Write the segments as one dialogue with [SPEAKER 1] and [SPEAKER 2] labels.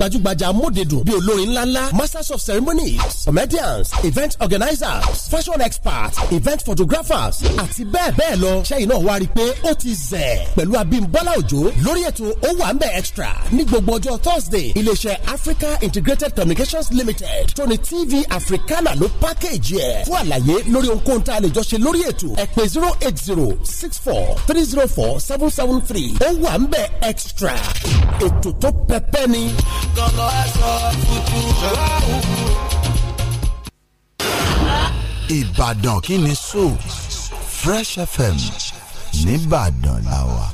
[SPEAKER 1] gbajúgbajà amódedùn bíi olórin ńláńlá masters of ceremonies comedians event organizers fashion experts event photographers àti bẹ́ẹ̀ bẹ́ẹ̀ lọ ṣẹ́yìn náà wá rí i pé ó ti zẹ̀ pẹ̀lú Abímbọ́lá Òjó lórí ètò ó wà extra ní gbogbo ọjọ́ Thursday iléeṣẹ́ Africa Integrated Communications Limited tóní TV Africana ló package yẹ fún àlàyé lórí ohunkóhun tá a lè jọ ṣe lórí ètò ẹ pè zero eight zero six four three zero four seven seven three ó wà extra ètò tó pẹpẹ ni
[SPEAKER 2] kan lọ ẹ sọ
[SPEAKER 1] Ìbàdàn kí ni so Fresh FM nìbàdàn la wà.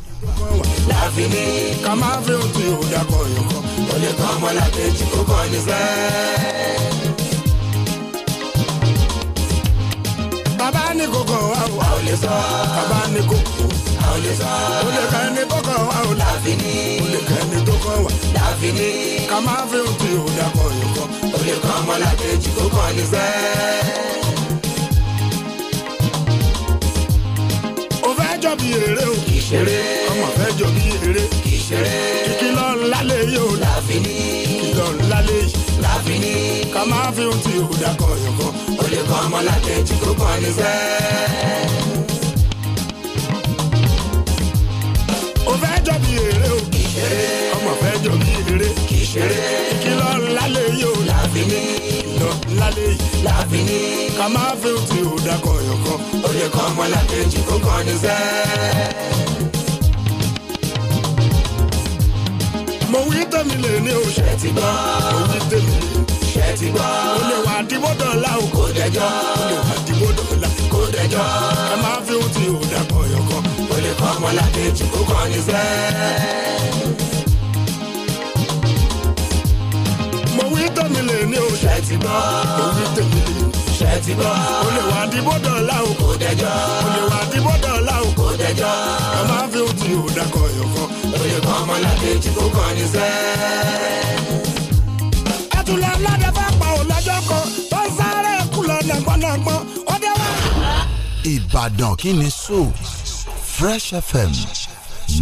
[SPEAKER 3] láfìní ká máa fi òtún ìhùdà kọ ìyọkọ olè kan ọmọlàkejì kò kọ ní fẹ́ẹ́. bàbá ní kòkó àwọn olè sọ bàbá ní kòkó ò lè sọ. ó lè ka ẹni tó kàn wá o. láfi ní. ó lè ka ẹni tó kàn wá. láfi ní. ká máa fi òkè òdàpọ̀ yòókọ. ó lè kọ́ ọmọlàkejì kó kàn ní sẹ́ẹ̀. jọ bí eré o. kì í ṣeré. ọmọ fẹ́ jọ bí eré. kì í ṣeré. kìkìlọ̀ ńlá lè yí o. láfíní. kìkìlọ̀ ńlá lè yí. láfíní. ká máa fi ohun tí yòókù dá olè kọ́ ọmọ kó kọ́ ní sẹ́ẹ̀. ṣeré. ìkìlọ̀ ńlá lè yóò láfi ní. ìlọ ńlá lè yìí láfi ní. ká má fi ti òdà kọ̀yọ̀kan. ó lè kọ́ ọmọlàkejì kó kọ́ ni sẹ́ẹ̀. mo wí tèmi lè ní o. ṣe ti gbọ́. mo wí tèmi ṣe ti gbọ́. o lè wà dìbòdò la o. kò dẹjọ́. o lè wà dìbòdò la. kò dẹjọ́. ẹ máa fi ohun tí o dà kọ̀yọ̀kọ̀. o lè kọ́ kó kọ́ ni sẹ́ẹ̀. òwì tèmi lè ní o. ṣe ti tèmi lè ní. o lè wà dìbò dọ̀la o. kò dẹjọ́. o lè wà dìbò dọ̀la o. kò dẹjọ́. ẹ máa fi ojú ìdàkọ̀ yọ̀kọ̀. oyè kan ọmọlàkejì kò kàn ní sẹ́ẹ̀ àtúlẹ̀ aládé bá pa ò lọ́jọ́ kan tó ń sáré kú lọ nàgbọ́nàgbọ́n ó dé wá.
[SPEAKER 1] Ìbàdàn kí ni sọ Fresh FM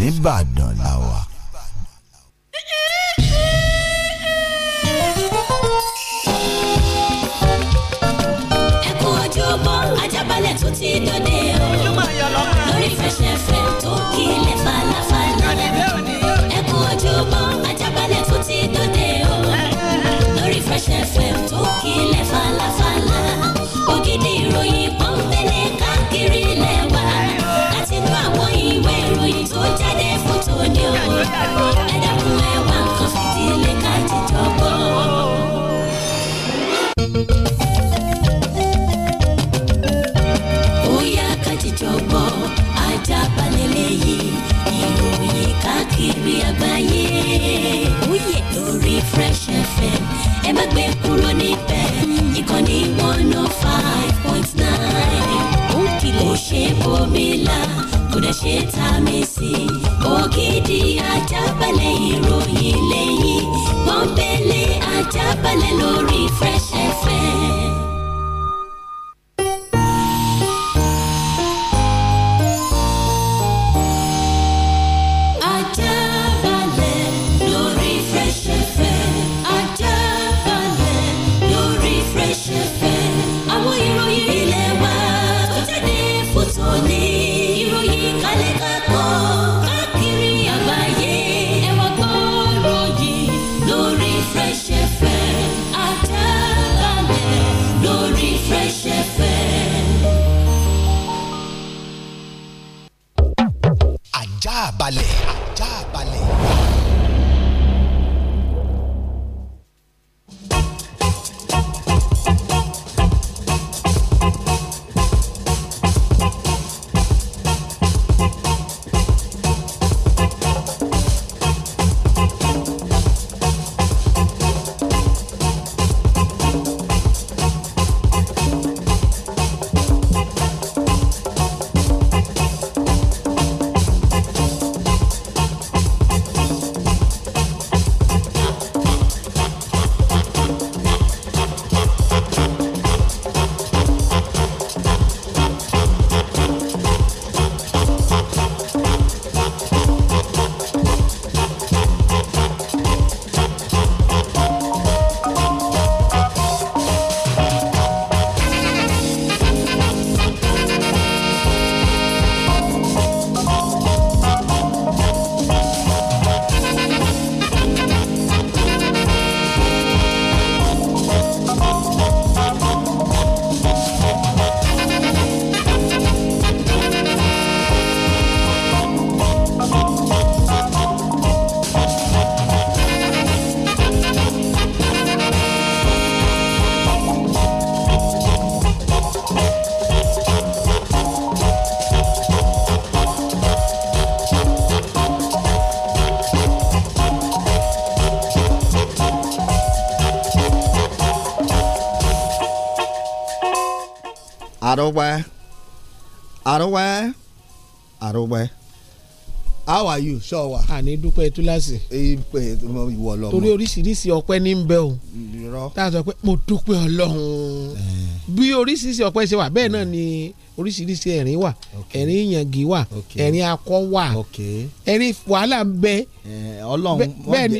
[SPEAKER 1] nìbàdàn làwà.
[SPEAKER 4] ti dòde o lórí fẹsẹ̀fẹ̀ tó kílẹ̀ falafala ẹ kú ṣe ta mi sí i. ògidì ajábalẹ̀ ìròyìn lẹ́yìn pọ́npẹ́lẹ́ ajábalẹ̀ lórí fresh
[SPEAKER 5] I don't wear. I don't wear. I don't how are you sure wa. àní dúpẹ́ túláàsì. ìpè ìwọ lọmọ. torí oríṣiríṣi
[SPEAKER 6] ní ń o. irọ́. tá a sọ pé mo dúpẹ́ ọlọ́run. bí oríṣiríṣi ọpẹ́ ṣe wà bẹ́ẹ̀ náà ni oríṣiríṣi ẹ̀rín wà ẹ̀rín wà ẹ̀rín akọ wà ẹ̀rín wàhálà ń ọlọ́run bẹ́ẹ̀ ni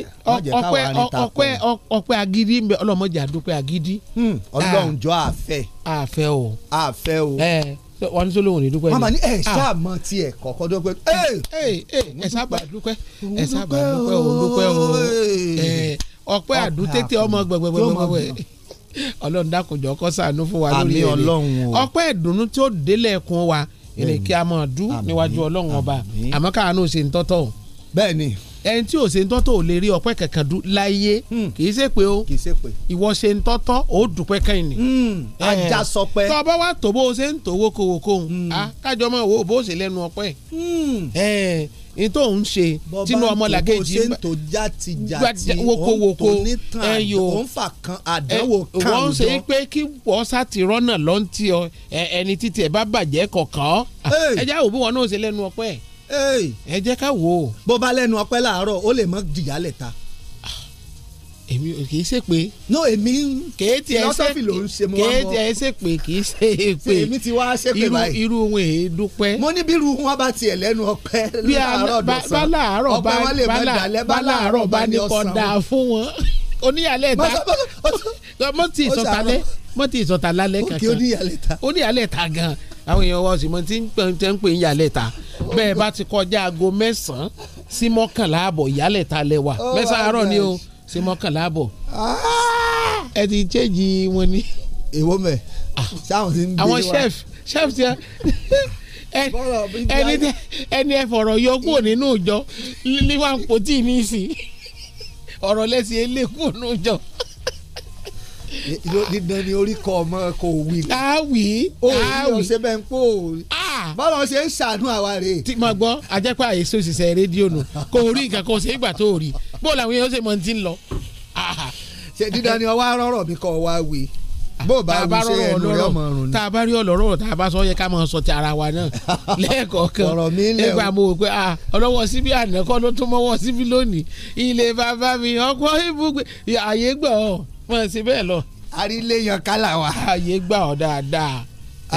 [SPEAKER 6] agidi ń bẹ agidi. ọlọ́run hmm,
[SPEAKER 5] ah. jọ o.
[SPEAKER 6] o. wà ní sọlọ́wọ́n ní dúpẹ́ ni. màmá ní ẹ ah. ṣáàmọ
[SPEAKER 5] tiẹ̀ kọ̀ọ̀kan dúpẹ́.
[SPEAKER 6] ẹ sábà dúpẹ́ ẹ sábà dúpẹ́ òun dúpẹ́ òun ọpẹ́ àdútẹ́tẹ́ ọmọ gbẹgbẹgbẹgbẹ ọlọ́run dákunjọ kó ṣàánú fún wa lórí ẹ̀rẹ́ ọpẹ́ ìdùnnú tí ó délẹ̀ wa ilé kí a máa dú níwájú ọlọ́run ọba àmọ́ káàánú ṣe ń tọ́tọ̀ bẹ́ẹ̀ ni ẹni tí ò ṣe ń tọ́tọ̀ ò lè rí ọpẹ́ kankan dún láyé hmm. kì í ṣe pé o ìwọ ṣe ń tọ́tọ̀ ó dúpẹ́ kan ni. ajá sọ pé. tọ́ bá wà tó bó o ṣe ń tò owó kòwò kóhun hmm. kájọ mọ́ owó bó o ṣe lẹ́nu ọpẹ́ hmm. ní tó ń ṣe tínú ọmọlàkejì bó ṣe ń tó játi játi wokowoko ẹyọ tó ń fà kan àdánwò kan jọ. wọ́n ṣe pé kí wọ́n sáti rọ́nà lọ́ntì ẹni títí ẹ̀ bá bàjẹ́ kọ̀ọ̀kan ẹ já òbí wọn náà ṣe lẹ́nu ọpẹ́ ẹ̀
[SPEAKER 5] ẹ jẹ́ ká wò ó. bó bá lẹ́nu ọpẹ́ làárọ̀ ó lè mọ́ jìyàlẹ̀ ta. Ah,
[SPEAKER 6] èmi kì í ṣe pé. no èmi philosophy ló ń ṣe mo wá mọ. kéètì ẹ ṣe pé kì í ṣe pé. èmi ti wá ṣe pé báyìí. irú wọn èé dúpẹ́. mo ní bí irú wọn bá tiẹ̀ lẹ́nu ọpẹ́ láàárọ̀ dọ̀sán ọpẹ́ wọn lè mọ ìdálẹ́ bá láàárọ̀ bá oníyàlẹ̀ ta mo ti ìsọ̀tàlẹ̀ mo kankan oníyàlẹ̀ ta gan àwọn èèyàn wa sì mọ tí ń pè ń yàlẹ̀ ta bẹ́ẹ̀ bá ti kọjá aago mẹ́sàn-án sí mọ́kànlá àbọ̀ ìyálẹ̀ ta lẹ wà oh mẹ́sàn-án àárọ̀ ni o sí mọ́kànlá àbọ̀ ah! ẹ ti chéjì wọn ni. èwo mẹ sáwọn ah. ti ń gbé wa àwọn chef chef ti ẹni ẹni ẹ fọ̀rọ̀ yọ kúrò nínú ìjọ líwà ń pò tí sí ọ̀rọ̀ lẹ́sìn elékùn nínú ìjọ
[SPEAKER 5] dídán ni orí kọ ọmọ kò
[SPEAKER 6] wí. a wí o yíyan ṣe bẹ́ẹ̀ ń pò bọ́lá ṣe ń ṣàánú àwa rè. tí mo gbọ́ ajẹ́pẹ́ àyèsí òṣìṣẹ́ rédíò nù kò rí nǹkan kan ṣe ìgbà tó rí bóòlù àwọn èèyàn ṣe mọ̀ ti ń lọ. ṣe dídán ni ọwọ́ arọ́rọ̀ mi kọ́ wa wí bó bá wí ṣe ẹnu rẹ ọmọ ọrùn ni. tá a bá rí ọlọ́rọ̀ tá a bá sọ yẹ ká máa sọ ti ara wa náà lẹ́ẹ̀kọ̀ọ̀kan ọ̀rọ̀ mi lẹ o mọ̀ ẹ́ sí bẹ́ẹ̀ lọ. aríléyan kálá wa. ààyè gbà ọ́ dáadáa.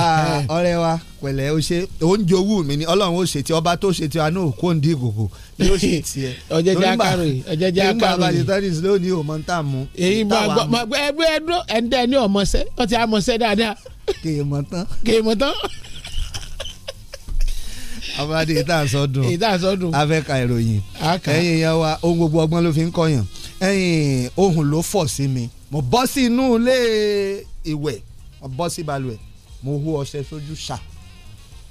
[SPEAKER 5] Ah, ọ̀rẹ́ wa pẹ̀lẹ́ o ṣe oúnjẹ owó mi ni Ọlọ́run ó ṣe ti ọba tó ṣe ti àánú kó ń di ìkòkò ni ó ṣe tiẹ̀. ọjẹjẹ akáròyìn ọjẹjẹ akáròyìn nígbà bàjẹ́ tẹ́lifíṣì lónìí ò mọ ń tà mú. èyí máa gbọ́
[SPEAKER 6] ẹgbẹ́ ẹdún ẹ̀ńdẹ́ ni ọmọọṣẹ́ ọ ti amọ̀ṣẹ́ dáadáa.
[SPEAKER 5] kèémọ̀ tán. kèémọ̀ tán. ọmọdé ìta àsọdùn ìta àsọdùn afẹ́ka ìròyìn ẹ̀yìn yẹn wa ohun gbogbo ọgbọ́n ló fi ń kọyàn ẹ̀yìn ohun ló fọ̀ sí mi mo bọ́ sí inú ilé ìwẹ̀ mo bọ́ sí balùwẹ̀ mo hú ọṣẹ sójú ṣá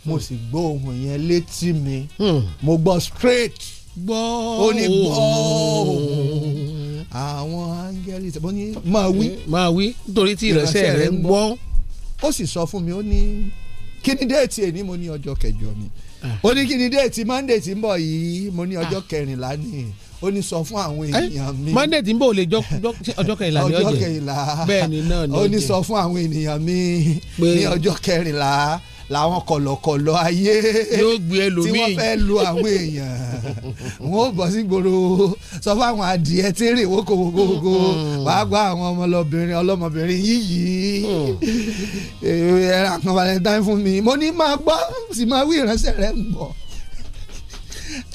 [SPEAKER 5] mo sì gbọ́ ohùn yẹn létí mi hmm. mo gbọ́ straight gbọ́ ó ní gbọ́ ohùn àwọn áńgẹ́lì tẹ̀ bọ́ ní máa wí. Eh, máa wí nítorí tí ìrẹsẹ̀ rẹ ń gbọ́. ó sì sọ fún mi ó ní kí ni déètì èní mo ní ọjọ́ kẹjọ ni ah. ó ní kí ni déètì monday tí ń bọ̀ yìí mo ní ah. ọjọ́ kẹrìnlá ni. Ah ó ní sọ fún àwọn ènìyàn mi. monday tí n bò lè ọjọ́ kẹrìnlá ní ọjọ́ kẹrìnlá bẹ́ẹ̀ ni náà ni ọjọ́ ó ní sọ fún àwọn ènìyàn mi ní ọjọ́ kẹrìnlá làwọn kọ̀lọ̀kọ̀lọ̀ ayé tí wọ́n fẹ́ lu àwọn èèyàn wọn ò bọ̀ sí gbòòrò sọ fún àwọn adìẹ tí ń rìn wókò wókò mm-hmm. wàá gba àwọn ọmọlọbìnrin ọlọmọbìnrin yíyí mm. ẹ̀rọ àkànbalẹ̀ dáhùn fún mi mo ní máa gbọ́ sì máa wí ìránṣẹ́ rẹ̀ ń bọ̀.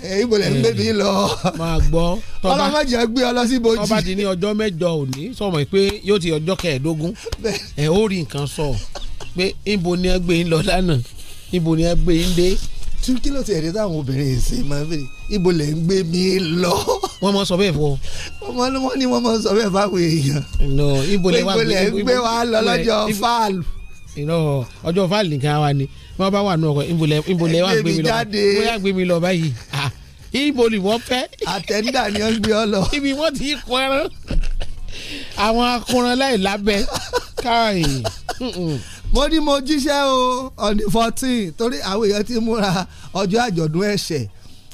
[SPEAKER 6] Eh, ibo lẹ ń gbé mi lọ máa gbọ́ ọlọmọdé gbé
[SPEAKER 5] ọ lọ sí ibojì. tọ́ba ti ní ọjọ́ mẹ́jọ
[SPEAKER 6] òní sọmọ pé yóò ti ọjọ́ kẹẹ̀ẹ́dógún ẹ̀ ó rí nǹkan sọ pé ibo ni ẹ gbé yín lọ lánàá ibo ni ẹ gbé yín dé tún kí ló ti ẹ̀rí táwọn obìnrin èsì máa
[SPEAKER 5] ń bèrè ibo lè ń gbé mi lọ. wọ́n mọ sọ bẹ́ẹ̀ fọ. ọmọ ni wọ́n ní wọ́n mọ sọ bẹ́ẹ̀ fáwọn èèyàn. no ibo lè wá gbé wa lọ lọ́jọ́ fáàlù.
[SPEAKER 6] ọjọ́ fáàlù nìkan wa ni wọ́n bá wà nù ọkọ̀ ìbòlẹ̀ wà gbé mi lọ bóyá gbé mi lọ báyìí ibo ni fẹ́. àtẹ̀ndà ni wọ́n gbé ọ lọ. ibi wọ́n ti kọ ẹran
[SPEAKER 5] àwọn akunran láì lábẹ́ káàyè. mo ní mo jíṣẹ́ o on the fourteen torí àwọn èèyàn ti múra ọjọ́ àjọ̀dún ẹ̀ṣẹ̀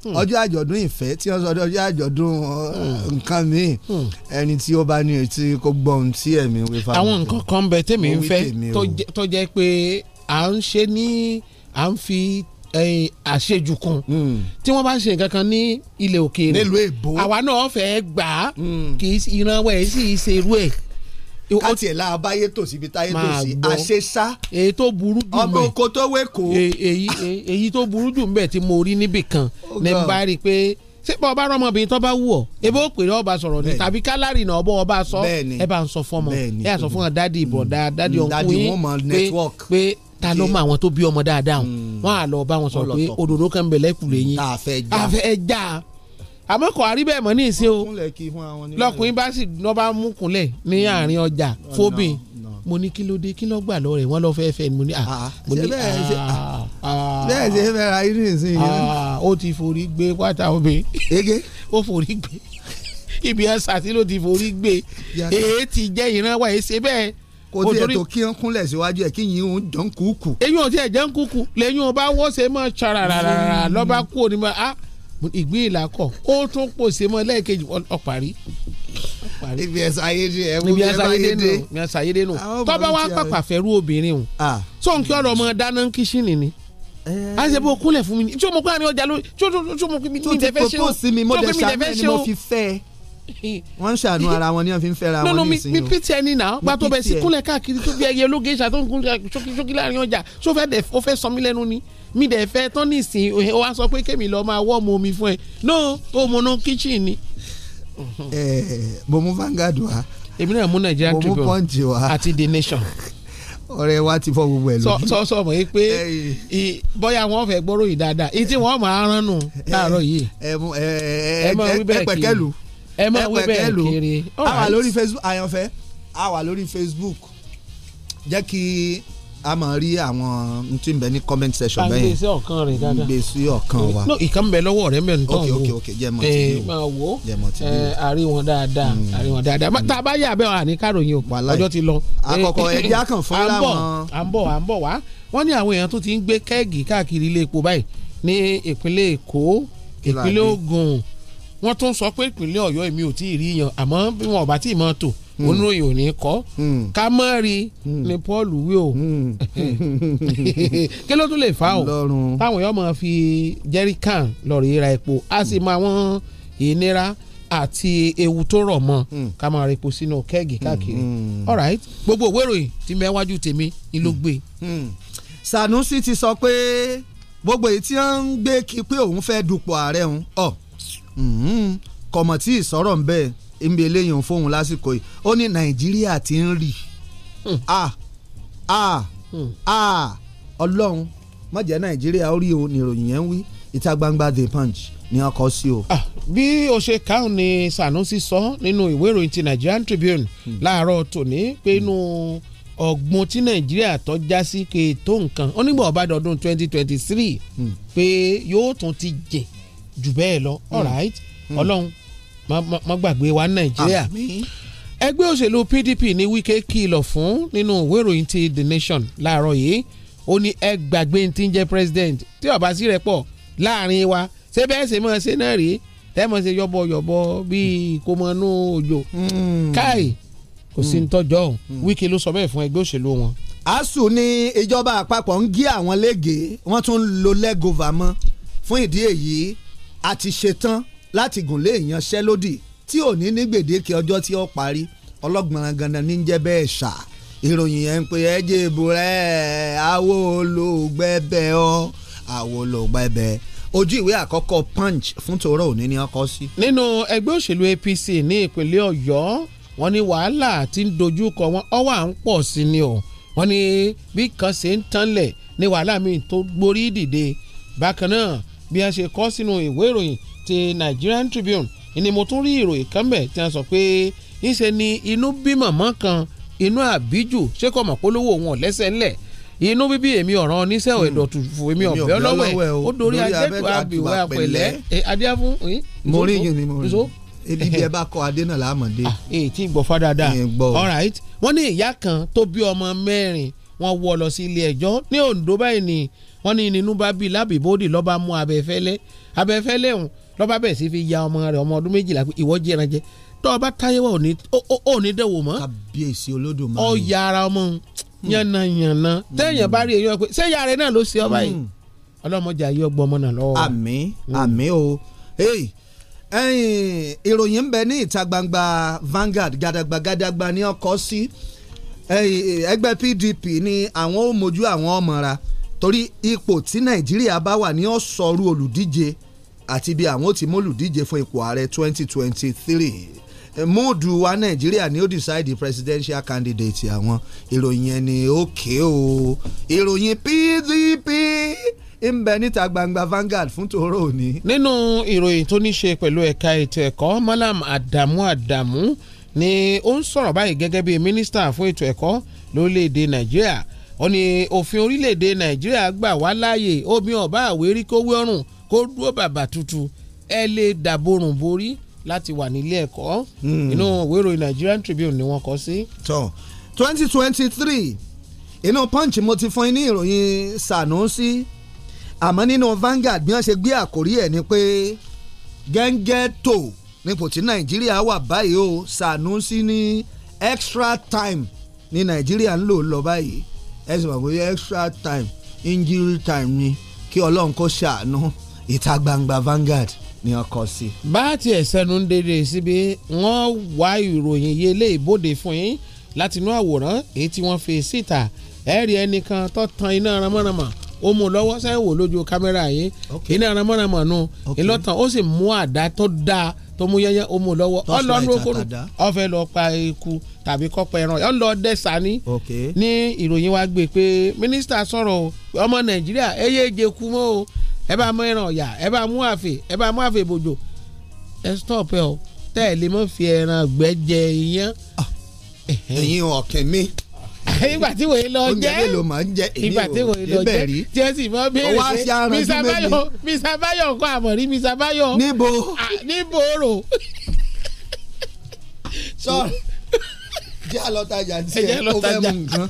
[SPEAKER 5] hmm. ọjọ́ àjọ̀dún ìfẹ́ tí wọ́n sọ ọjọ́ àjọ̀dún uh, hmm. nǹkan míì hmm. ẹni tí ó bá ní etí kó gbọ́ tí ẹ̀mí wí fáwọn. àwọn nǹkan kan bẹ tèmi ń fẹ́
[SPEAKER 6] tó jẹ́ pé à ń ṣe ní à ń fi eh, àṣejù kun hmm. tí wọ́n bá ń ṣe nǹkan kan ní ilẹ̀ òkèèrè nílùú èbó àwa náà fẹ́ gbà á hmm. kì í ìran wẹ̀ sí í ṣe irú ẹ̀
[SPEAKER 5] káti ẹ̀ láà bá yé tòsí ibi táyé tòsí
[SPEAKER 6] àṣeṣá èyí tó burú jù mẹ́ ọmọ oko tó wé kó. èyí tó burú jù mẹ́ tí mo rí níbì kan oh, ní bá rí i pé ṣé bá ọba rọmọbìnrin tó bá wù ọ ebó pèrè ọba sọ̀rọ̀ ni tàbí kálárì náà ọbọ ọba sọ ẹ bá ń sọ fọmọ ẹ yà sọ fún ọ dádì ìbọ̀dá dádì hmm, ọ̀hún yín pé ta ló mọ àwọn tó bí ọmọ dáadáa hmm. wọn à lọ bá wọn sọ pé òdòdó kan bẹ̀ lẹ́kùlé yín àfẹ́ já àmọ́ kò àrí bẹ́ẹ̀ mọ́ ní ìsìn o lọkùnrin bá sì lọ́ bá mú kúnlẹ̀ ní àárín ọjà hmm. fóbìn mo ní kí ló dé kí ló gbà lọ rẹ̀ wọ́n lọ fẹ́ẹ́ fẹ́ mo ní à ah, mo ní à
[SPEAKER 5] bẹ́ẹ̀ ṣe fẹ́ ra irú
[SPEAKER 6] ìsìn yìí. ó ti forí gbé pátá omi ó forí gbé ibi ẹ̀sà tí ló ti forí gbé èé ti jẹ́ ìran wa èé ṣe bẹ́ẹ̀ kò tí ẹ tó kí n kúnlẹ̀ síwájú ẹ kí yín ń jẹun kúkú. eyín ò tí ẹ jẹun kúkú lẹ́yìn o bá ṣe mọ́ ṣararara hmm. lọ́ba kú òní mọ́ ah, ìgbín ìlà kọ̀ ó tún pò ṣe mọ́ lẹ́ẹ̀kejì ọ̀parí. ibi ẹ̀sà ayédè ẹ̀ wú ibi ẹ̀sà ayédè nù tọ́ba wa pàpà fẹ́rú obìnrin o tó ń kí ọ̀rọ̀ ọmọ dáná kíṣìnì ni a ṣe bó kúnlẹ̀ fún mi tí o mọ̀ pé àárín ọjà ló tí o mọ̀ pé mi tẹ̀ fẹ́ ṣe o tó ti propose mi mo dẹ̀ ṣàmì ẹni mo fi
[SPEAKER 5] fẹ́ ẹ wọ́n ń ṣàánú ara wọn ni wọ́n fi ń fẹ́ra wọn ní ìsinyìí. mi pt
[SPEAKER 6] ẹni náà gba tó bẹ̀ sí kúnlẹ̀ káàkiri tó bí ẹyẹ ológe ìṣà tó ń gun ṣókíṣókí láàrin ọjà ṣó fẹ́ dẹ̀ ó fẹ́ sọ mí lẹ́nu ni mi dẹ̀ fẹ́ tán ní ìsìn ó wá sọ pé kémi lọ́ọ́ máa wọ́ ọmọ omi fún ẹ no ó mọ̀nà kíchìn ni.
[SPEAKER 5] mo mú Vanguard wá
[SPEAKER 6] èmi náà mú Nigerian Tribune àti The Nation
[SPEAKER 5] ọ̀rẹ́ wa ti fọ gbogbo ẹ lójú.
[SPEAKER 6] sọ sọ mọ̀ yìí pé bóyá wọ́n fẹ́ gbọ́ròyìn dáadáa èyí tí wọ́n máa rán nù láàárọ̀
[SPEAKER 7] yìí.
[SPEAKER 5] ẹ ẹ
[SPEAKER 7] ẹ ẹ pẹ̀kẹ́lù
[SPEAKER 6] ẹ máa wí bẹ́ẹ̀ kiri. a wà lórí
[SPEAKER 5] facebook àyànfẹ́ a wà lórí facebook jẹ́ kí a máa rí àwọn n tí n bẹ ní comment section bẹ́ẹ̀ yẹn gbèsè ọ̀kan rẹ̀ dáadáa gbèsè ọ̀kan wa. no
[SPEAKER 6] ìka ń bẹ lọ́wọ́ rẹ̀ mẹ́rin tán wò ok ok jẹ́ mọ̀ tí mi wò jẹ́ mọ̀ tí mi wò àrí wọn dáadáa àrí hmm. wọn dáadáa hmm. tá a bá yà bẹ́ẹ̀ wà ní káròyìn o ọjọ́ ti lọ. àkọ́kọ́ ẹ̀jẹ̀ á kàn fún láwọn. à ń bọ̀ à ń bọ̀ wá wọ́n ní àwọn èèyàn tó ti ń gbé kẹ́ẹ̀gì káàkiri ilé epo báyìí ní ìpínlẹ̀ Èkó ìpínlẹ̀ Ògùn wọ́n tún sọ pé ìpínlẹ̀ ọ̀yọ́ èmi ò tí ì rí yan àmọ́ bí wọn ò bá tí ì mọ̀ tó oníròyìn ò ní kọ́ hmm. ká mọ́ rí hmm. ni paul wí o hmm.
[SPEAKER 2] kí
[SPEAKER 6] ló tún lè fa o táwọn èèyàn máa fi jerrycan lọ rí ra epo a sì máa wọ́n ìnira àti ewu tó rọ̀ mọ́ ká máa ra epo sínú
[SPEAKER 5] kẹ́ẹ̀gì káàkiri alright gbogbo òwe ìròyìn tí mẹ́wájú tèmi ni ló gbé. Sanusi ti sọ pé gbogbo èyí tí wọ́n ń gbé kí pé òun fẹ́ dupò ààrẹ òun ọ̀. Mm-hmm. kọ̀mọ̀ tí ìsọ̀rọ̀ ń bẹ́ẹ̀ ẹ̀mí eléyìí ń fóun lásìkò yìí ó ní nàìjíríà ti ń rì a a a ọlọ́run má jẹ́ nàìjíríà ó rí o níròyìn yẹn wí ìta gbangba the punch ni wọ́n kọ sí o. Ah, bí o ṣe káwọn ni Sanusi sọ nínú ìwé ìròyìn ti
[SPEAKER 6] Nigerian Tribune hmm. láàárọ̀ tòní pé inú ọ̀gbun tí nàìjíríà tó já sí ké tó nǹkan ó nígbà ọba twenty twenty three hmm. pé yóò tún ti jìn jù bẹ́ẹ̀ lọ alright hmm. hmm. ọlọ́run má gbàgbé wa nàìjíríà ẹgbẹ́ òṣèlú PDP ní Wike kìlọ̀ fún nínú ìwé ìròyìn ti The Nation láàárọ̀ yìí ó ní ẹ gbàgbé tí ń jẹ́ president tí ó bá sí rẹ̀ pọ̀ láàrin wa ṣé bẹ́ẹ̀ ṣe mọ̀ ṣe náà rèé tẹ́mọ̀ ṣe yọ̀bọ̀ yọ̀bọ̀ bíi kòmọ̀nù òjò hmm. káì kò sí ntọ́jọ́ Wike ló sọ bẹ́ẹ̀ fún ẹgbẹ́ òṣèlú wọn.
[SPEAKER 5] ASUU ní ìjọba àpapọ̀ ń gé àwọn léègé wọ́n tún lo lẹ́gọ̀và mọ́ fún ìdí èyí a ti ṣetán láti gùn lé ìyanṣẹ́lódì tí ò ní ní gbèdéke ọjọ́ tí ó parí ọlọ́gbọ̀n gandan ní jẹ́ bẹ́ẹ̀ ṣá ìròyìn yẹn ń pè ẹ́ jèbù rẹ̀ àwo olùgbẹ́bẹ̀ ọ́ àwo olùgbẹ́bẹ̀ ojú ìwé àkọ́kọ́ punch
[SPEAKER 6] fún tòró òní ni wọ́n kọ́ sí. nínú ẹgbẹ́ òṣèlú APC ní ìpínlẹ̀ Ọ̀yọ́ wọ́n ní wàhálà tí ń dojú kọ wọn ọwọ́ à ń pọ̀ sí ni o wọ́n ní bí kan ṣe ń tánlẹ̀ ní wàhálà míì tó gborí dìde bákan náà bí wọ́n ṣe kọ sínú ìwé ìròyìn ti Nigerian Tribune ni mo tún rí ìròyìn kan bẹ̀ tí wọ́n sọ pé ńṣe ni inú bí mọ̀mọ́ kan inú àbíjù ṣé kò mọ̀ polówó òun ò lẹ́sẹ̀ ńlẹ̀ inú bíbí èmi ọ̀ràn oníṣẹ́ ẹ̀dọ̀ hmm. tùfù èmi ọ̀bẹ ọlọ́wẹ̀ ó dorí ajẹ́tù àbíwá pẹ̀lẹ́ adíáfún. mo yìí ni mo rí ebi bí ẹ bá kọ adé náà láàmọ̀dé. èyí ah, tí gbọ́ fádàdà all right wọ́n ní ìyá kan tó bí ọmọ mẹ́rin wọ́n wọ́ lọ sí ilé ẹjọ́ ní Ondo báyìí ni wọ́n ní nínú bá bíi lábìbódì lọ́ba mú abẹ́fẹ́lẹ́ abẹ́fẹ́lẹ́ òun lọ́ba bẹ̀ sí fi ya ọmọ rẹ̀ ọmọ ọdún méjìlá pé ìwọ jẹ́ ẹranjẹ tọ́ ọba táyéwá òní dẹ̀wò mọ́ kábíyèsí olódùmarè ọ yàrá ọmọ yànnàyànnà mm. tẹ́yìn bá rí èyí ọ̀pẹ ṣé yàrá náà ló ṣe ọba yìí mm.
[SPEAKER 5] ọlọ́mọdé ayé ọgbọ́n ọmọ náà lọ́wọ́. àmín mm. àmín o ìròyìn ń bẹ ní ìta gbangba Vanguard gàdàgbà gàdàgbà ni ọkọ̀ sí ẹgbẹ́ PDP ni àwọn ò mójú àwọn ọmọ ra torí ipò tí nàìjíríà bá wà ní ọ̀sọ̀rù olùdíje àti bí àwọn ti mú olùdíje fún ipò ààrẹ 2023 eh, múùdù wa nàìjíríà ni ó decide the presidential candidate àwọn ìròyìn ẹni òkè o ìròyìn PDP ń bẹ níta gbangba Vanguard fún tòró òní. nínú
[SPEAKER 6] ìròyìn tó ní ṣe pẹ̀lú ẹ̀ka ètò ẹ̀kọ́ Malam Adamu Adamu ni ó ń sọ̀rọ̀ báyìí gẹ́gẹ́ bí mínísítà fún ètò ẹ̀kọ́ lórílẹ̀‐èdè nàìjíríà ó ní òfin orílẹ̀-èdè nàìjíríà gbà wá láàyè omi ọ̀bá àwérí kó wé ọrùn kó dúró bàbà tutù ẹ lè dàborùn borí láti wà nílé ẹ̀kọ́ hmm. inú ìwé Nigerian Tribune
[SPEAKER 5] ni wọ́n kọ sí. tọ́ twenty twenty three inú punch mo ti fún yín ní ìròyìn Sanusi àmọ́ nínú Vanguard bí wọ́n ṣe gbé àkórí ẹ̀ ni pé gẹ́ngẹ́ tó nípò tí Nàìjíríà wà báyìí o Sanusi ní extra time ní Nàìjíríà ń lò lọ báyìí ẹ sì mọ̀ extra time injury time ni kí ọlọ́run kó ṣàánú ìta gbangba Vanguard ni wọ́n kọ sí.
[SPEAKER 6] bá a tiẹ̀ sẹ́nu ń dédé síbi wọ́n wá ìròyìn yìí lé ìbòde fún yín láti inú àwòrán èyí tí wọ́n fi síta ẹ̀rí ẹnìkan tó tan iná ránmọ́ránmọ́ ó mú lọ́wọ́ sẹ́yìn wò lójú kámẹ́rà yìí iná ránmọ́ránmọ́ nu ìlọ́tàn ó sì mú àdá tó dáa tó mú yẹ́yẹ́ ó mú lọ́wọ́ ọlọ́run okòrò ọ̀fẹ́ lọ́ọ́ pa eku tàbí kọ́pọ̀ ẹran ọ lọ dẹ́sà ni ní ìròyìn wa gbé pé mínísítà sọ̀rọ̀ ọmọ nàìjíríà ẹ yéé jẹku mọ́ o ẹ bá mú ẹran ọ̀yà ẹ bá mú àfè ẹ bá mú àfè bòjò ẹ stop ẹ o tẹ́ ẹ lè mọ́ fi ẹran gbẹ́ jẹ iyán. Ah, ẹ̀yin ọ̀kẹ́ mi ìgbà tí wòye lọ jẹ ìgbà tí wòye lọ jẹ tí ẹ sì mọ béèrè pé misa kọ àmọ̀rí misa níbo
[SPEAKER 5] ah, níbo rò.
[SPEAKER 8] jẹ́ àlọ́tajà tí ẹ ó fẹ́ mú nǹkan.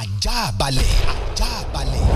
[SPEAKER 8] ajá balẹ̀ ajá balẹ̀.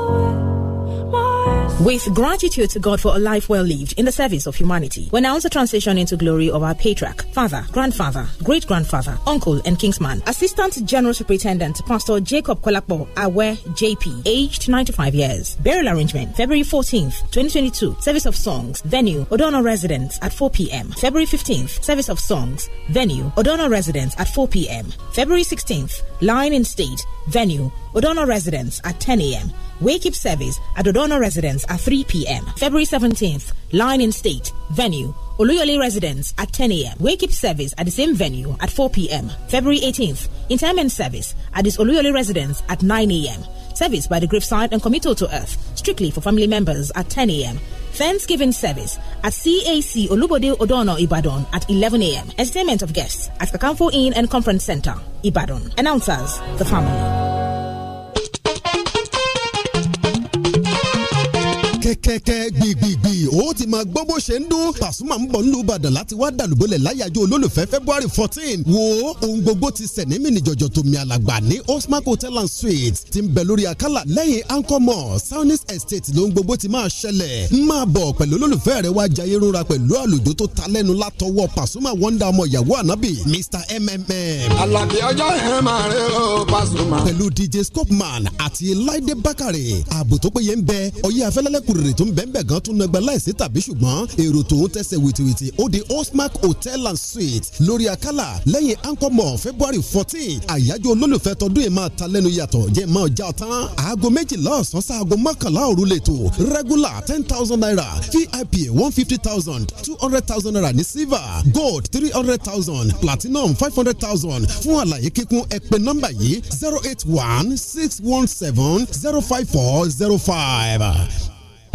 [SPEAKER 9] 我。With gratitude to God for a life well lived in the service of humanity, we announce the transition into glory of our patriarch, father, grandfather, great grandfather, uncle, and kingsman, Assistant General Superintendent, Pastor Jacob Kolakbo Awe JP, aged 95 years. Burial arrangement, February 14th, 2022, service of songs, venue, Odono Residence at 4 p.m. February 15th, service of songs, venue, Odono Residence at 4 p.m. February 16th, line in state, venue, Odono Residence at 10 a.m. Wake up service at Odono Residence at 3 p.m. February 17th, Line in State, venue. Oluyole Residence. at 10 a.m. Wake up service at the same venue at 4 p.m. February 18th, interment service at this Oluyole residence at 9 a.m. Service by the Graveside and Committal to Earth, strictly for family members at 10 a.m. Thanksgiving service at CAC Olubode Odono Ibadan at 11 a.m. Entertainment of guests at Kakamfo Inn and Conference Center, Ibadan. Announcers, the family.
[SPEAKER 1] kẹ́kẹ́kẹ́ gbìgbìgbì ó ti máa gbọ́ bó ṣe ń dún Pasuma ń bọ̀ nílùú Ìbàdàn láti wá dàlúbọ̀lẹ̀ láyàjọ́ olólùfẹ́ February fourteen wo ohun gbogbo ti sẹ̀ ní mìnìjọ̀jọ̀ tó mi àlàgbà ní Osmark Hotel and Suites ti ń bẹ lórí àkàlà lẹ́yìn Anchor Saunis Estate lóhun gbogbo ti máa ṣẹlẹ̀ ń máa bọ̀ pẹ̀lú olólùfẹ́ rẹ wá jayé rúra pẹ̀lú àlùjọ tó ta lẹ́nu látọwọ́ Pasuma wonder ọmọ ìyàwó ànábì Mr mmm. Àlàbí ọjọ́ yẹn máa rẹ o Pasuma. pẹ̀lú DJ Scopeman àti Láìdé Bákàrẹ̀ ààbò tó péye ń bẹ ọyẹ́ afẹ́lẹ́lẹ́kùr rere tó ń bẹ́ẹ̀nbẹ́ẹ̀ gan tún nàgbà láìsí tàbí ṣùgbọ́n èrò tòun tẹ̀sẹ̀ wìtìwìtì ó di Housemark Hotel and Suites lórí Akala lẹ́yìn Angkor Mall February fourteen àyájọ́ olólùfẹ́ tọdún yìí máa ta lẹ́nu yàtọ̀ jẹ́ máa já ọ tán aago méjìlá ọ̀sán sí mọ́kànlá òru lẹ́tọ̀ regular ten thousand naira VIP one fifty thousand two hundred thousand naira ní silver gold three hundred thousand platinum five hundred thousand fún àlàyé kíkún ẹ pè nọ́mbà yìí zero eight one six one seven zero five four zero five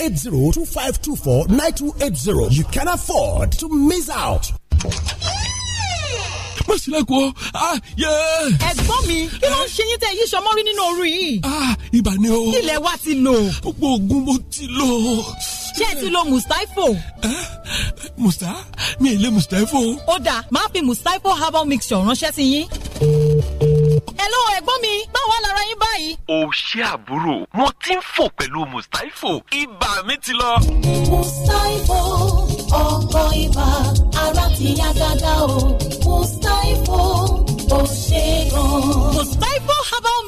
[SPEAKER 1] eight zero two five two four nine two eight zero. You can afford to miss out.
[SPEAKER 9] má ah lẹ́kọ̀ọ́ ẹ̀gbọ́n mi kí ló ń ṣe yín tẹ yí sọmọ rí nínú òru yìí. Ah, ibà ni o. ilẹ̀ wa ti lò. gbogbo oògùn mo ti lò. ṣé ẹ ti lo mustapho. musa mi ò lè mustapho. ó dáa máa fi mustapho herbal mixture ránṣẹ́ sí yín. Hello ẹ̀gbọ́n mi, báwo wà lára yín
[SPEAKER 4] báyìí?
[SPEAKER 10] O ṣé àbúrò, wọ́n ti ń fò pẹ̀lú Mustapho. Ibà mi ti lọ.
[SPEAKER 4] Mustapho, ọkọ̀ ibà, ara ti yá gágá o. Mustapho, ò ṣe é gan. Mustapho herbal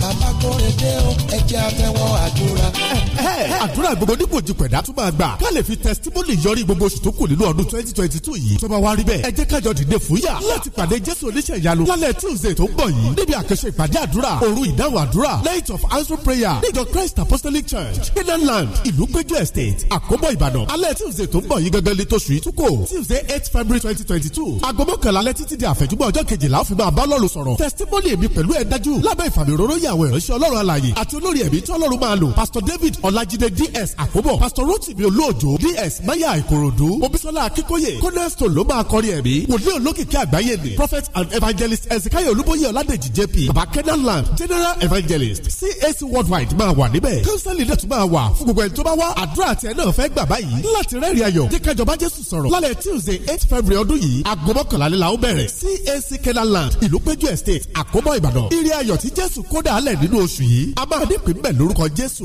[SPEAKER 3] bàbá kórè àdúrà.
[SPEAKER 1] àdúrà gbogbo dípò di pẹ̀dá tún máa gbà ká lè fi tẹsítímọ́lì yọrí gbogbo oṣù tó kù nínú ọdún twenty twenty two yìí tó bá rí bẹ́ẹ̀ ẹ jẹ́ kájọ dìde fúyà láti pàdé jésù oníṣẹ́ ìyanu lálẹ́ tuesday tó ń bọ̀ yìí níbi àkànṣe ìpàdé àdúrà òru ìdáhùn àdúrà night of answer prayer níjọ christ apostolic church canaan land ìlúpéjú estate àkóbọ̀ ìbàdàn alẹ́ tuesday tó ń bọ̀ yìí gangan ni tóṣù tuesday àwọn ìránṣẹ́ ọlọ́run alàyè àti olórí ẹ̀mí tí ọlọ́run máa lò pastor david ọlájídé ds àkóbọ̀ pastor rotimi olóòjó ds maya ìkòròdú obisola akíkóyè kónẹ́stò ló máa kọrin ẹ̀mí wòlíì olókìkí àgbáyé ni prophet and evangelist ezekiel olúbóyè ọládèjì jp baba Land general evangelist cac worldwide máa wà níbẹ̀ kánsẹ́lì náà tún máa wà fún gbogbo ẹni tó bá wá àdúrà tí ẹ náà fẹ́ gbà báyìí láti rẹ́rìn tuesday eight february ọdún yìí aago mọ́kànlá cac kenaland ìlúpéjú estate àkóbọ̀ ìbàdàn ire ayọ̀ tí jésù dálẹ̀ nínú oṣù yìí a máa nípìn bẹ̀ lórúkọ jésù.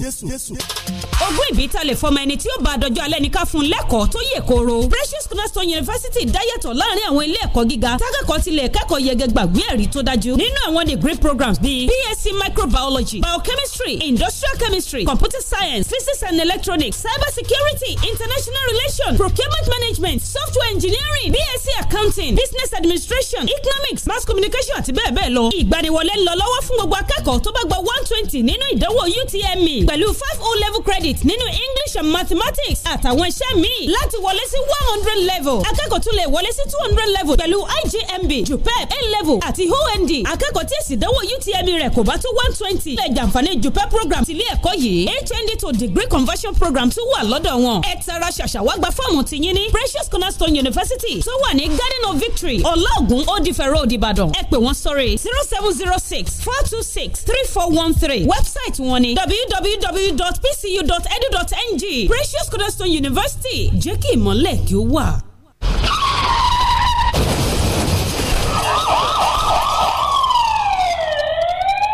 [SPEAKER 11] ogún ìbítalẹ̀ fọmọ ẹni tí ó bá àdọ́jọ́ alẹ́ ní ká fún un lẹ́kọ̀ọ́ tó yè kooro Precious Cornerstone University dáyàtọ̀ láàrin àwọn ilé ẹ̀kọ́ gíga takẹ́kọ̀ọ́ tilẹ̀ kẹ́kọ̀ọ́ yege gbàgbé ẹ̀rí tó dájú nínú àwọn degree programs bíi BSc microbiology biochemistry industrial chemistry computer science physics and electronics cyber security international relations procurement management software engineering BSc accounting business administration economics mass communication àti bẹ́ẹ̀ bẹ́ẹ̀ lọ ìgbaniwọlé ń lọ lọ́wọ́ fún gbogbo akẹ́kọ̀ọ́ tó bá gba one twenty nínú ìdánwò UTME pẹ̀lú five o level credit nínú English and mathematics àtàwọn iṣẹ́ míì láti wọlé sí one hundred level akẹ́kọ̀ọ́ tún lè wọlé sí two hundred level pẹ̀lú IJMB JUPEP A level àti OND akẹ́kọ̀ọ́ tí èsì ìdánwò UTME rẹ̀ kò bá tó one twenty lè jàǹfààní JUPEP program tìlé ẹ̀kọ́ yìí HND to degree conversion program tún wà lọ́dọ̀ wọn ẹ tara ṣàṣàwá gba fọ́ọ̀mù tìyín ní Precious Cornerstone University tó wà ní Garden of Victory ọlọ́ọ̀gùn ó di fẹ̀rẹ̀ òdìbàdàn ẹ pè wọ́n sórí zero seven zero six four two six three three four one three website wọn ni www.pcu.edu.ng Precious Cornerstone University jẹ́ kí ìmọ̀lẹ̀ kí ó wà.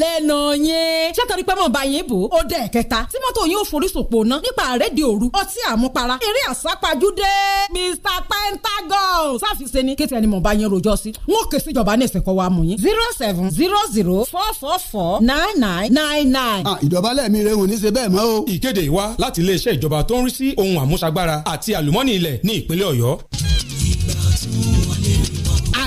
[SPEAKER 9] lẹ́nu yẹn ṣé torí pé mo bá yín bò ó dẹ̀ ẹ̀kẹta tí mọ́tò yín ò ná nípa àrédìí òru ọtí àmupara eré àsápajúdé Mr Pentagon sáfìsẹ́ ni kéte ẹni mo bá yín rojọ́ sí n ó ké síjọba ní ìsìnkọ́ wa mú yín zero seven zero zero four four four nine nine nine nine.
[SPEAKER 1] ìjọba lẹ́ẹ̀mí rẹ̀ ò ní ṣe bẹ́ẹ̀ mọ́ o. ìkéde wa láti iléeṣẹ́ ìjọba tó ń rí sí ohun àmúṣagbára àti àlùmọ́nì ilẹ̀ ní ìpínlẹ̀ Ọ̀yọ́. ìgbà
[SPEAKER 12] tó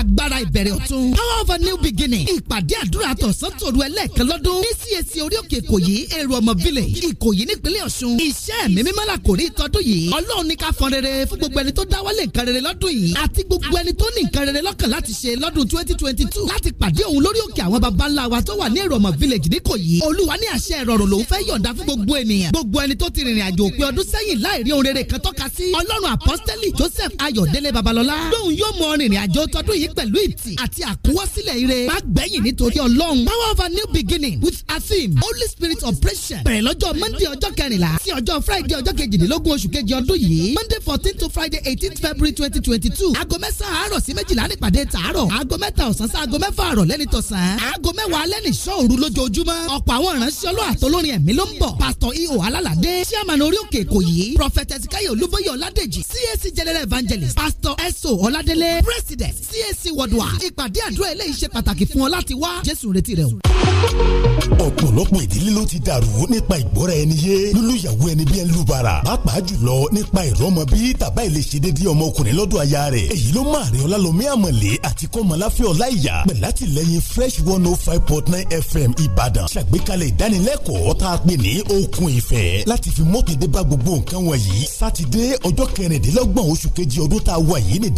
[SPEAKER 12] agbára ìbẹ̀rẹ̀ ọ̀tun power of a new beginning ìpàdé àdúrà tọ̀sán tòru ẹlẹ́ẹ̀kan lọ́dún ní CAC orí òkè ìkòyí èrò ọmọ village ìkòyí nípínlẹ̀ ọ̀ṣun iṣẹ́ mi mímọ́ la kò rí ìtọ́dún yìí ọlọ́run ní ká fọn rere fún gbogbo ẹni tó dáwọ́lé nǹkan rere lọ́dún yìí àti gbogbo ẹni tó ní nǹkan rere lọ́kàn láti ṣe lọ́dún twenty twenty two láti pàdé òun lórí òkè àwọn baba ńlá wa tó wà ní èrò ọmọ village níkòyí olúwa ní àṣẹ ìrọ̀rùn lòún fẹ́ yọ̀ǹda fún gbogbo ènìyàn gbogbo ẹni tó ti rìnrìn àjò òpin ọdún sẹ́yìn láìrí ohun rere kan tọ́ka sí ọlọ́run àpọ́stẹ́lì joseph ayọ̀délé babalọ́lá lóun yóò mọ rìnrìn àjò tọdún yìí pẹ̀lú ìtì àti àkúwọ́sílẹ̀ ire. Má gbẹ̀yìn nítorí Ọlọ́run. Power of a new beginning with Asim Holy Spirit operation. Bẹ̀rẹ̀ lọ́jọ́ Monday ọjọ́ kẹrìnlá sí ọjọ́ Friday ọjọ́ kejìdínlógún oṣù kejì ọdún yìí. Monday fourteen to Friday eighteen February twenty twenty two. Aago mẹ́sàn-án àárọ̀ sí méjìlá nípàdé tàárọ̀. Aago mẹ́ta ọ̀sán sí aago mẹ́fà àrọ̀ lẹ́ni tọ̀sán. Aago mẹ́wàá lẹ́ni ìṣọ́ òru lójoojúmọ́. Ọ̀pọ̀ àwọn ìránṣẹ́ ọlọ́ àtolórin ẹ̀mí ló ń bọ̀. Pásítọ̀ Ihò e Alálàdé. Chairman orí òkè èkó yìí. Prophet Ezekiel Olúbóyè Ọládèjì. CAC General Evangelist. Pastor S.O. Ọládélé. President CAC CAC wọ̀dùà ìpàdé àdúrà eléyìí ṣe pàtàkì fún ọ láti wá Jésù retí rẹ o.
[SPEAKER 1] ọ̀pọ̀lọpọ̀ ìdílé ló ti dàrú nípa ìgbọ́ra ẹni yé lólùyàwó ẹni bí ẹni lùbàrà pàápàá jùlọ nípa ìrọ́mọ bí tàbá ìlẹ̀ṣẹ̀dédé ọmọkùnrin lọ́dọ̀ aya rẹ̀ èyí ló máa rí ọlálọ́mí àmọ̀lé àti kọ́mọláfẹ́ ọláìyá pẹ̀látìlẹ́yìn fresh one oh five point nine fm ìbàdàn ṣàgbékalẹ̀ ìdánilẹ́kọ̀ọ́ tá a pè ní okun ìfẹ́ láti fi mọ́tòdé bá gbogbo nǹkan wọ̀nyí sátidé ọjọ́ kẹrìndínlọ́gbọ̀n oṣù kejì ọdún tá a wà yìí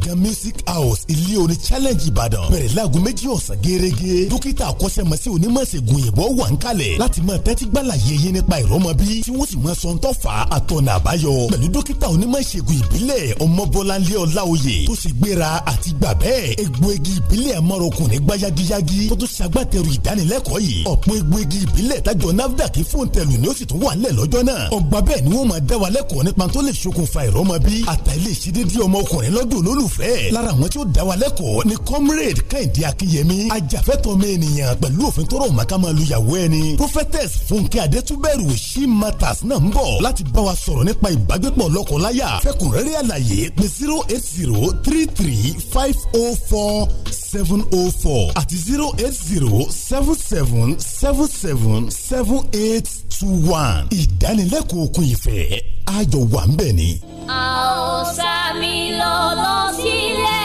[SPEAKER 1] gbọ̀ngàn music house ilé orin challenge ìbàdàn bẹ̀rẹ̀ láago méjì ọ̀sán gẹ́gẹ́ dókítà akọ́ṣẹ́mọṣẹ́ onímọ̀ṣègùn ìbọ̀ wà ń kalẹ̀ láti máa tẹ́tí gbàlà yeye nípa ìrọ́mọbí tí wọ́n sì máa sọ ń tọ́fà àtọ̀nà àbáyọ pẹ̀lú dókítà onímọ̀ṣègùn ìbílẹ̀ ọmọbọ́láńlé ọláoyè tó ṣe gbéra àti gbà bẹ́ẹ̀ egbò igi ìbílẹ̀ amọ̀rọ̀kùnrin gbá yagiyagi tó tún ṣagbátẹrù ìdánilẹ́kọ̀ọ́ yìí ọ̀pọ̀ egbò igi ìbílẹ̀ tájọ nafdac fóńtẹ̀lù ni ó sì tún wà ńlẹ̀ lọ́jọ́ olólùfẹ́ lára àwọn tí ó dá wa lẹ́kọ̀ọ́ ni comrade kẹ́hìndé akínyẹmí ajàfẹ́tọ̀ mi ènìyàn pẹ̀lú òfin tó rọ̀ màkà máa lu ìyàwó ẹni prophetess fúnkẹ́ adétúbẹ̀rù she matters náà ń bọ̀ láti bá wa sọ̀rọ̀ nípa ìbágbépọ̀ lọ́kọ̀láyà fẹ́kùnrẹ́rẹ́ àlàyé pé zero eight zero three three five oh four seven oh four àti zero eight zero seven seven seven seven seven eight two one ìdánilẹ́kọ̀ọ́ òkun ìfẹ́ àjọ wà ń bẹ̀ ni.
[SPEAKER 4] a osa mi lodo si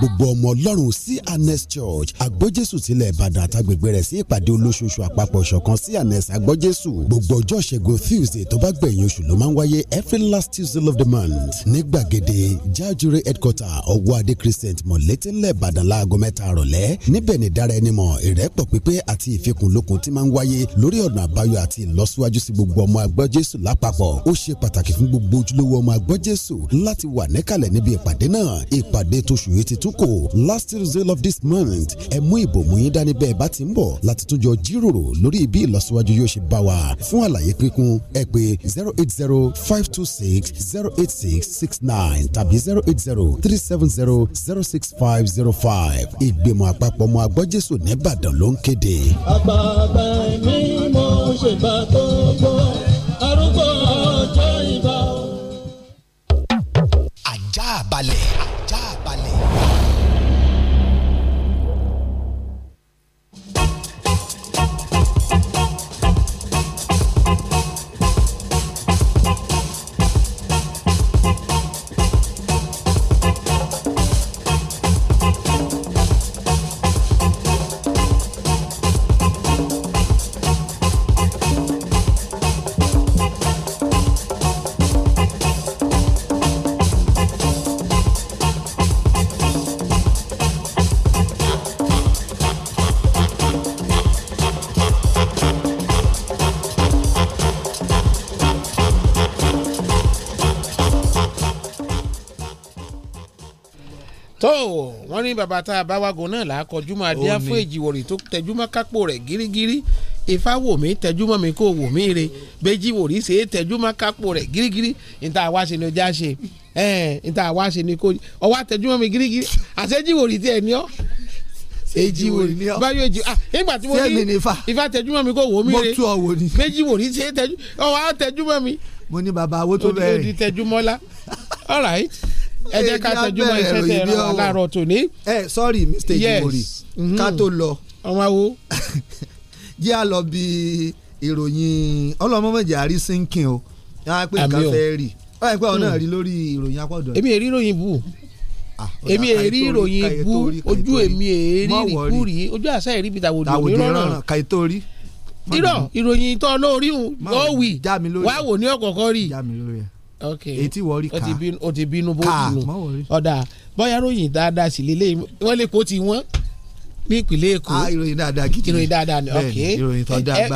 [SPEAKER 1] pe gbogbo ọmọ ọlọ́run sí anes church agbójésù tilẹ̀ ìbàdàn àtàgbègbè rẹ̀ sí ìpàdé olóṣooṣù àpapọ̀ ṣọ̀kan sí anes agbójésù gbogbo ọjọ́ ṣẹ́gun tuesday tó bá gbẹ̀yìn oṣù ló máa ń wáyé every last tuesday of the month ní gbàgede jajure headquarter ọwọ́ adé christian mọ̀lẹ́tẹ̀lẹ̀ ìbàdàn láago mẹ́ta àrọ̀lẹ́ níbẹ̀ ni dára ẹni mọ̀ ìrẹ́pọ̀ pípé àti ìfikùnlukùn ti máa ń wáyé lórí ọ̀nà àbáyọ àti ìlọsíwájú sí gbogbo ọmọ agbọ́jésù lápapọ̀ ó ṣe pàtàkì fún gbogbo ojúlówó ọmọ agbọ́jésù láti wà níkàlẹ̀ níbi ìpàdé náà ìpàdé tóṣù yìí ti tún last result of this month ẹ mú ìbòmú yín dání bẹ́ẹ̀ bá ti ń bọ̀ láti tún jọ jíròrò lórí bí ìlọsíwájú yóò ṣe bá wa fún àlàyé kíkún ẹ pè zero eight zero five two six zero eight six six nine tàbí zero eight zero three seven zero zero six five zero five ìgbìmọ̀ àpapọ̀ ọmọ agbọ́jésù nìbàdàn ló ń kéde.
[SPEAKER 3] àbàbà mi mo
[SPEAKER 8] ṣèbà tó gbọ́.
[SPEAKER 6] ní bàbá tá a bá wagun náà là á kọjú máa dé àfọ èjìwòrì tó tẹjúmọ́ kápò rẹ̀ gírígírí ifá wò mí tẹjúmọ́ mi kó wò mí re bẹ́jì wò rí ṣe é tẹjúmọ́ kápò rẹ̀ gírígírí níta wá ṣe ni ọjà ṣe níta wá ṣe ni kò ọwọ́ àtẹjúmọ́ mi gírígírí àṣẹjì wò rí tiẹ̀ ní ọ́ èjì wò rí báyọ̀ èjì ah nígbà tí mo ní ifá tẹjúmọ́ mi kó wò mí re bẹ́jì wò rí ṣe é tẹjúmọ́ ọwọ́ àtẹjúmọ́ mi. mo ní bàbá awó tó bẹ̀rẹ̀ lá
[SPEAKER 5] all right ẹ jẹ́ ká tẹjú mọ́ tẹ ẹran wa láàárọ̀ tòní. ẹ sorry mr jimori mm-hmm. ká tó lọ. ọmọ awo. jẹ́ à lọ bí ìròyìn ọlọ́mọmọ̀jẹ̀ àrí sinkin o yàrá pé nǹkan fẹ́ rí ọ yẹ pé ọ náà hmm. rí lórí ìròyìn apọ̀dọ̀. èmi èrí ìròyìn bù ah, èmi èrí ìròyìn bù ojú èmi
[SPEAKER 6] èrí ìrìkú rí ojú àṣà èrí bìtà wòdì òmíràn kàìtórí irọ́ ìròyìn tó lórí òwì wá wò ní ọ̀kọ̀ọ̀kan rí Okay. tí wọ́n ká ó ti bínú bó ti ọ̀dà bóyá ròyìn dáadáa sì lélẹ̀ wọ́n lè kó ti wọ́n ní ìpínlẹ̀ èkó ah, ìròyìn dáadáa kìí ìròyìn dáadáa ni ok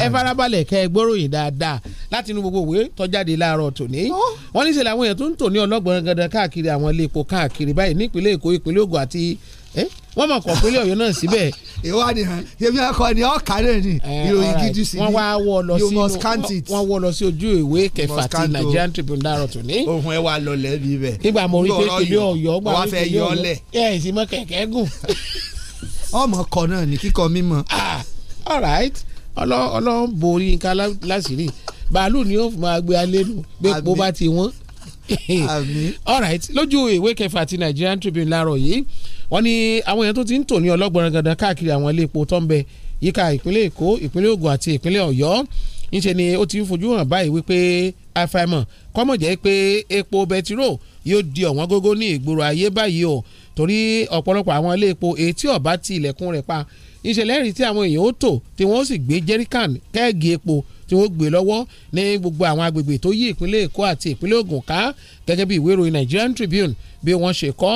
[SPEAKER 6] ẹ farabalẹ̀ kẹ́ ẹ gbọ́ròyìn dáadáa láti inú gbogbo òwe tọ́jáde láàárọ̀ tòní wọ́n ní ṣe làwọn èèyàn tó ń tò ní ọlọ́gbọ̀n gandan káàkiri àwọn ilé epo káàkiri báyìí ní ìpínlẹ̀ èkó ìpínlẹ̀ ògùn àti Eh? wọ́n mọ̀ kọ̀pínlẹ̀ ọ̀yọ́ náà síbẹ̀. ìwádìí hàn yẹmi akọni ọ̀ka náà ni eh, ìròyìn gidi sí ni wọ́n wá wọ́ lọ sí you must count it wọ́n wọ́ lọ sí ojú ìwé kẹfà ti Nigerian Tribune dárọ̀ tó ní. ohun ẹ wa lọlẹ bí bẹ. nígbà mo rí pé ìpínlẹ̀ ọ̀yọ́ gbà wọ́n fẹ́ yọ ọ́lẹ̀. ẹ ẹ sì mọ kẹ̀kẹ́ gùn. ọmọ kọ náà ni kíkọ mímọ. Ah, all right ọlọ́run borí nǹkan láṣìírí bàálù ni ó máa gbé alẹ́ nu gbé All alright lójú ìwé kẹfà ti Nigerian Tribune láàárọ̀ yìí wọ́n ní àwọn èèyàn tó ti ń tò ní ọlọ́gbọ̀n gandan káàkiri àwọn ilé epo tó ń bẹ yíká ìpínlẹ̀ Èkó ìpínlẹ̀ Ògùn àti ìpínlẹ̀ Ọ̀yọ́ ńṣe ni ó ti ń fojú hàn báyìí wípé àfàìmọ̀ kọ́mọ̀ jẹ́ pé epo bẹtiró yóò di ọ̀wọ́n gógó ní ìgboro ayé báyìí o torí ọ̀pọ̀lọpọ̀ àwọn ilé epo èyí tí ti ilẹ̀kùn rẹ̀ pa ìṣẹ̀lẹ̀ rí tí àwọn èèyàn ó tò tí wọ́n sì gbé jerrycan kẹ́ẹ̀gì epo tí wọ́n gbé lọ́wọ́ ní gbogbo àwọn agbègbè tó yí ìpínlẹ̀ Èkó àti ìpínlẹ̀ Ògùn ká gẹ́gẹ́ bí ìwé ìròyìn Nigerian Tribune bí wọ́n ṣe kọ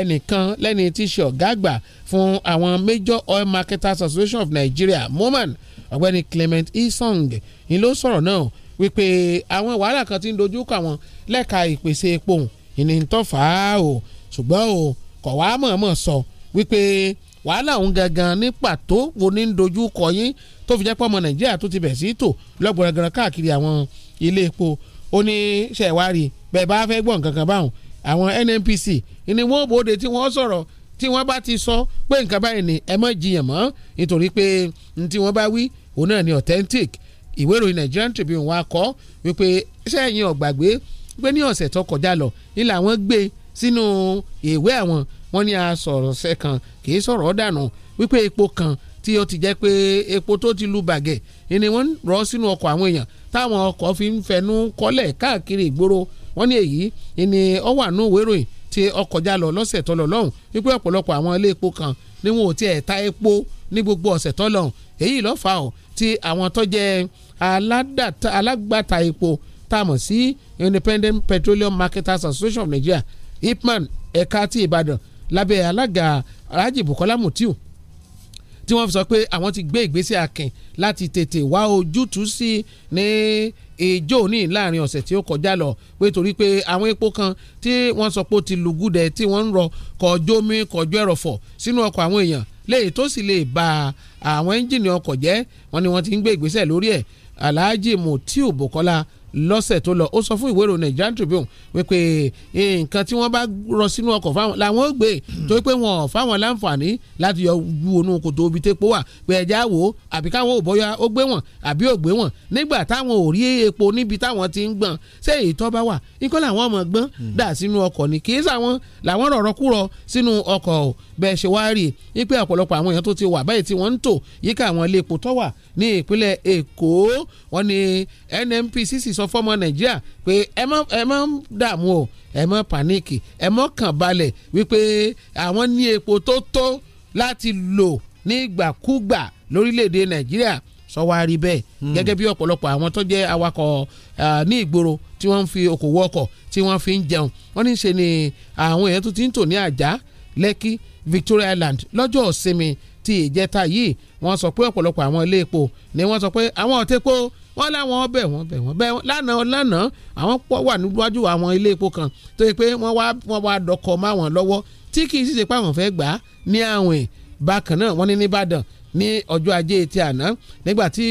[SPEAKER 6] ẹnìkan lẹ́ni tí í ṣe ọ̀gá àgbà fún àwọn Major Oil Marketers Association of Nigeria MOMAN ọ̀gbẹ́ni Clement Isong ni ló sọ̀rọ̀ náà wípé àwọn wàhálà kan ti ń dojú kọ àwọn lẹ́ka ìpèsè epo ìní ń tọ́fà á o ṣùgbọ́n o kọ̀ wá mọ̀ọ́mọ̀ sọ wípé wàhálà òun gangan ní pàtó wo ní dojú kọ yín tó fi jẹ́ pọ́ ọmọ nàìjíríà tó ti bẹ̀ sí tò lọ́gbọ̀nrẹ́gbọ̀n káàkiri àwọn ilé epo ó ní ṣẹ̀wárí bẹ́ẹ̀ bá fẹ́ gbọ́ nǹkan kan báwọn àwọn NNPC ni wọ́n bòde tí wọ́n sọ̀rọ̀ tí wọ́n bá ti sọ pé nǹkan báyìí ni ẹ má jiyàn mọ́ nítorí pé n tí wọ́n bá wí òun náà ni authentic ìwé ìròyìn Nigerian Tribune wa kọ wípé sẹ́yìn ọ̀gbàgbé pé ní ọ̀sẹ̀ tó kọjá lọ ilà wọn gbé sínú ìwé àwọn wọ́n ní a sọ̀rọ̀ sẹ́kàn kì í sọ̀rọ̀ dànù wípé epo kan tí ó ti jẹ́ pé epo tó ti lu bàgẹ́ ni wọ́n rọ́ sínú ọkọ̀ àwọn èèyàn táwọn ọkọ̀ fi ń fẹnu kọ́lẹ̀ káàkiri ìgboro wọ́n ní èyí ni ó wà nù wéròyìn tí ọkọ̀ já lọ lọ́sẹ̀ tó lọ lọ́hùn wípé ọ̀pọ̀lọpọ̀ àwọn ilé epo kan ni wọn ò tiẹ̀ ta epo ní gbogbo ọ̀sẹ̀ tó lọ́hùn èyí ló fà tí àwọn tó jẹ́ alágbàtà epo tá a mọ̀ sí Independent Petroleum Marketers Association of Nigeria IPMAN ẹ̀ka ti Ìbàdàn lábẹ́ alága Alhaji Bukola Mutiu tí wọ́n fi sọ pé àwọn ti gbé ìgbésẹ̀ akin láti tètè wá ojútùú sí ní ìjọ òní láàrin ọ̀sẹ̀ tí ó kọjá lọ pé torí pé àwọn epo kan tí wọ́n sọ pé ó ti lùgúdẹ̀ tí wọ́n ń rọ kọjọ́ mi kọjọ́ ẹ̀rọ̀fọ̀ sínú ọkọ̀ àwọn èèyàn léyìí tó sì lè ba àwọn ẹ́ńjìnì ọkọ̀ jẹ́ wọ́n ní wọ́n ti ń gbé ìgbésẹ̀ lórí ẹ̀ Alhaji Mutiu Bukola lọ́sẹ̀ tó lọ ó sọ fún ìwé ìròyìn Nigerian Tribune wípé nǹkan tí wọ́n bá rọ sínú ọkọ̀ fáwọn làwọn ó gbé torí pé wọn ò fáwọn láǹfààní láti yọ ju onú kòtò omi tẹ́pọ̀ wà pé ẹja wò ó àbí káwọn ò bọ́yá ó gbé wọn àbí ò gbé wọn nígbà táwọn ò rí epo níbi táwọn ti ń gbọ̀n ṣé ìtọ́ bá wà nǹkan làwọn ọmọ gbọ́n dà sínú ọkọ̀ ni kì í sàwọn làwọn rọ̀rọ̀ kúrọ̀ sínú ọkọ̀ bẹ́ẹ̀ ṣe wá rí i pé ọ̀pọ̀lọpọ̀ àwọn èèyàn tó ti wà báyìí tí wọ́n ń tò yíká àwọn ilé epo tó ní ìpínlẹ̀ Èkó wọn ni NNPCC sọ sọ fọmọ nàìjíríà pé ẹ má ẹ má dààmú o ẹ má pàníkì ẹ má kàn balẹ̀ wípé àwọn ní epo tó tó láti lò nígbàkúgbà lórílẹ̀‐èdè nàìjíríà sọwárí bẹ́ẹ̀ hmm. gẹ́gẹ́ bí ọ̀pọ̀lọpọ̀ àwọn tó jẹ́ awakọ̀ ní ìgboro tí wọ́n ń fi okòwò ọkọ̀ tí wọ́n fi ń jẹun wọ́n ní ṣe ni àwọn èèyàn tó ti ń tò ní àjá lẹ́kí Victoria Island lọ́jọ́ ìsinmi ti ìjẹta yìí wọ́n sọ pé ọ̀pọ̀lọpọ̀ àwọn ilé epo ni wọ́n sọ pé àwọn ọ̀tẹ́pọ̀ wọ́n láwọn bẹ̀ wọ́n bẹ̀ wọ́n bẹ̀ wọ́n lánàá lánàá àwọn pọ̀ wà níwájú àwọn ilé epo kan tó yẹ pé wọ́n wá wọ́n wá dọkọ̀ mọ́ àwọn lọ́wọ́ tí kì í sì ṣe pé àwọn fẹ́ gbà á ní àwìn bákan náà wọ́n ní nìbàdàn ní ọjọ́ ajé ti àná nígbà tí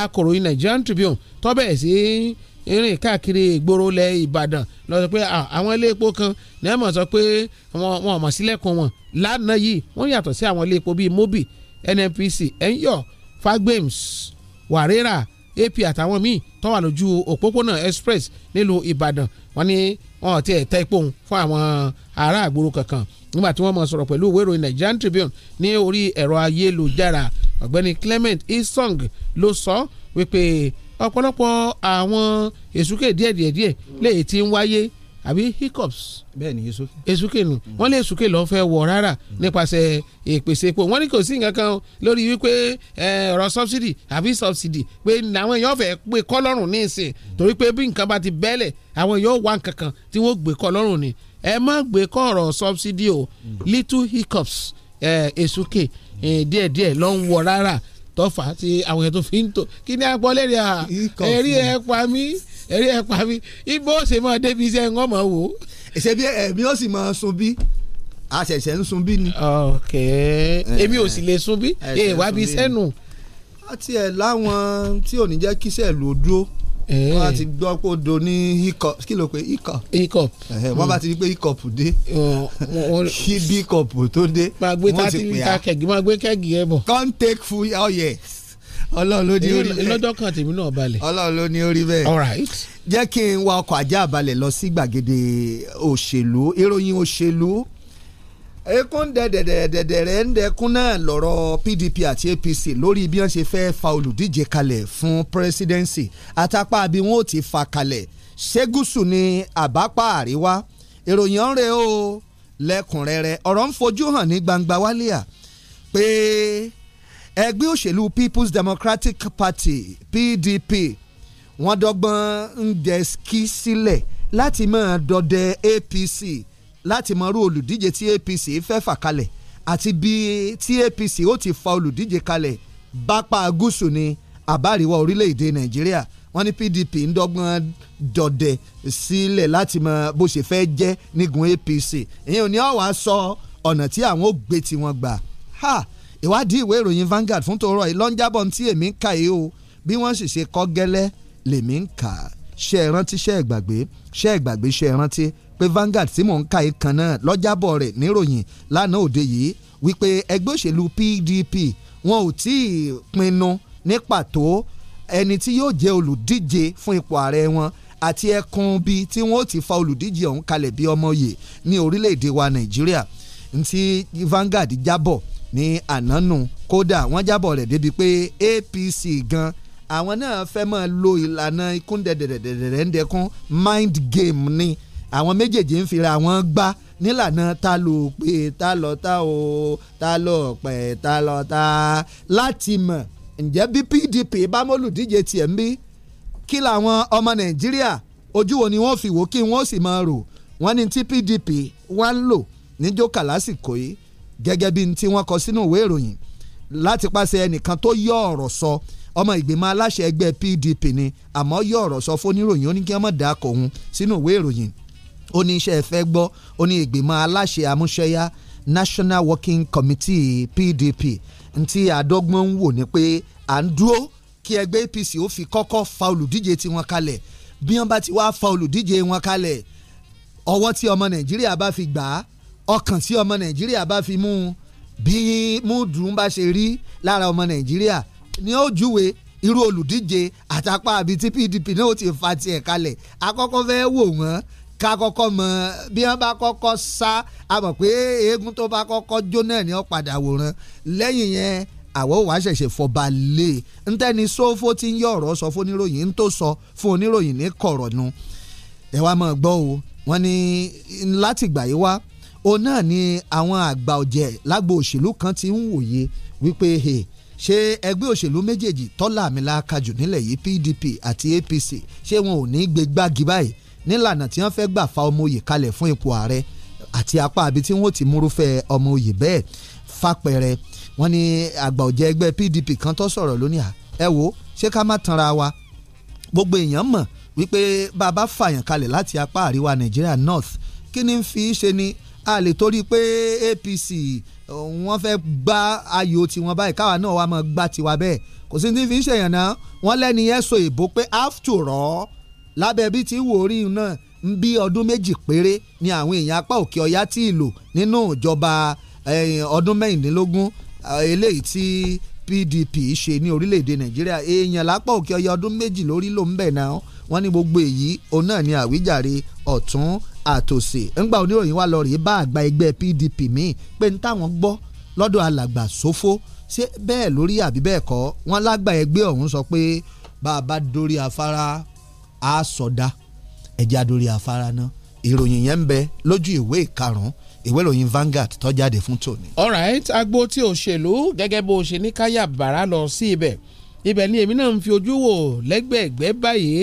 [SPEAKER 6] akọ̀ròyìn Nigerian Tribune tó bẹ̀rẹ̀ sí ìrìn káàkiri ìgboro lẹ Ìbàdàn lọ sọ pé àwọn ilé epo kan ní ẹ mọ̀ sọ pé wọn ò mọ̀ sílẹ̀kùn wọn lánàá yìí wọ́n yàtọ̀ sí àwọn ilé epo bíi Mobil NNPC enyọ Fagbems Warera ap àtàwọn míì tó wà lójú òpópónà express nílùú ìbàdàn wọ́n ní wọn ti ẹ̀ tẹ́ ipò òun fún àwọn ará àgbòrò kankan nígbà tí wọ́n mọ̀ sọ̀rọ̀ pẹ̀lú ìwé ìròyìn nigerian tribune ní orí ẹ̀rọ ayélujára ọ̀gbẹ́ni clement isong ló sọ wípé ọ̀pọ̀lọpọ̀ àwọn èsúkè díẹ̀díẹ̀díẹ̀ lè ti ń wáyé àbí hiccups bẹ́ẹ̀ni esuke esuke nu wọ́n lé esuke lọ fẹ́ wọ rárá mm. nípasẹ̀ ìpèsè epo wọ́n ní kò sí nǹkan kan lórí wípé ọ̀rọ̀ subsidy àbí subsidy pé àwọn èèyàn fẹ́ pé kọ́lọ́rùn ní ìsìn mm. torí pé bí nǹkan bá ti bẹ́lẹ̀ àwọn èèyàn wá nǹkan kan tí wọ́n gbé kọ́lọ́rùn ni ẹ má gbé kọ́ ọ̀rọ̀ subsidy o mm. little hiccups esuke díẹ̀díẹ̀ ló ń wọ rárá tọ́fà tí àwọn èèyàn tó fi ń tò kí ni apọ́ à ẹ̀rí ẹ̀ pa mí ẹ̀rí ẹ̀ pa mí ibo ṣe máa débi iṣẹ́ ń ọmọ wò.
[SPEAKER 5] ṣe bí ẹ̀mí ó sì máa sun bí a ṣẹ̀ṣẹ̀ ń sun bí ni.
[SPEAKER 6] ok èmi ò sì lè sun bí èèwà bíi sẹ́nu.
[SPEAKER 5] a tiẹ̀ láwọn tí ò ní jẹ́ kíṣẹ́ lò dúró wọ́n á eh. ti gbọ́ pé ó do ní hiccup kí ló pe hiccup. hiccup. wọ́n bá ti di pé hiccup dé oh, kí bí hiccup tó dé. máa gbé thirty litre
[SPEAKER 6] kẹ̀gì máa gbé kẹ̀gì ẹ̀ bọ̀. come take full oh yes ọlọ́run ló ní orí bẹ́ẹ̀ lọ́jọ́ kan tèmi náà
[SPEAKER 5] balẹ̀ ọlọ́run ló ní orí bẹ́ẹ̀ all right. jẹ́ kí n wa ọkọ̀ ajá balẹ̀ lọ sí gbàgede òṣèlú ìròyìn òṣèlú ekun dẹ̀dẹ̀dẹ̀dẹ̀ rẹ̀ ń dẹkun náà lọ́rọ̀ PDP àti APC lórí bí wọ́n ṣe fẹ́ fa olùdíje kalẹ̀ fún presidency àtàpá bí wọ́n ó ti fa kalẹ̀ ṣégùsù ni àbápá àríwá ìròyìn ọ̀rẹ́ o lẹ́kùnrẹ́rẹ́ ọ̀rọ̀ ń fojú hàn ní gbangba wálíà pé ẹgbẹ́ òṣèlú People's Democratic Party PDP wọ́n dọ́gbọ́n ń jẹ́ kí sílẹ̀ láti máa dọdẹ APC láti mọrú olùdíje tí APC fẹ́ fà kalẹ̀ àti bí tí APC ó ti fa olùdíje kalẹ̀ bápá gúúsù ni àbáríwá orílẹ̀-èdè Nàìjíríà wọ́n ní PDP ń dọ́gbọ́n dọ̀dẹ̀ sílẹ̀ láti mọ bó ṣe fẹ́ jẹ́ nígun APC ìyẹn ò ní ọ̀wá sọ ọ̀nà tí àwọn ò gbé tiwọn gbà ha ìwádìí ìwé ìròyìn Vanguard fún tòórọ̀ yìí lọ́njábọ̀ tí èmi ń kà yìí o bí wọ́n sì ṣe kọ́ gẹ́lẹ́ lèmi ń kà ṣe é rántí ṣe é gbàgbé ṣe é gbàgbé ṣe é rántí pé Vanguard tí mò ń ka ìkan náà lọ́jàbọ̀ rẹ̀ níròyìn lánàá òde yìí wípé ẹgbẹ́ òṣèlú PDP wọn ò tí ì pinnu ní pàtó ẹni tí yóò jẹ́ olùdíje fún ipò ààrẹ wọn àti ẹkùn bíi tí wọn ò ti fa olùdíje ọ̀hún kalẹ̀ bí ọmọ yìí ní orílẹ̀-èdè wa Nàìjíríà ntí Vanguard jábọ̀ ní ànánu kódà wọ́n jábọ̀ rẹ̀ débi pé APC gan àwọn náà fẹ́ máa lo ìlànà ikú ń dẹkún mind game ni àwọn méjèèjì ń fira wọn gbá nílànà ta ló pé ta lọ ta o ta lọ pẹ ta lọ ta láti mọ̀ ǹjẹ́ bí PDP bá mọ́lùdíje tiẹ̀ ń bí kí làwọn ọmọ Nàìjíríà ojú wo ni wọ́n fi wò kí wọ́n sì máa rò wọ́n ní tí PDP wá ń lò níjó kàlásìkò yìí gẹ́gẹ́ bí tí wọ́n kọ sínú ìwé ìròyìn láti pàṣẹ ẹnìkan tó yọ ọ̀rọ̀ sọ ọmọ ìgbìmọ̀ aláṣẹ ẹgbẹ́ PDP ni àmọ́ yọ ọ̀rọ̀ sọ fóníròyìn ó ní kí wọ́n mọ̀ dáko òun sínú ìwé ìròyìn ó ní iṣẹ́ fẹ́ gbọ́ ó ní ìgbìmọ̀ aláṣẹ àmúṣẹ́yá National Working Committee PDP ntí àdọ́gbọ́n ń wò ní pé à ń dúró kí ẹgbẹ́ APC ó fi kọ́kọ́ fa olùdíje tiwọn kalẹ̀ bí wọ́n bá ti wá fa olùdíje wọn kalẹ̀ ọwọ́ tí ọmọ Nàìjíríà bá fi gbà á ọkàn tí ọmọ Nàìjíríà bá fi mú un bí múdùn bá ṣe rí lára ọmọ Nàìjíríà ni ó júwe irú olùdíje àtàpá àbí tí PDP náà ti fa tiẹ̀ kalẹ̀ àkọ́kọ́ fẹ́ wò wọ́n ká kọ́kọ́ mọ bí wọ́n bá kọ́kọ́ sá a mọ̀ pé eégún tó bá kọ́kọ́ jó náà ni ó padà wòran lẹ́yìn yẹn àwọ̀ wàá ṣẹ̀ṣẹ̀ fọba lé ntẹ́ni sófó tí ń yọ ọ̀rọ̀ sọ fún oníròyìn ń tó sọ fún oníròyìn ní kọ̀rọ̀ nu ẹ wá máa gbọ́ o wọ́n ní láti gbà yí wá òun náà ni àwọn àgbà ọ̀jẹ̀ lágbo òṣèlú kan ti ń wòye wípé ṣé ẹgbẹ́ òṣèlú méjèèjì tọ́lá mi la kájù nílẹ̀ yìí PDP àti APC ṣé wọn ò ní gbé báyìí nílànà tí wọ́n fẹ́ gbà fa ọmọ òye kalẹ̀ fún ipò ààrẹ àti apá àbí tí wọ́n ti múrúfẹ́ ọmọ bẹ́ẹ̀ fapẹ̀rẹ̀ wọ́n ní àgbà ọ̀jẹ̀ ẹgbẹ́ PDP kan tó sọ̀rọ̀ lónìí à ẹ wo ṣé ká má tanra wa gbogbo èèyàn mọ̀ wípé bàbá fàyàn kalẹ̀ láti apá àríwá Nàìjíríà North kí ni ń fi ṣe ni a lè torí pé APC wọ́n fẹ́ gba ayò tiwọn báyìí káwa náà wà máa gba tiwa bẹ́ẹ̀ kò sí ní fi ń ṣèyàn náà wọ́n lẹ́ni yẹn so ìbò pé after all lábẹ́ bí ti wò rí náà ń bí ọdún méjì péré ni àwọn èèyàn apá òkè ọ̀yá tí ìlò nínú ìjọba ọdún mẹ́rìndínlógún eléyìí tí PDP ṣe ní orílẹ̀-èdè Nàìjíríà èèyàn lápá òkè ọ̀yá ọdún méjì lórí ló ń bẹ̀ náà wọ́n ní gbogbo èyí òun náà ni àwíjàre ọ̀tún àtòsí ńgbà oníròyìn wa lọ rèé bá àgbà ẹgbẹ́ PDP míì pé ń táwọn gbọ́ lọ́dọ̀ alàgbà sófó ṣé bẹ́ẹ̀ lórí àbí bẹ́ẹ̀ kọ́ wọ́n lágbà ẹgbẹ́ ọ̀hún sọ pé bá a bá dórí afárá á sọdá ẹjẹ́ àdórí afárá náà ìròyìn yẹn ń bẹ lójú ìwé ìkarùn ìwé ìròyìn Vanguard tó jáde fún tòní. alright agbo tí
[SPEAKER 6] òṣèlú gẹ́gẹ́ bó ṣe ní káyà bàrà lọ sí ibẹ̀ ibẹ̀ ni èmi náà ń fi ojú wò lẹ́gbẹ̀ẹ́gbẹ́ báyìí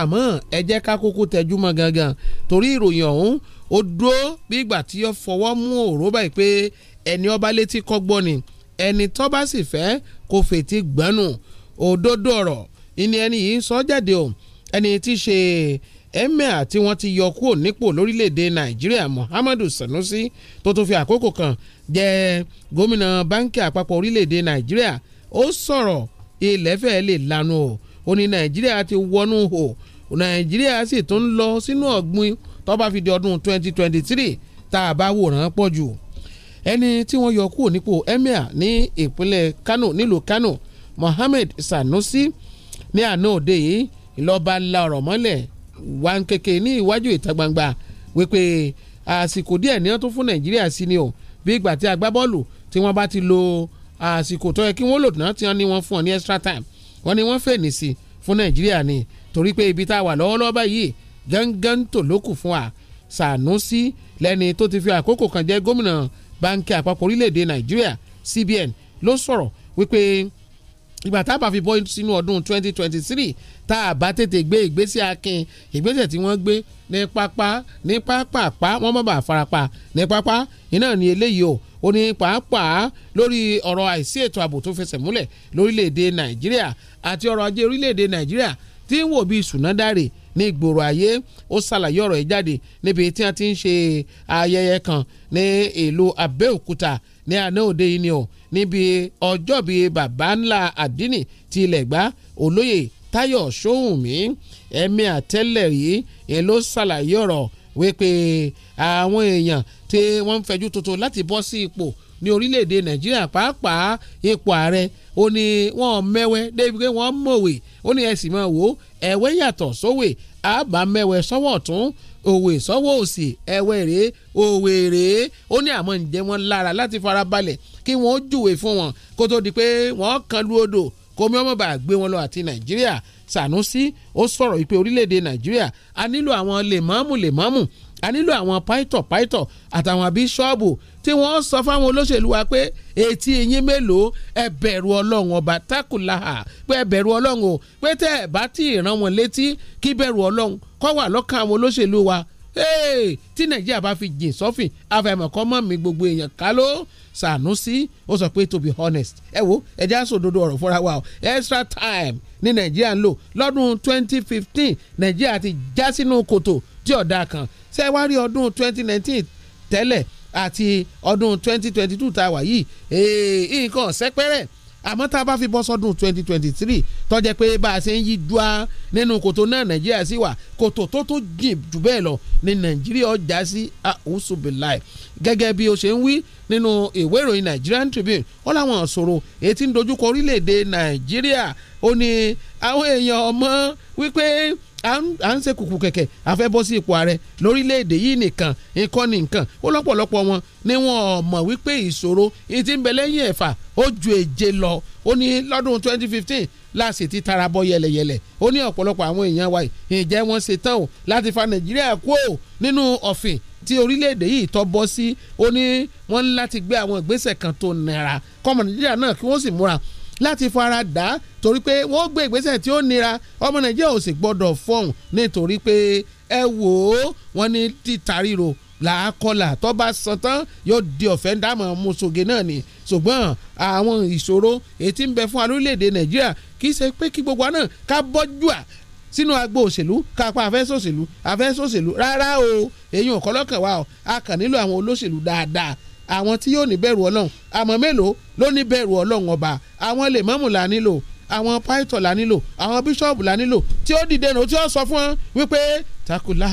[SPEAKER 6] àmọ́ ẹ jẹ́ ká kúkú tẹjú mọ́ gangan torí ìròyìn ọ̀hún ó dúró bí ìgbà tí ó fọwọ́ mú òró báyìí pé ẹni ọba létí kọ́gbọ́ ni ẹni tó bá sì fẹ́ kó fètí gbọ́nù òdodo ọ̀rọ̀ ìní ẹni yìí sọ jáde o ẹni tí í ṣe emir tí wọ́n ti yọ kúrò nípò lórílẹ̀‐èdè nàìjíríà muhammadu sanusi tó tún fi àkókò kan jẹ́ gómìnà báńkì àpapọ̀ orílẹ̀‐èdè nàìjíríà ó sọ̀rọ̀ ilẹ̀ fẹ́ẹ́ lè lanu o ó ní nàìjíríà ti wọnú hò nàìjíríà sì tún lọ sínú ọ̀gbun tó bá fi di ọdún 2023 tá a bá wòran pọ̀ jù ẹni tí wọ́n yọ kúrò nípò emir ní ìpínlẹ̀ kano nílùú kano mohammed sanusi ní àná òde yìí ìlọ́ba la ọ̀rọ̀ mọ́lẹ̀ wá ń kéke ní iwájú ìta gbangba wípé àsìkò díẹ̀ ní wọ́n tún fún nàìjíríà sí ni o bí ìgbà tí agbábọ́ọ̀lù tí wọ́n bá ti lo àsìkò tó yẹ kí wọ́n lò náà tí wọ́n ní wọ́n fún ọ ní extra time wọ́n ní wọ́n fèèní sí fún nàìjíríà ni torí pé ibi tá a wà lọ́wọ́lọ́wọ́ báyìí gángan tó lókù fún wa Sànúsí lẹ́ni tó ti fi àkókò kan jẹ́ gómìnà báńkì àpapọ̀ orílẹ̀-èdè nàìjíríà CBN ló sọ̀rọ̀ wípé ìgbà tá a bá fi bọ́ sínú ọdún 2023 tá a bá tètè gbé ìgbésẹ̀ akin ìgbésẹ̀ tí wọ́n gbé ní pápá ní pápá wọ́n má bàa farapa ní pápá iná ni eléyìí o ó ní pàápàá lórí ọ̀rọ̀ àìsí ètò ààbò tó fẹsẹ̀ múlẹ̀ lórílẹ̀‐èdè nàìjíríà àti ọrọ̀ ajé orílẹ̀‐èdè nàìjíríà tí ń wò bíi sùnádàrè ní ìgboro ayé ó ṣàlàyé ọ̀rọ̀ yìí jáde níbi tí wọ́n ti ń ṣe ayẹyẹ kan ní ìlú Abẹ́òkúta ní àná òde yìí ni o níbi ọjọ́bí bàbá ńlá àdínì ti ilẹ̀ gbá olóyè Táyọ̀ Ṣóhùnmí ẹ̀mí àtẹ́lẹ̀ yìí ìyẹn ló ṣàlàyé ọ̀rọ̀ wípé àwọn èèyàn tí wọ́n ń fẹjú tuntun láti bọ́ sí ipò ní orílẹ̀-èdè nàìjíríà pàápàá ipò ààrẹ ó ní wọ́n mẹ́wẹ́ débi pé wọ́n mọ̀wé ó ní ẹ̀sìn máa wò ó ẹ̀wẹ́ yàtọ̀ sówè àbá mẹ́wẹ́ sọ́wọ́ ọ̀tún òwe sọ́wọ́ òsì ẹ̀wẹ́ rèé òwe rèé ó ní àmọ́ ǹjẹ́ wọn lára láti farabalẹ̀ kí wọ́n júwe fún wọn kó tó di pé wọ́n kan lu odò kómi ọmọ bá gbé wọn lọ àti nàìjíríà Sanusi ó sọ̀rọ̀ wípé orílẹ̀-èdè nàìjíríà a nílò àwọn lèmọ́mù lèmọ́mù a nílò àwọn pàìtọ̀ pàìtọ̀ àtàwọn bíṣọ́ọ̀bù tí wọ́n sọ fáwọn olóṣèlú wa pé etí eyín mélòó ẹ bẹ̀rù ọlọ́run ọba takùláhà pé ẹ bẹ̀rù ọlọ́run o pé tẹ́ ẹ bá tí ì rán wọn létí kí bẹ̀rù ọlọ́run kọ́ wà lọ́kàn àwọn olóṣèlú wa tí nàìjíríà bá fi jìn sọ́fìn afẹ́mọ̀kọ́ mọ̀ mi gbogbo èèyàn ká ló Sànúsí ó sọ pé to be honest ẹ wo ẹ já sòdodo ọ̀rọ̀ fúnra wa o extra time ní nàìjíríà ń lò lọ́dún 2015 nàìjíríà ti já sínú kòtò tí ọ̀dà kan ṣé wá rí ọdún 2019 tẹ́lẹ̀ àti ọdún 2022 tá a wà yìí nǹkan sẹ́pẹ́rẹ́ àmọ́ tá a bá fi bọ́ sọ́dún 2023 tọ́jẹ́ pé bá a ṣe ń yí dua nínú kòtò náà nàìjíríà sì wà kòtò tó tó jìn jù bẹ́ẹ̀ lọ ní nàìjíríà ọjà sí àhùsùbìláì gẹ́gẹ́ bí o ṣe ń wí nínú ìwé ìròyìn Nigerian Tribune ó láwọn ìṣòro èyí tí ń dojúkọ orílẹ̀-èdè nàìjíríà ó ní àwọn èèyàn ọmọ wípé à ń ṣe kùkù kẹ̀kẹ́ àfẹ́ bọ́ sí ipò ààrẹ lórílẹ̀‐èdè yìí nìkan nǹkan nìkan ó lọ́pọ̀lọpọ̀ wọn ni wọn ò mọ̀ wípé ìṣòro yìí ti ń bẹ lẹ́yìn ẹ̀fà ó ju èje lọ ó ní lọ́dún 2015 láàṣì ti tara bọ́ yẹlẹyẹlẹ ó ní ọ̀pọ̀lọpọ̀ àwọn èèyàn wa ìjẹ́ wọn ṣe tán o láti fa Nàìjíríà kú o nínú ọ̀fìn tí orílẹ̀-èdè yìí tọ́ bọ́ sí ó ní wọ́n láti gbé àwọn ìgbésẹ̀ kan tó nira kọ́mọ Nàìjíríà náà kí wọ́n sì múra láti fara dà á torí pé wọ́n gbé ìgbésẹ̀ tí ó nira ọmọ nàìjíríà ò sì gbọ́dọ̀ fọhùn nítorí pé ẹ wò ó wọ́n ní títa ríro làákọlà tó bá san tán yóò di ọ̀fẹ́ dámọ̀ mùsùlùmí náà ni ṣùgbọ́n àwọn ìṣòro ètí ń bẹ fún alórílẹ̀‐èdè nàìjíríà kì í ṣe pé kí gbogbo àná ká bọ́jú à sínú agbo òṣèlú kápá afẹ́sọ̀ṣèlú afẹ́sọ̀ṣèlú rárá o èyí ò kọ́lọ́kàn wa o a kàn nílò àwọn olóṣèlú dáadáa àwọn tí yóò ní bẹ̀rù ọlọ́run àmọ́ mélòó ló ní bẹ̀rù ọlọ́run ọba àwọn lèmọ́mù la nílò àwọn pásítọ̀ la nílò àwọn bíṣọ̀bù la nílò tí ó dìde nù tí ó sọ fún wọn wípé takula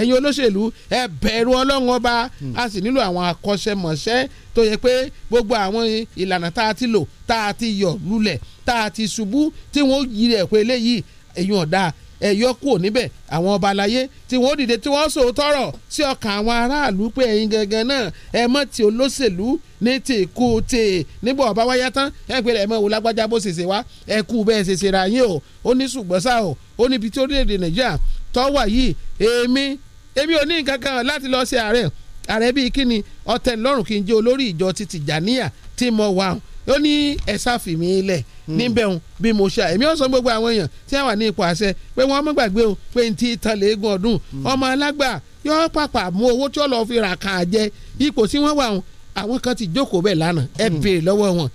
[SPEAKER 6] ẹ̀yin olóṣèlú ẹ bẹ̀rù ọlọ́run ọba hmm. a sì nílò àwọn akọ́ṣẹ́mọṣẹ́ tó yẹ pé gbogbo àwọn ìlànà tá a ti lò tá a ti yọ̀ lulẹ̀ tá a ti ṣubú tí wọ́n yí rẹ̀ pé eléyìí ẹ̀yin ọ̀dà ẹ yọ kúrò níbẹ̀ àwọn ọba aláyé tí wọ́n dìde tí wọ́n sọ tọrọ sí ọkàn àwọn aráàlú pé ẹ̀yin gangan náà ẹ mọ̀ tí olóṣèlú ní ti kú tè nígbà ọba wáyá tán ẹ pé ẹ mọ̀ wò lágbájá bó ṣèṣe wá ẹ kú bẹ́ẹ̀ ṣèṣe ra yín o ó ní ṣùgbọ́n sá o ó níbi tí orílẹ̀-èdè nàìjíríà tọ́wà yìí èmi èmi ò ní nǹkan kan láti lọ sí ààrẹ ààrẹ bíi kí ni ọ̀tẹ̀ lọ́rùn kí n jẹ́ olórí ìjọ ti Tìjàníyà tí mo wà ó ní ẹ̀ sáfì mi lẹ̀ níbẹ̀ hmm. ń bí mo ṣe èmi ọ̀sán gbogbo àwọn èèyàn tí wọ́n wà ní ipò àṣẹ pé wọ́n mọ̀ gbàgbé o pé n ti tan léegun ọdún hmm. ọmọ alágbà yọ pàpà mú owó tí ó lọ́ọ́ fi rà kà á jẹ ipò tí wọ́n wà wọn àwọn kan ti jókòó bẹ́ẹ̀ lánàá ẹ hmm. béèrè lọ́wọ́ wọn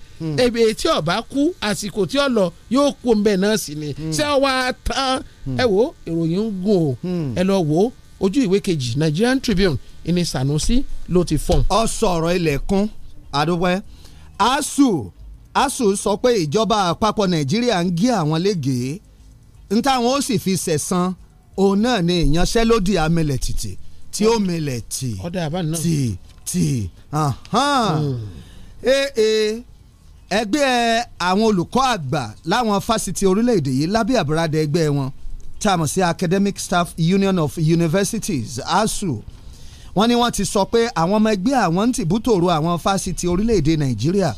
[SPEAKER 6] èbè tí ọba kú àsìkò tí ó lọ yóò kó mbẹ náà sí ni ṣé ọ wá tán ẹ wo ìròyìn ń gùn o ẹ lọ wo ojú ìwé kejì Nigerian Tribune
[SPEAKER 5] ìní Sanusi ló ti fọ́n. ọ sọ̀rọ̀ ilẹ̀ kún àdúgbò asuu Asu, sọ pé ìjọba àpapọ̀ Nàìjíríà ń gé àwọn légèé ń táwọn ó sì fi ṣẹ̀san òun náà ni ìyanṣẹ́lódì amílẹ̀ tìtì tí ó milẹ̀ tì tì tì hmm. ee ẹgbẹ́ àwọn olùkọ́ àgbà láwọn fásitì orílẹ̀-èdè yìí lábẹ́ àbúradà ẹgbẹ́ wọn tá sí Academic Staff Union of Universities Asu wọ́n ní wọ́n ti sọ pé àwọn ọmọ ẹgbẹ́ àwọn ń tìbútòrò àwọn fásitì orílẹ̀-èdè Nàìjíríà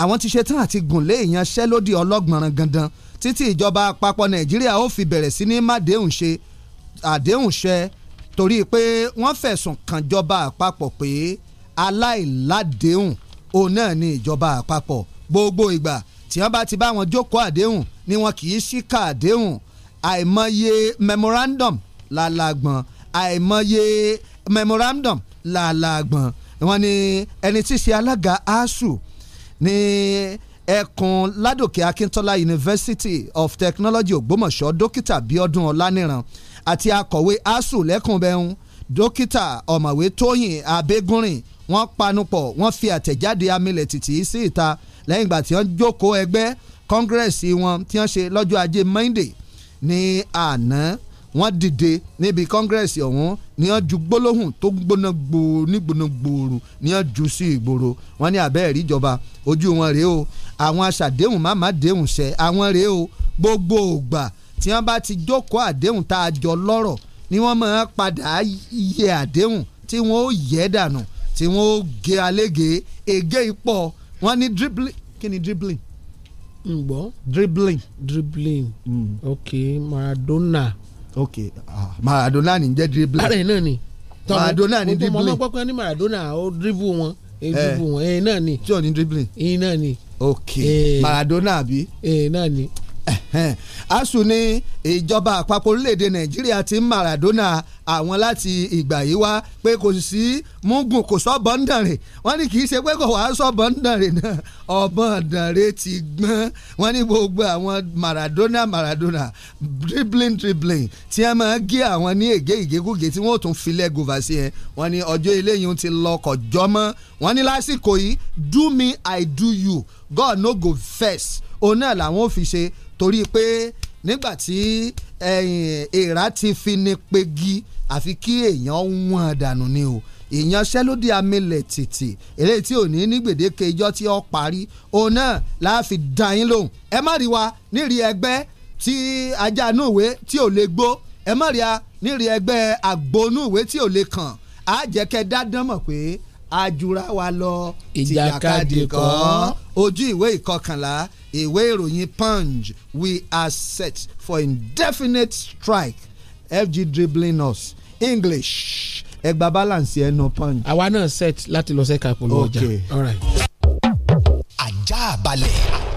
[SPEAKER 5] àwọn ti ṣetán àti gùnlé ìyanṣẹ́lódì ọlọ́gbọ̀nràn gandan títí ìjọba àpapọ̀ nàìjíríà ó fi bẹ̀rẹ̀ sí ní mádéhùn ṣe àdéhùn ṣẹ torí pé wọ́n fẹ̀sùn kàn jọba àpapọ̀ pé aláìládéhùn òun náà ni ìjọba àpapọ̀ gbogbo ìgbà tí wọ́n bá ti bá wọn jókòó àdéhùn ni wọn kì í ṣíkà àdéhùn àìmọye memorandum làlàgbọ̀n àìmọye memorandum làlàgbọ̀n wọ́n ní ẹni tí í ṣe alága asuu ní ẹkùn ládòkè akíntọ́lá university of technology ògbómọ̀ṣọ́ dókítà bíọ́dún ọláníran àti akọ̀wé asuu lẹ́kùnbẹ̀hún dókítà ọ̀mọ̀wé tóyìn abégúnrin wọ́n panupọ̀ wọ́n fi àtẹ̀jáde amílẹ̀ tìtì sí ìta lẹ́yìn ìgbà tí wọ́n jókòó ẹgbẹ́ kọ́ngírẹ́sì wọn tí wọ́n ṣe lọ́jọ́ ajé monday ní àná. Ah, wọ́n dìde níbi kọ́ngẹ́rẹ́sì ọ̀hún ni wọ́n ju gbólóhùn tó gbóná gbòòrò ní gbóná gbòòrò ni wọ́n ju sí ìgboro wọ́n ní abẹ́ẹ̀rí ìjọba ojú wọn rèé o àwọn aṣàdéhùn máma déhùn ṣẹ àwọn rèé o gbogbo ògbà tí wọ́n bá ti jókòó àdéhùn tá a jọ lọ́rọ̀ ni wọ́n máa padà yẹ àdéhùn tí wọ́n ó yẹ dànù tí wọ́n ó gé alége ègé ipò wọ́n ní dribbling kí ni dribbling. ǹgbọ́ dribbling dribbling mm. ok
[SPEAKER 6] Maradona ok ah, Maradona ni jẹ́ dribble. ara ẹ̀ náà ni Maradona ni dribbling. mo mọ ni Maradona ó dribble wọn eh. dribble
[SPEAKER 5] wọn ẹ̀ náà ni. tí o ní dribbling. ẹ̀ náà ni. ok eh. Maradona bi? ẹ̀ náà ni asu ní ìjọba àpapọ̀ orílẹ̀‐èdè nàìjíríà ti ń Maradona àwọn láti ìgbà yìí wá pé kò sí mugun kò sọ bọ́ńdàrè wọ́n ní kì í ṣe pé kò wá sọ bọ́ńdàrè náà ọ̀bọ̀ndàrè ti gbọ́n wọ́n ní gbogbo àwọn Maradona Maradona dribbling dribbling tí wọ́n máa gé àwọn ní ègé ìgékúgé tí wọ́n ò tún filẹ̀ gòvà sí ẹ wọ́n ní ọjọ́ eléyìí ti lọ kọjọ́ mọ́ wọ́n ní lásìkò yìí do me I do you God no go first òun náà làwọn ò fi ṣe torí pé nígbà tí eh, èèrà ti fi ni pegi àfi kí èèyàn wọ́n dànù ni o ìyanṣẹ́lódì amílẹ̀ tìtì eléyìí tí ò ní ní gbèdéke ijọ́ tí ó parí òun náà láàfin dàyín lòun ẹ má rí wa nírì ẹgbẹ́ tí ajá inú ìwé tí ò lè gbó ẹ má rí a nírì ẹgbẹ́ àgbo inú tí ò lè kàn á jẹ́ kẹ́ dá dán pé ajura wa lọ tìjàkadì kọ́ ojú ìwé ìkọkànlá ìwé ìròyìn punch we are set for indefinite strike FG dribbling us English ẹgbà balance ẹ no punch. àwa náà set láti lọ sẹ́ka polówó ọjà.
[SPEAKER 8] ajá balẹ̀.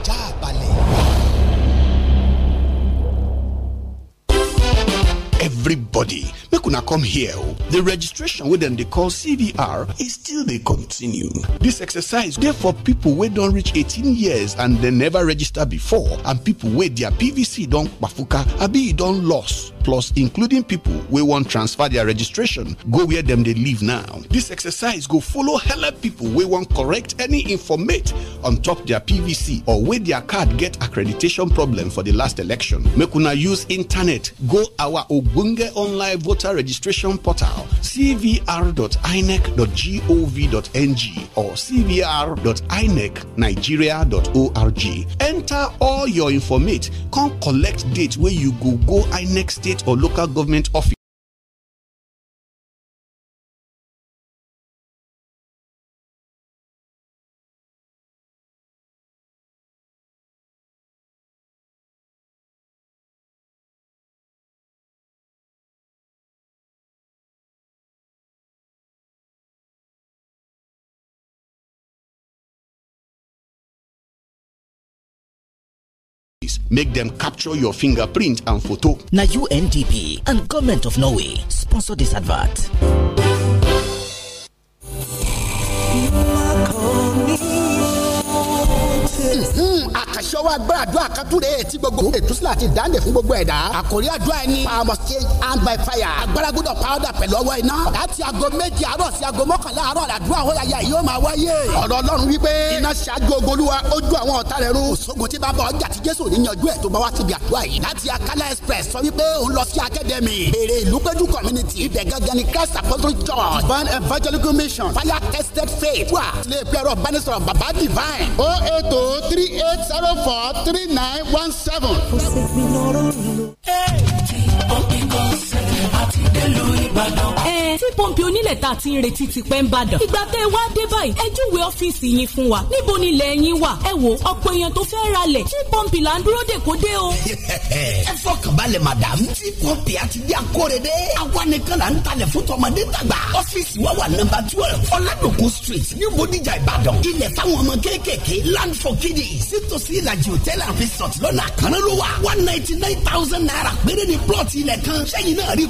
[SPEAKER 7] everybody make una come here oh. the registration within the call cvr is still they continue this exercise Therefore, for who don't reach 18 years and they never register before and people where their pvc don bafuka, abi do don lost. plus including people who want transfer their registration go where them they live now This exercise go follow hella people wey want correct any informate on top their pvc or where their card get accreditation problem for the last election make una use internet go our Bunge Online Voter Registration Portal, cvr.inec.gov.ng or cvr.inecnigeria.org. Enter all your informate, come collect date where you go go INEC state or local government office make them capture your fingerprint and photo.
[SPEAKER 12] Na UNDP and Government of Norway sponsor this advert.
[SPEAKER 13] Mm -hmm. àkàṣe ọwọ́ agbára àdúrà kátúrè etí gbogbo ètúsílẹ̀ àti ìdáǹdè fún gbogbo ẹ̀dá àkórí àdúrà ẹni power must by fire agbára gbọ́dọ̀ pàwọ́dà pẹ̀lú ọwọ́ iná láti aago méje àárọ̀
[SPEAKER 1] sí aago mọ́kànlá àárọ̀ àdúrà àwọn àyà yóò máa wáyé ọ̀rọ̀ ọlọ́run wípé iná ṣáájú ogun ojú àwọn ọ̀tá rẹ̀ rú òṣogun tí bàbá ọjà ti jésù níyanjú ẹ̀ tó bá wá síbi àdúrà yìí láti zero four three nine one seven
[SPEAKER 2] ìbàdàn àti délùú ìbàdàn.
[SPEAKER 11] ẹ tí pọ́ǹpì onílẹ̀ ta ti ń retí ti pẹ́ ń bàdàn. ìgbà tẹ́ ẹ wá dé báyìí ẹ júwe ọ́fíìsì yín fún wa níbo ni ilẹ̀ yín wà ẹ wo ọ̀pọ̀ èèyàn tó fẹ́ ra lẹ̀ tí pọ́ǹpì là ń dúró dè kó dé o. ẹ fọkàn balẹ̀ madam
[SPEAKER 13] tí pọ́ǹpì àti bí akóredé àwa nìkan là ń talẹ̀ fún tọmọdé tàgbà ọ́fíìsì wa wà nọ́mbà twelve ọ̀làdòkun street ní bodijà ìbàdàn ilẹ̀ fáwọn ọmọ kéékèèké land for kiddies sítòsí ìlàjì hotel and resort lọ́nà àkànlélówà one ninety nine thousand naira péré ni plot ilẹ̀ kan sẹ́yìn náà rí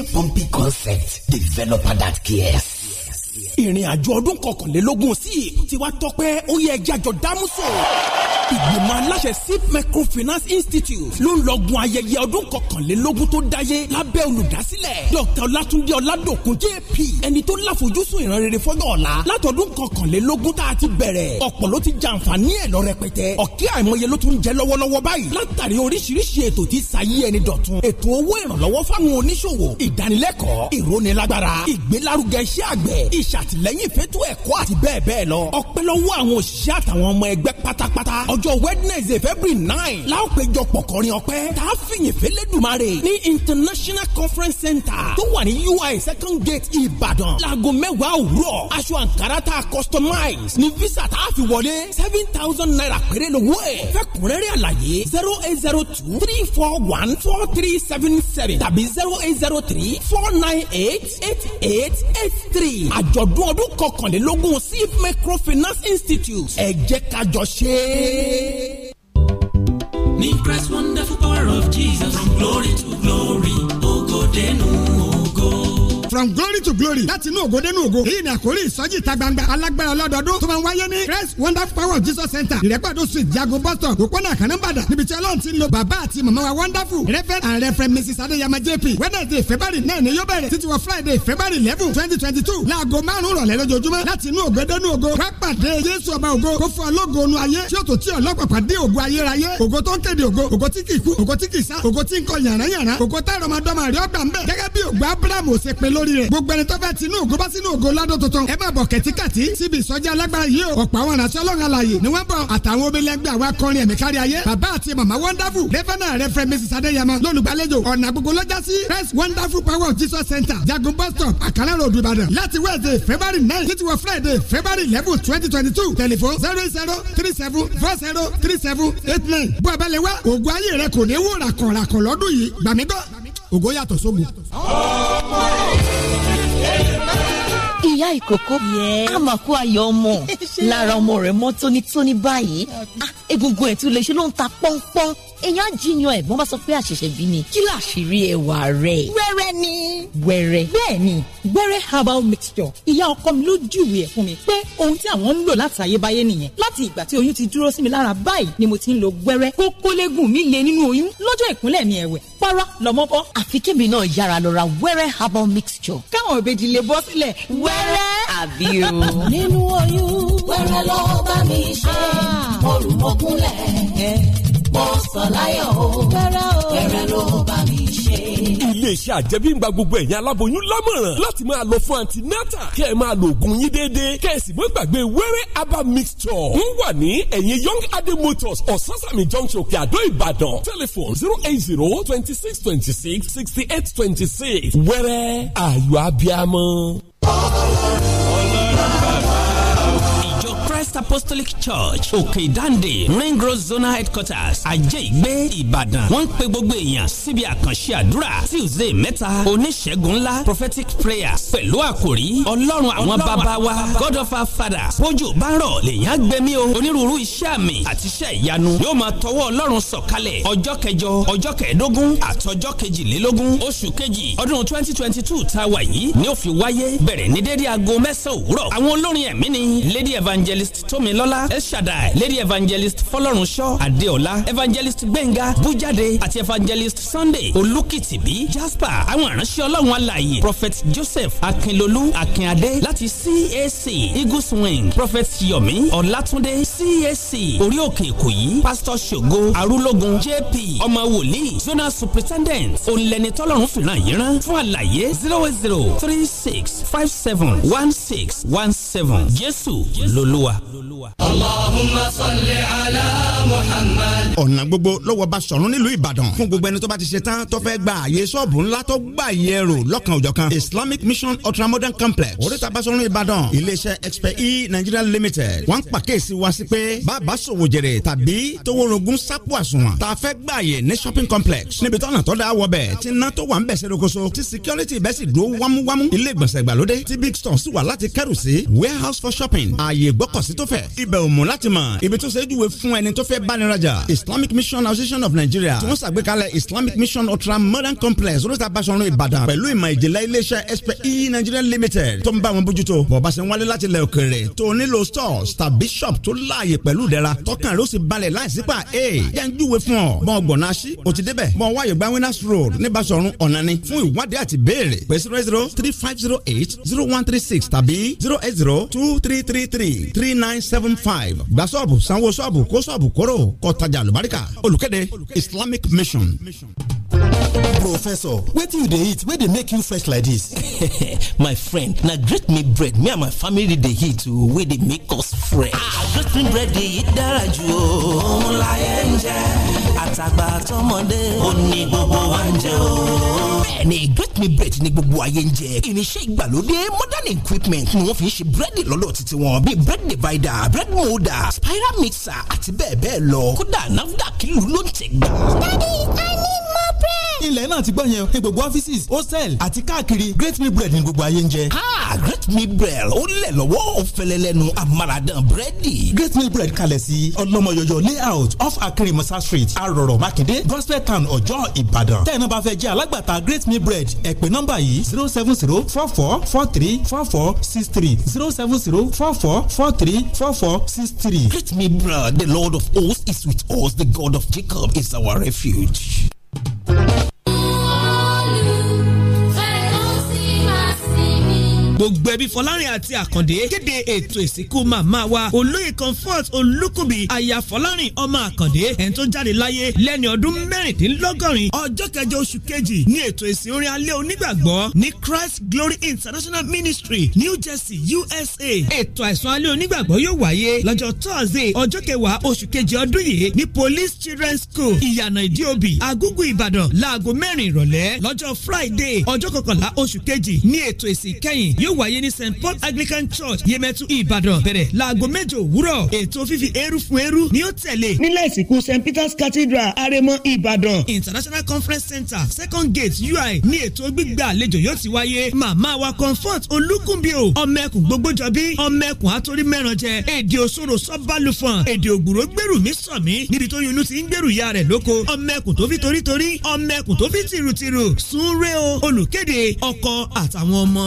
[SPEAKER 13] K pumping
[SPEAKER 12] concept, developer that cares
[SPEAKER 13] ìrìn
[SPEAKER 1] àjò ọdún kọkànlélógún sí ti wá tọpẹ́ ó yẹ ẹjẹ́ àjọ dámúso ìgbìmọ̀ aláṣẹ sip microfinance institute ló ń lọ́gun ayẹyẹ ọdún kọkànlélógún tó dáyé lábẹ́ olùdásílẹ̀ dr olatunde oladokun jp ẹni tó láfojúsùn ìran rere fọ́jọ́ ọ̀la látọdún kọkànlélógún tá a ti bẹ̀rẹ̀ ọ̀pọ̀ ló ti jàǹfààní ẹ̀ lọ rẹpẹtẹ ọ̀kẹ́ àìmọye ló tún jẹ́ lọ́wọ́lọ́wọ́ báyìí látàrí oríṣiríṣi ètò tí sayé ẹni dọ̀tun ètò owó ìrànlọ́wọ́ fáwọn oníṣòwò ìdánilẹ́kọ̀ọ́ ìrónilágbára ìṣàtìlẹ́yìn ìfẹ́tò ẹ̀kọ́ àti bẹ́ẹ̀ bẹ́ẹ̀ lọ. ọpẹ́ lọ́wọ́ àwọn òṣìṣẹ́ àtàwọn ọmọ ẹgbẹ́ pátápátá. ọjọ́ wednesday february nine la ó péjọ pọ̀ kọrin ọpẹ́ tá a fìyìn fẹ́lẹ́dùmarè ní international conference center tó wà ní ui second gate ìbàdàn láago mẹ́wàá òwúrọ̀ aṣọ àǹkárá tá a customize ní visa tá a fi wọlé seven thousand naira péré lówó ẹ̀
[SPEAKER 14] fẹ́kùnrẹ́rẹ́ àlàyé zero eight zero two three four one four three seven seven tàbí zero eight zero three four nine eight eight eight eight three àjọ̀dún ọdún
[SPEAKER 1] kọkànlélógún cif microfinance institute ẹ jẹ́ ṣe
[SPEAKER 15] ní christ wonderful power of jesus from glory to glory ògo o
[SPEAKER 16] from glory to glory láti inú ògo dénú ògo èyí ni àkórí ìsọjí ìta gbangba alágbára ọlọ́dọọdún tó máa ń wáyé ní christ wonderful power of jesus center ìrẹ́pàdé sùn ìjago boston òpónà kànáńbàdà níbi tí ọlọ́run ti ń lo bàbá àti màmá wa wonderful reverend and reverend mrs adéyàmá jp wednesday february nine ni yóò bẹ̀rẹ̀ títí wọ friday february eleven twenty twenty two láago márùn-ún rọ̀lẹ́ lójoojúmọ́ láti inú ògo dénú ògo wá pàdé jésù ọba ògo kó fún ọlọ́gọ onu ayé tí ó tó tí ọlọ́pàá dé ògo ayérayé ògo tó ń kéde ògo ògo tí kì í kú ògo tí kì í sá ògo tí ń kọ yàrá yàrá ògo tá ìrọmọdọ́mọ rẹ̀ ọgbà ń bẹ̀ gẹ́gẹ́ bí ògo abraham ò ṣe pe ló lórí rẹ̀ gbogbo ẹni tó fẹ́ tinú ògo bá sínú ògo ládùn tuntun ẹ má bọ̀ kẹ̀tíkàtí síbi ìsọjí alágbára yìí o ọ̀pọ̀ àwọn àràṣẹ́ ọlọ́run alàyè ni wọ́n bọ̀ àtàwọn omilẹ́gbẹ́ àwọn akọrin ẹ̀mí kárí ayé bàbá àti màmá wonderful lẹ́fẹ̀nà rẹ̀ fẹ́ mrs adéyẹmọ lólùgbàlejò ọ̀nà gbogbo lọ́jà sí ògo yàtọ̀ sógo. ìyá ìkókó
[SPEAKER 9] amaku ayọ̀ ọmọ lára ọmọ rẹ̀ mọ́ tónítóní báyìí ah, egungun ẹ̀ tún lè ṣe ló ń ta pọ́npọ́n èèyàn jiyàn ẹ̀gbọ́n bá sọ pé àṣẹ̀ṣẹ̀ bí ni kí làṣírí ẹwà rẹ̀. wẹ́rẹ́ ni. wẹ́rẹ́. ni wẹ́rẹ́ herbal mixture ìyá ọkọ mi ló júwe ẹ̀ fún mi pé ohun tí àwọn ń lò láti ayébáyé nìyẹn láti ìgbà tí oyún ti dúró sí mi lára báyìí ni mo ti ń lo wẹ́rẹ́ kókólégùn mi lè nínú oyún lọ́jọ́ ìkúnlẹ̀ mi ẹ̀wẹ̀ para lọ́mọ bọ́. àfi kébì náà yára lọ ra wẹ́rẹ́ herbal mixture. káwọn òbejì lè bọ́ sílẹ̀ wẹ́rẹ́. àbí
[SPEAKER 4] o. nínú oyún wẹ́rẹ́ lọ́ọ́ bá mi ṣe ah. mo rù mọ́kúnlẹ̀
[SPEAKER 10] Bọ́sọ̀láyọ̀
[SPEAKER 4] o. Rárá o. Rẹ̀rẹ̀
[SPEAKER 10] Iléeṣẹ́ àjẹmíngba gbogbo ẹ̀yin aláboyún lámọ̀ràn láti máa lọ fún antinata. Kẹ́ ẹ máa lo oògùn yín déédéé. Kẹ́ ẹ sì mọ́ gbàgbé wẹ́rẹ́ herbal mixture. Wọ́n wà ní ẹ̀yìn Young Adé Motors Ososami Junction Kíadó Ìbàdàn. Tẹlifon zero eight zero twenty six twenty six sixty eight
[SPEAKER 14] twenty six. Wẹ́rẹ́ ayọ̀ abiamọ. apostolic church òkè dande ring road zonal headquarters ajé ìgbé ìbàdàn wọ́n ń pe gbogbo èèyàn síbi àkànṣe àdúrà tuesday mẹ́ta oníṣègùn ńlá prophetic prayers pẹ̀lú àkòrí ọlọ́run àwọn bàbá wa god of our father bójú bá ń rọ̀ lèèyàn gbẹ̀mí o onírúurú iṣẹ́ àmì àti iṣẹ́ ìyanu yóò máa tọwọ́ ọlọ́run sọ̀kalẹ̀ ọjọ́ kẹjọ ọjọ́ kẹẹ̀ẹ́dógún àtọjọ́ kejìlélógún oṣù kejì ọdún twenty twenty two tá a wà yìí ni ó fi wáyé bẹ̀rẹ̀ ní dédé aago mẹ́sàn-án òwúrọ̀ àwọn olórin ẹ̀mí ni lady evangelist tómilọ́lá ẹ̀ṣadàì lady evangelist fọlọ́runṣọ́ adéọlá evangelist gbẹ̀ngà bújáde àti evangelist sunday olùkìtìbí jasper àwọn ìránṣẹ́ ọlọ́run alààyè prophet joseph akínlolú akínadé láti cac eagles wing prophet yomi ọlátúndé cac orí òkè ìkòyí pastor ṣògo arúlógún jp ọmọ wòlíì Zona superintendent òǹlẹ̀ni tọ́lọ́run fìràn yìí rán fún àlàyé zero eight zero three six five seven one six one seven jésù lolúwa olúwa. Allahumma salli ala Muhammad.
[SPEAKER 1] ọ̀nà gbogbo lọ́wọ́ bá sọ̀rọ̀ nílùú Ìbàdàn fún gbogbo ẹni tó bá ti ṣe tán tó fẹ́ gba àyè sọ́ọ̀bù ńlá tó gbà yẹ rò lọ́kàn òjọ̀ kan Islamic Mission Ultramodern Complex oríta basọ̀rọ̀ Ìbàdàn iléeṣẹ́ expert e Nigeria Limited wọ́n ń pàkíyèsí wa sí pé bàbá sòwò jèrè tàbí toworogun sápò àsùnwọ̀n tá fẹ́ gbà yẹ ní shopping complex níbi tọ́nà tọ́da wọ bẹ̀ tí ná tó wà ń bẹ̀ ṣe rokoṣo security bẹ́ẹ̀ sì dúró wámúwámú ilé ìgbọ̀nsẹ̀ ìgbàlódé tí big store sì wà warehouse for shopping ààyè gbọ́kọ̀sí tó fẹ́. ibẹ̀ ò mú láti mọ̀ ibi tó ṣe é júwe fún ẹni tó fẹ́ báni Islamic Mission Association of Nigeria tí wọ́n ṣàgbékalẹ̀ Islamic Mission Ultra Modern Complex olóòtú abáṣọrun Ìbàdàn pẹ̀lú ìmọ̀ ìjìnlẹ̀ iléeṣẹ́ SPE e Nigeria Limited tó ń bá wọn bójútó. bọ̀bá ṣe ń wálé láti ilẹ̀ òkèèrè tó nílò stores ta bishop tó láàyè pẹ̀lú ìdẹ̀ra tọkàn rẹ̀ ó sì balẹ̀ láìsí pa e. jẹ́ road níbàṣọ̀run ọ̀nani fún ìwádìí àti zero three five zero eight zero one three six tàbí zero eight zero two three three three three nine nine seven five gba sọ́ọ̀bù sanwó sọ́ọ̀bù kó sọ́ọ̀bù kóró kó tajà olùkéde Islamic Mission. professor wetin you dey eat wey dey make you fresh like dis
[SPEAKER 14] my friend na great meat bread me and my family dey eat o oh, wey dey make us fresh ah
[SPEAKER 12] great meat bread dey eat dara ju o oh, òun la ẹ ń jẹ àtàgbà àtọmọdé ó ní gbogbo wa ń jẹ o.
[SPEAKER 13] bẹ́ẹ̀ni get me bread ni gbogbo ayé ń jẹ irinṣẹ́ ìgbàlódé modern equipment ni wọ́n fi ń ṣe búrẹ́dì
[SPEAKER 1] lọ́dọ̀ títí wọn bíi bread divider bread molder
[SPEAKER 12] spiral mixer
[SPEAKER 1] àti bẹ́ẹ̀ bẹ́ẹ̀ lọ kódà
[SPEAKER 12] nafdac ló ń tẹ̀ gbà. dadi i
[SPEAKER 1] ilẹ̀ náà ti gbọ́ yẹn ní gbogbo offices hostel àti káàkiri great meal bread ní gbogbo ayé ń jẹ. ha great meal bread ó lẹ̀ lọ́wọ́ ó fẹlẹ̀ lẹ́nu amaradan búrẹ́dì. great meal bread kalẹ̀ sí ọlọ́mọyọyọ layout off akirimọsa street arọ̀rọ̀ makinde gospel town ọjọ́ ìbàdàn. tẹ́ẹ̀ náà bá fẹ́ jẹ́ alágbàtà great meal bread ẹ pè nọ́mbà yìí zero seven zero four four four three four four six three zero seven zero four four four three four four six three. great meal bread the lord of hosts is with us
[SPEAKER 15] the god of jacob is our refuge. gbogbo ẹbí fọlárin àti àkàndé kéde ètò ìsìnkú màmá wa olóyè comfort olùkùbí aya fọlárin ọmọ àkàndé ẹni tó jáde láyé lẹ́ni ọdún mẹ́rìndínlọ́gọ́rin ọjọ́ kẹjọ oṣù kejì ní ètò ìsìn orin alẹ́ onígbàgbọ́ ní christ glory international ministry new jersey usa ètò àìsàn alẹ́ onígbàgbọ́ yóò wáyé lọ́jọ́ thursday ọjọ́ kẹwàá oṣù kejì ọdún yìí ní police children school ìyànà ìdíòbí àgúgù ìbàdàn láago mẹ́rin ìrọ̀lẹ́ lọ́jọ́ friday ọjọ́ kọkànlá oṣù kejì ní ètò ìsìn kẹ́yìn yóò yóò wáyé ní st paul anglican church yemẹtu ìbàdàn bẹ̀rẹ̀ láago mẹ́jọ òwúrọ̀ ètò fífi eérú fún eérú ni ó tẹ̀lé nílẹ̀ ìsìnkú st peter's cathedral àrẹ̀mọ ìbàdàn international conference center second gate ui ní ètò gbígbà àlejò yóò ti wáyé màmá wa comfort olúkúnbíò ọmẹkùn gbogbojọbí ọmẹkùn àtòrí mẹ́ràn jẹ èdè òṣòro sọ́bálùfọ̀n èdè ògbùrò gbèrú mi sàn mí níbi tó yunú ti ń gbèrú ya rẹ̀ lóko ọmẹkùn tó fi torítorí ọmẹkùn tó fi tìrùtìrù sùn rẹ́ o olùkéde ọkọ àtàwọn ọmọ.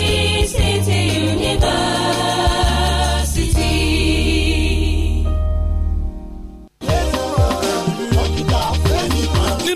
[SPEAKER 4] University.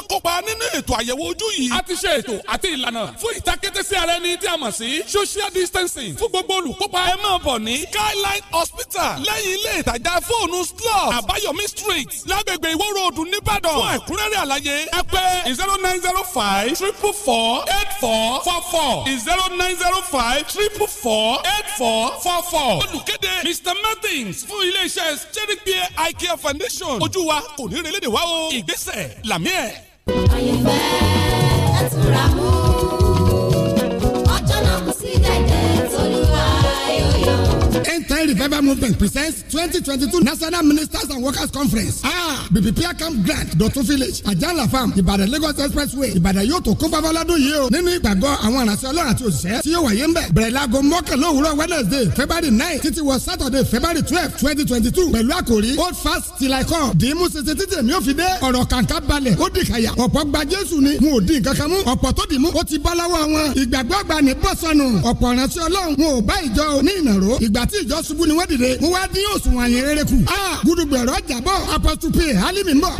[SPEAKER 10] máa kópa nínú ètò àyẹ̀wò ojú yìí. a ti ṣe ètò àti ìlànà fún ìtakété sí ara ẹni tí a mọ̀ sí social distancing fún gbogbo olùkópa ẹ máa bọ̀ ní skyline hospital lẹ́yìn ilé ìtajà fóònù slot àbáyọ̀mí street lágbègbè ìwó ròdù nìbàdàn fún ẹ̀kúnrẹ́rẹ́ àlàyé ẹ zero nine zero five triple four eight four four four zero nine zero five triple four eight four four four. olùkéde mr martins fún iléeṣẹ́ cherry beer eye care foundation ojú wa kò ní relé de wa o ìgbésẹ̀ làmí ẹ̀ àyè fẹ́ ẹ̀ tún ra mú.
[SPEAKER 16] Divine Revival Movement presents 2022 National Ministers and Workers Conference ah bibipia camp grant Dotun village Ajala farm Ìbàdàn Lagos expressway Ìbàdàn yóò tó kún fáfá lọ́dún yìí o nínú ìgbàgbọ́ àwọn àràṣẹ Ọlọ́run àti òṣìṣẹ́ tí yóò wáyé ń bẹ̀ bẹ̀rẹ̀ láago mọ́kànlá òwúrọ̀ Wednesday February nine títí was Saturday February twelve 2022. twenty two pẹ̀lú àkòrí fast till I come dìímú sèse títí èmi ò fi dé ọ̀rọ̀ kàǹkà balẹ̀ ó dì kàyà ọ̀pọ̀ gba Jésù ni mo ò di nǹkan kan mú ọ̀pọ̀ tó dì mú ó ti bọ́ lọ́wọ́ wọn ìgbàgbọ́ gbani bọ́sọ̀nù ọ̀pọ̀ ìránṣẹ́ Ọlọ́run wọn ò bá ìjọ ní ìnàró ìgbà ṣubú ni wọ́n dìde mo wá dín òṣùwọ̀n àyè kù. a gudugbẹ̀rọ jàbọ̀ apọ́sù p halimi mbọ̀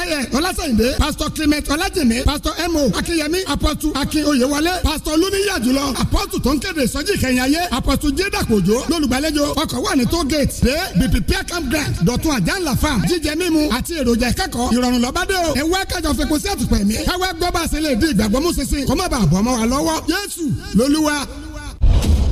[SPEAKER 16] ayẹ ọlásàyìndé pastor clement ọlájẹmẹ pastor mo akínyẹmí apọ́sù akin oyewale pastor luniya jùlọ apọ́sù tó ń kéde sọ́jí kẹyìn ayé apọ́sù jédàkójó lólùgbàlejò ọkọ̀ wà ní toll gate dé bp peer campground dọ̀tun àjànlá farm jíjẹ mímu àti èròjà ìkẹ́kọ̀ọ́ ìrọ̀rùn lọ́bàdé o ẹ wá kájọ fi kún sí àtùpẹ̀ mi ká wá gbọ́ bá a ṣe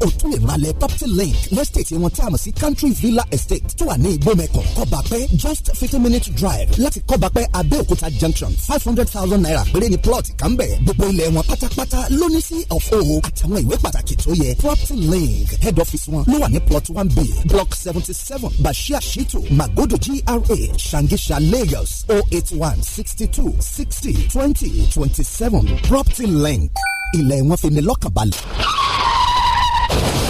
[SPEAKER 13] o tún lè ra lẹ̀ property link lẹ́sítẹ̀tì wọn tí a mọ̀ sí country villa estate tó wà ní ìgbọ́mẹ̀kọ̀ kọ́bàpẹ́ just fifty minutes drive láti kọ́bàpẹ́ abẹ́òkúta junction five hundred thousand naira péré ni plot kan bẹ̀ gbogbo ilẹ̀ wọn pátápátá ló ní sí ọ̀fọ̀ àtàwọn ìwé pàtàkì tó yẹ property link head office wọn ló wà ní plot one b block seventy seven bashir shitu magodo gra shangisha lagos O oh eight one sixty two sixty twenty twenty seven property link ilẹ̀ wọn fi ni lọ́kànbalẹ̀. that.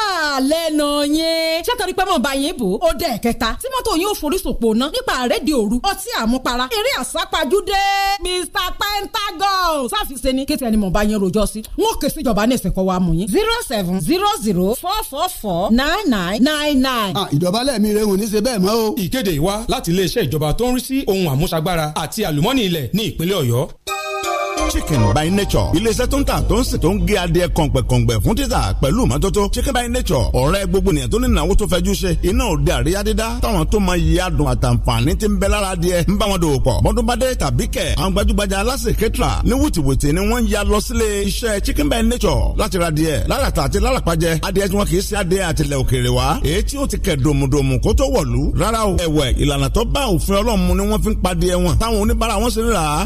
[SPEAKER 9] lẹ́nu yẹn. ṣé torí pé bá yín bò ó dẹ̀ kẹta tí mọ́tò yín ò ná nípa àrédìí òru ọtí àmupara eré àsápajúdé Mr Pentagon sáfìsẹ́ ni kéte ẹni mo bá yín rojọ́ sí. n ó ké síjọba ní ìsìnkọ́ wa mú yín. zero seven zero zero four four four nine nine nine nine. Ah,
[SPEAKER 1] ìdọ̀bálẹ̀ mi rehun ní ṣe bẹ́ẹ̀ mọ́ o. ìkéde ìwá láti iléeṣẹ́ ìjọba tó ń rí sí ohun àmúṣagbára àti àlùmọ́nì
[SPEAKER 3] ilẹ̀ ní ìpínlẹ̀ Ọ̀yọ́
[SPEAKER 1] chicken by nature iléeṣẹ́ tó ń tà tó ń sè tó ń gé adìẹ kọ̀ǹpẹ̀kọ̀ǹpẹ̀ fún títà pẹ̀lú mọ́tótó chicken by nature ọ̀rẹ́ gbogbo nìyẹn tó ní ìnáwó tó fẹ́jú ṣe iná òde àríyá dídá táwọn tó máa yí adùn àtàǹfààní ti ń bẹ lára adìẹ ń bá wọn dòwò pọ̀ mọ́tòbádé tàbí kẹ̀ àwọn gbajúgbajà aláṣẹ kẹtìrà ní wùtìwùtì ni wọ́n ya lọ sílé iṣẹ́ chicken by nature láti ra adìẹ láràtà àti láràpàjẹ adìẹ tí wọn kì í ṣe adìẹ àtìlẹ̀ òkèèrè wa èyí tí ó ti kẹ̀ dòmùdòmù kó tó wọ̀lú rárá o ẹ̀wẹ̀ ìlànà tó bá òfin ọlọ́run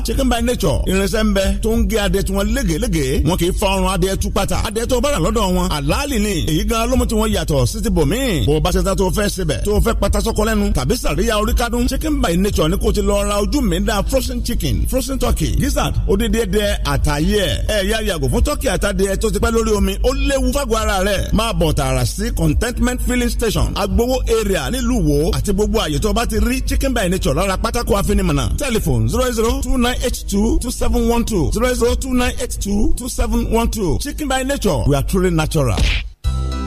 [SPEAKER 1] chicken by nature irinṣẹ́ ń bẹ tó ń gé adìẹ tí wọ́n légelége wọn kì í fa ọrùn adìẹ tú pata adìẹ tó bára lọ́dọ̀ wọn àlàálì ni èyí gan ló tí wọ́n yàtọ̀ sí ti bòmíì bó o bá ṣe ta tó fẹ́ sebẹ̀ tó fẹ́ pata sọ́kọ lẹ́nu tàbí sàríya oríkádún chicken by nature ni kò ti lọ ra ojú mi dá frozen chicken frozen turkey gizzard odidi ẹdẹ àtàyẹ ẹ yá yàgò fún turkey àtàdẹ tó ti pẹ́ lórí omi ó léwu fágọ̀ ara rẹ̀ máa bọ̀ tààrà sí contentment filling station agbowó area nílùú wo àti gbogbo àyè tó bá ti rí chicken by nature lára pátákó àfinimọ̀nà telephone zero zero two nine eight two two seven one two two zero zero two nine eight two two seven one two. Chicken by nature, we are truly natural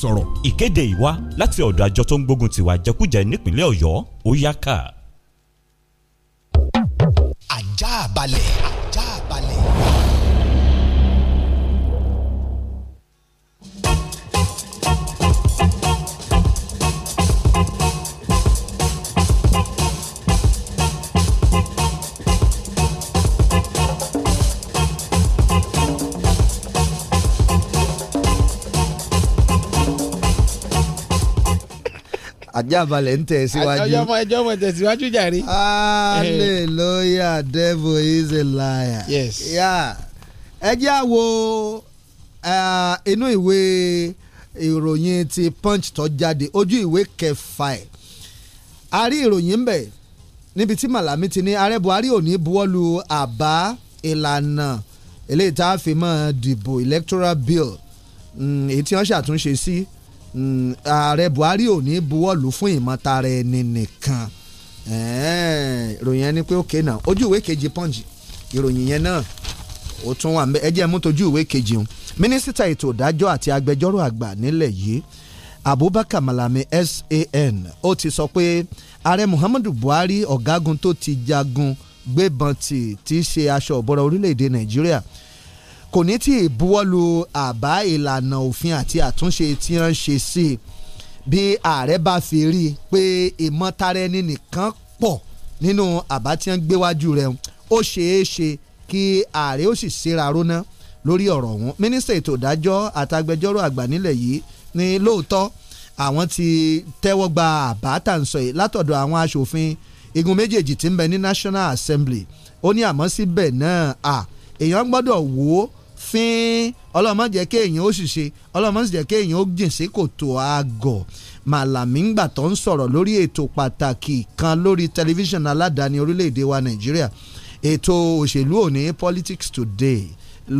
[SPEAKER 1] sọ̀rọ̀. ìkéde ìwá láti ọ̀dọ̀ àjọ tó ń gbógun tiwa jẹkújẹ
[SPEAKER 15] nípínlẹ̀ ọ̀yọ́ ó yá ká.
[SPEAKER 8] ajá balẹ̀ ajá balẹ̀.
[SPEAKER 5] àjàbalẹ̀ ń tẹ̀síwájú. ẹjọ́ mọ
[SPEAKER 6] ẹjọ́ mọ tẹ̀síwájú jàre.
[SPEAKER 5] hallelujah devil is a liar. yes. ẹ jẹ́ àwo inú ìwé ìròyìn ti punch tó jáde ojú ìwé kẹfà ẹ̀ a rí ìròyìn ń bẹ̀ níbi tí Malami ti ní ààrẹ Buhari ò ní buwọ́lu àbá ìlànà eléyìí tá a fi mọ́ dìbò electoral bill hmm, èyí tí wọ́n ṣàtúnṣe sí. Si Mm, ààrẹ Buhari ò ní buwọ́lù fún ìmọ̀tara ẹni nìkan ìròyìn ẹni pé òkè náà ojú ìwé kejì Punch ìròyìn yẹn náà ó tún wà ẹ jẹ́ mú tójú ìwé kejì o mínísítà ètò ìdájọ́ àti agbẹjọ́rò àgbà nílẹ̀ yìí Abubakar Malami SAN ó ti sọ pé ààrẹ Muhammadu Buhari ọ̀gágun tó ti jagun gbébọn tì tí í ṣe aṣọ ọ̀bọ̀rọ̀ orílẹ̀-èdè Nàìjíríà kò ní tí ì buwọ́lu àbá ìlànà òfin àti àtúnṣe tí wọ́n ṣe sí i bí ààrẹ bá fi rí i pé ìmọ̀tara ẹni nìkan pọ̀ nínú àbá tí wọ́n gbé wájú rẹ̀ ó ṣeé ṣe kí ààrẹ ó sì ṣera róná lórí ọ̀rọ̀ ọ̀hún mínísítà ètò ìdájọ́ àtàgbẹjọ́rò àgbà nílẹ̀ yìí ní lóòótọ́ àwọn ti tẹ́wọ́ gba àbá tàǹsọ̀ yìí látọ̀dọ̀ àwọn aṣòfin igun méjèèjì tí ń bẹ ní National Assembly ó ní àmọ́ síbẹ̀ náà à èèyàn gbọ́dọ̀ wò ó fín ọlọ́mọ jẹ́ kéèyàn ó ṣìṣe ọlọ́mọ sì jẹ́ kéèyàn ó jìn sí kòtò àgọ̀ màlàmígbà tó ń sọ̀rọ̀ lórí ètò pàtàkì kan lórí tẹlifíṣàn aládàáni orílẹ̀-èdè wa nàìjíríà ètò òṣèlú òní politics today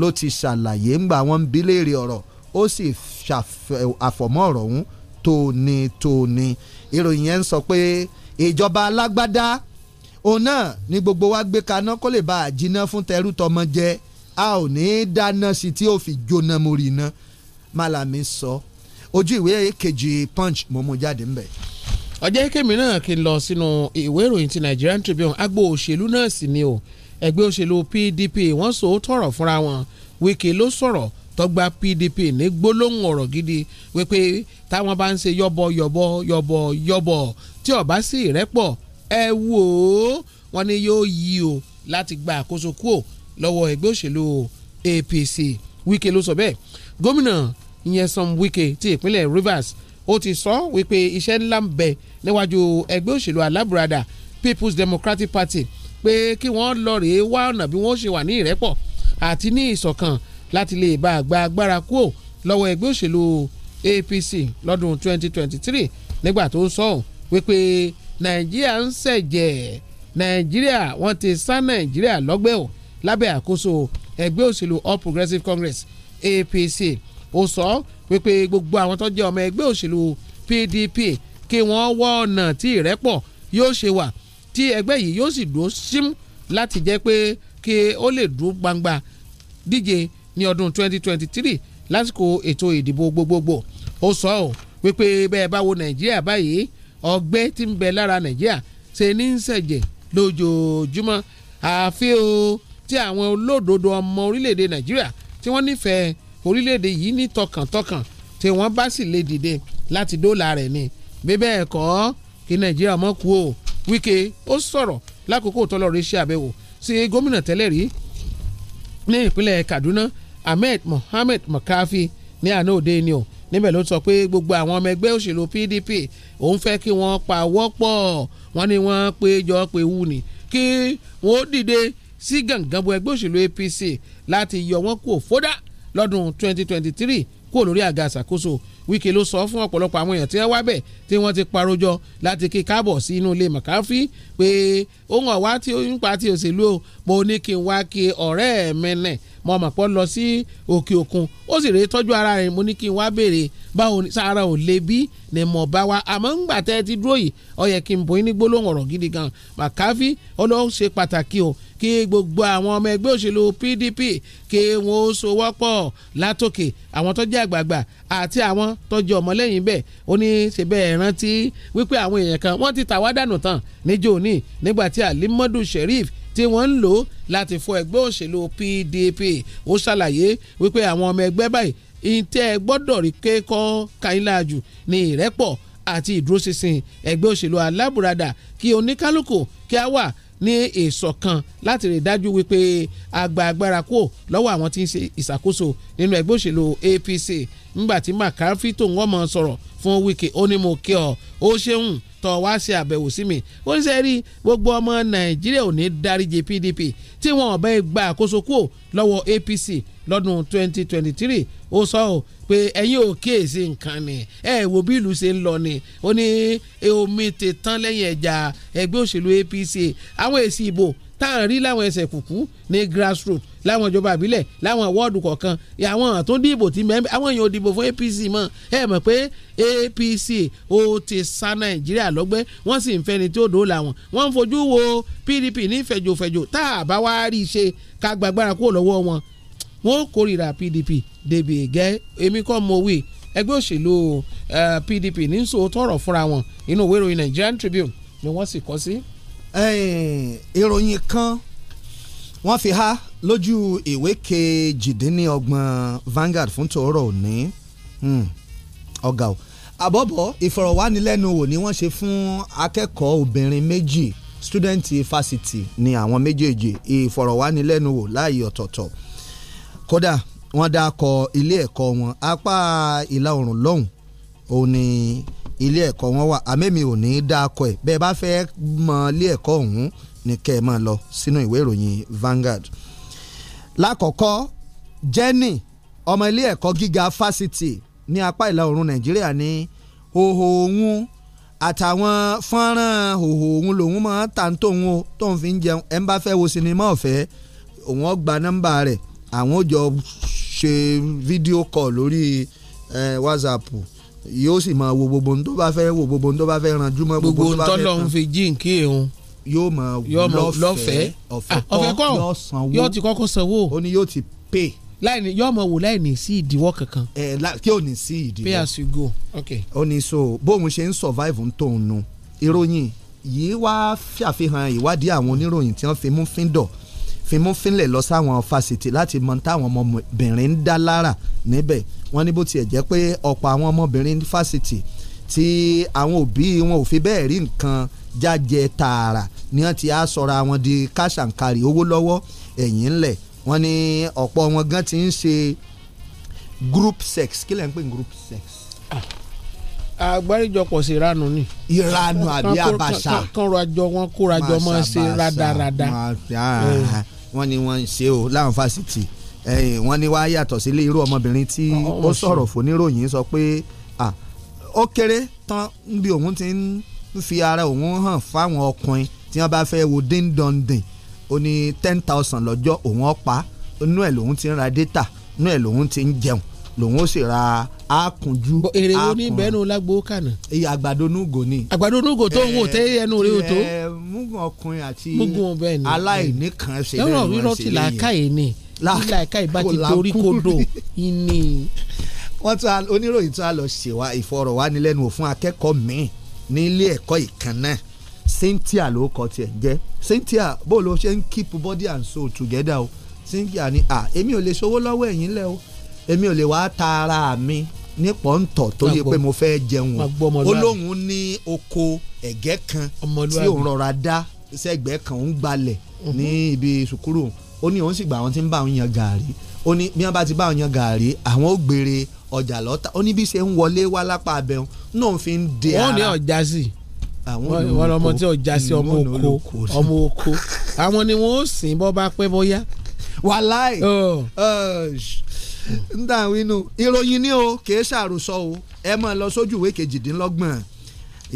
[SPEAKER 5] ló ti ṣàlàyé ńgbà wọn ń bi léèrè ọ̀rọ̀ ó sì àfọ̀mọ́ ọ̀rọ̀ ọ̀hún tónítóní ìròyìn yẹn ń sọ pé ìjọba alágbádá òun náà ni gbogbo wa gbé kaná kó lè bá a fún tẹrú jẹ́ a ò ní í dáná sí tí ó fi jóná mórí iná Malami sọ ojú ìwé kejì punch mo mú jáde ńbẹ. ọjọ́
[SPEAKER 6] kèmí náà kí n lọ sínú ìwé ìròyìn ti Nigerian Tribune agbo òṣèlú náà sì ni o ẹgbẹ́ òṣèlú PDP wọ́n so, ó tọrọ fúnra wọn Wike ló sọ̀rọ̀ tọ́gbà PDP ní gbólóhùn ọ̀rọ̀ gidi wípé táwọn bá ń ṣe yọ̀bọ̀ yọ̀bọ̀ yọ̀bọ̀ yọ̀bọ̀ tí ọ̀bá sì rẹ́pọ̀ ẹ wò ó wọn ni yóò yí o láti gba àkóso kúò lọ́wọ́ ẹgbẹ́ òṣèlú APC Wike ló sọ bẹ́ẹ̀ gómìnà Nyesom Wike ti ìpínlẹ̀ Rivers ó ti sọ wípé iṣẹ́ ńlá ń bẹ níwájú ẹgbẹ́ òṣèlú alábùradà People's Democratic Party pé kí wọ́n lọ rèé wá ọ̀nà bí wọ́n ṣe wà ní ìrẹ́pọ̀ àti ní ìṣọ̀kan láti lè bá a gba agbára kúò lọ́wọ́ ẹgbẹ́ òṣèlú APC lọ́dún 2023 nígbà tó ń sọ wípé Nàìjíríà ń ṣẹ̀jẹ̀ Nàìjíríà wọ́n ti sá Nàìjíríà lọ́gbẹ́ lábẹ́ àkóso ẹgbẹ́ òṣèlú All Progressives Congress APC ó sọ wípé gbogbo àwọn tó jẹ́ ọmọ ẹgbẹ́ òṣèlú PDP kí wọ́n wọ́ ọ̀nà tí ìrẹ́pọ̀ yóò ṣe wà tí ẹgbẹ́ yìí yóò sì dúró sím láti jẹ́ pé kí ó lè dúró gbangba díje ní ọdún 2023 lásìkò ètò ìdìbò gbogbogbò ó sọ ọ́ wípé bẹ́ẹ̀ bá wo nàìjíríà báyìí ọgbẹ́ tí ń bẹ lára nàìjíríà ṣe ní ń ṣẹ̀jẹ̀ lójoojúmọ́ àfi o tí àwọn olódodo ọmọ orílẹ̀-èdè nàìjíríà tí wọ́n nífẹ̀ẹ́ orílẹ̀-èdè yìí ní tọkàntọkàn tí wọ́n bá sì lè dìde láti dóòlà rẹ̀ ni bíbẹ́ ẹ̀kọ́ kí nàìjíríà mọ́ kú o Wike ó sọ̀rọ̀ lákòókò tọ́lọ́rẹ́ ṣe àbẹ̀wò sí gómìnà tẹ́lẹ̀ rí ní ìpínlẹ̀ Kaduna Ahmed Mohammed Makafi ní àná òde ni o níbẹ̀ ló sọ pé gbogbo àwọn ọmọ ẹgbẹ́ òṣèlú PDP òun fẹ́ kí wọ́n pa wọ́pọ̀ wọ́n ní wọ́n pé jọ pé wù ní kí wọ́n dìde sí gàngàn bo ẹgbẹ́ òṣèlú APC láti yọ wọ́n kúrò fódà lọ́dún 2023 kúrò lórí àga àṣàkóso Wike ló sọ fún ọ̀pọ̀lọpọ̀ àwọn èèyàn tí wọ́n wá bẹ̀ tí wọ́n ti parojọ láti kí káàbọ̀ sí inú ilé McCarthy pé ohun ọ̀wá tí ó ń pa ti òṣèlú o mo ní kí n wá kí ọ̀rẹ́ mẹ́nẹ̀ mo mọ̀ pọ́ lọ sí òkè òkun ó sì rèé tọ́jú ara rẹ̀ mo ní kí n wá béèrè báwo ni sára ò lè bí ni mo bá wa àmọ́ ńgbà tẹ́ ẹ ti dúró yìí ó kí n bọ̀ ní gbólóhùn ọ̀rọ̀ gidi gan màkáfí ọlọ́run ṣe pàtàkì o kí gbogbo àwọn ọmọ ẹgbẹ́ òṣèlú PDP kí wọ́n ó sowọ́pọ̀ látòkè àwọn tó jẹ́ àgbààgbà àti àwọn tó jẹ́ ọmọlẹ́yìn bẹ́ẹ̀ ó ní ṣe bẹ́ẹ̀ rántí wípé àwọn èèyàn kan wọ́n ti tàwádànù tán níjó òní nígbà tí Alimadu Sheriff tí wọ́n ń lò láti fọ ẹgbẹ́ òṣèlú PDP ó ṣàlàyé wípé àwọn ọmọ ẹgbẹ́ báyìí ìtẹ́ gbọ́dọ̀ rí kékọ́ kàínláàjù ní ìrẹ́pọ̀ àti ìdúróṣinṣin ẹgbẹ́ òṣèlú alábùradà kí oníkálukú kí a wà ní ìṣọ̀kan láti rí dájú wípé agba agbára kúò lọ́wọ́ àwọn tí ń ṣe ìṣàkóso nínú ẹgbẹ́ òṣèlú APC ńgbà tí McCarthy tó ń wọ́n mọ̀ sọ̀rọ̀ fún Wike ó ní mo kí ọ ó ṣeun tọ́ wá ṣe àbẹ̀wò sí mi ó ní sẹ́rí gbogbo ọmọ Nàìjíríà ò ní dáríje PDP tí wọn ò gba àkóso kúò lọ́wọ́ APC lọ́dún 2023 ó sọ ọ́ pé ẹ̀yin ò kíyèsí nǹkan ni ẹ wo bí ìlú ṣe ń lọ ni ó ní omi ti tán lẹ́yìn ẹja ẹgbẹ́ òṣèlú APC àwọn èsì ìbò táà ń rí láwọn ẹsẹ̀ kùkú ní grassroots láwọn ìjọba àbílẹ̀ láwọn wọ́ọ̀dù kọ̀ọ̀kan àwọn tó dìbò tí mẹ́rin àwọn èèyàn ò dìbò fún APC mọ́ ẹ mọ̀ pé APC ó ti sa Nàìjíríà lọ́gbẹ́ wọ́n sì ń fẹ́ni tí ó dòólà wọn wọ́n ń fojú wo PDP ní fẹ̀jòfẹ̀jò tá a bá wá rí i ṣe ká gbàgbára kúrò lọ́wọ́ wọn wọ́n kórìíra PDP débi gẹ́ èmi kọ́ mo wí ẹgbẹ́ òṣèlú PDP ní sòótọ́ ọ̀rọ̀ fúnra wọn inú ìwé ìròyìn Nigerian
[SPEAKER 5] Tribune ni wọ́n sì kọ sí. ìròyìn kan wọ́n fi há lójú ìwé kejìdínlọ́gbọ̀n Vanguard fún tòórọ̀ òní hmm, ọ̀gá o àbọ̀bọ̀ ìfọ̀rọ̀wánilẹ́nuwò ni wọ́n ṣe fún akẹ́kọ̀ọ́ obìnrin méjì student fásitì ni àwọn méjèèjì ìfọ̀rọ̀wánilẹ́nuwò láàyè ọ̀tọ̀ọ̀tọ̀ kódà wọ́n dá kọ ilé ẹ̀kọ́ wọn apá ìlà oòrùn lọ́hùn òun ni ilé ẹ̀kọ́ wọn wà àmẹ́mi ò ní í dá kọ ẹ̀ bẹ́ẹ̀ bá fẹ́ mọ ilé ẹ̀kọ́ ọ̀hún ni kẹ́ ẹ máa lọ sínú ìwé ìròyìn Vanguard. lákọ̀ọ́kọ́ Jenny ọmọ ilé ẹ̀kọ́ gíga fásitì ní apá ìlà oòrùn Nàìjíríà ní òhò òun àtàwọn fọ́nrán òhò òun lòun máa ń tà ń tóun o tóun fi ń jẹun ẹ̀ ń bá fẹ́ wo sinimá ọ̀fẹ́ òun ó nọ́mbà rẹ̀ 0800 àwọn jọ ṣe fídíò call lórí eh, whatsapp yóò sì máa wo gbogbo ohun tó bá fẹ́ wo gbogbo ohun tó bá fẹ́ ranjú mọ́ gbogbo ohun tó lọ ń
[SPEAKER 6] fi jíǹkí èhun yóò mọ lọ́fẹ̀ẹ́ ah, ọ̀fẹ́ kọ́
[SPEAKER 5] yóò ti kọ́kọ́ sanwó ó ní yóò ti pè. láìní yóò mọ wò láìní sí ìdíwọ́ kankan. ẹ kí ò ní sí ìdíwọ́ pay as you go. okay. ó ní so bóun ṣe ń survive ń tóun nu ìròyìn yìí wá ṣàfihàn ìwádìí àwọn oníròyìn tí wọ́n fi mú fíndọ̀ fimúfinlẹ̀ lọ sáwọn fásitì láti mọ táwọn ọmọbìnrin ń dá lára níbẹ̀ wọ́n ní bó tiẹ̀ jẹ́ pé ọ̀pọ̀ àwọn ọmọbìnrin fásitì tí àwọn òbí wọn ò fi bẹ́ẹ̀ rí nǹkan jájẹ tààrà ni wọ́n ti á sọra wọn di káṣàǹkarì owó lọ́wọ́ ẹ̀yìn ńlẹ̀ wọ́n ní ọ̀pọ̀ wọn gan ti ń ṣe group sex kí lẹ́ ń pè ní group sex. àgbáríjọpọ̀ sí ìranu ni. ìranu àbí
[SPEAKER 6] àbàṣà. kan rajọ wọn kó rajọ máa ṣe rádaràda
[SPEAKER 5] wọ́n ní wọ́n ń ṣe o láwọn fásitì wọ́n ní wá yàtọ̀ sílé irú ọmọbìnrin tí ó sọ̀rọ̀ fòníròyìn sọ pé ó kéré tán bí òun ti ń fi ara òun hàn fáwọn ọkùnrin tí wọ́n bá fẹ́ wo díndọ̀ndìn ó ní ten thousand lọ́jọ́ òun ọ̀pá inú ẹ̀ lòun ti ń ra dátà inú ẹ̀ lòun ti ń jẹun lòun ó sì ra àkùnjú. èrè wo ní bẹ́ẹ̀nu lágbo kànà. iye àgbàdo nugo ni.
[SPEAKER 6] àgbàdo nugo tó ń wò tẹ́ eh, ẹnu rẹ o tó. Eh,
[SPEAKER 5] mugun ọkùnrin àti aláìníkan ṣe bẹ́ẹ̀ wọ́n ṣe yẹn. lọ́rọ̀ ti
[SPEAKER 6] ni làákàyè bá ti dorí kodò
[SPEAKER 5] ìní. wọ́n tún oníròyìn tún á lọ ṣèwà ìfọ̀rọ̀wánilẹ́nuwò fún akẹ́kọ̀ọ́ mi ní ẹ̀kọ́ ìkànnà Cynthia ló kọ tiẹ̀ jẹ́ Cynthia bó ló ṣe ń keep body and soul together o Cynthia ni ah èmi ò lè ṣòwò lọ́wọ́ ẹ̀yin lẹ́ èmi ò lè wá ta ara mi ní pọ́ńtọ̀ tó yẹ pé mo fẹ́ jẹun ó lóun ní oko ẹ̀gẹ́ kan tí òun rọra dá sẹ́gbẹ́ kan òun gbalẹ̀ mhm. ní ibi sùkúrù ó ní òun sì gbà àwọn tí ń bá òun yan gàárì ó ní bí wọ́n bá ti bá òun yan gàárì àwọn ó gbére ọjà lọ́ta ó ní bí ṣe ń wọlé wá lápá abẹ òun náà fi ń de ara. wọ́n ní ọjà sí wọ́n ọmọ tí ọjà sí ọmọ oko ọmọ oko àwọn ni wọ́n ó sìn bọ́ bá pẹ́ bóyá. wàláì. Oh ń dà wínú ìròyìn ni o kìí ṣàròsọ o ẹ máa lọ sójú ìwé kejìdínlọ́gbọ̀n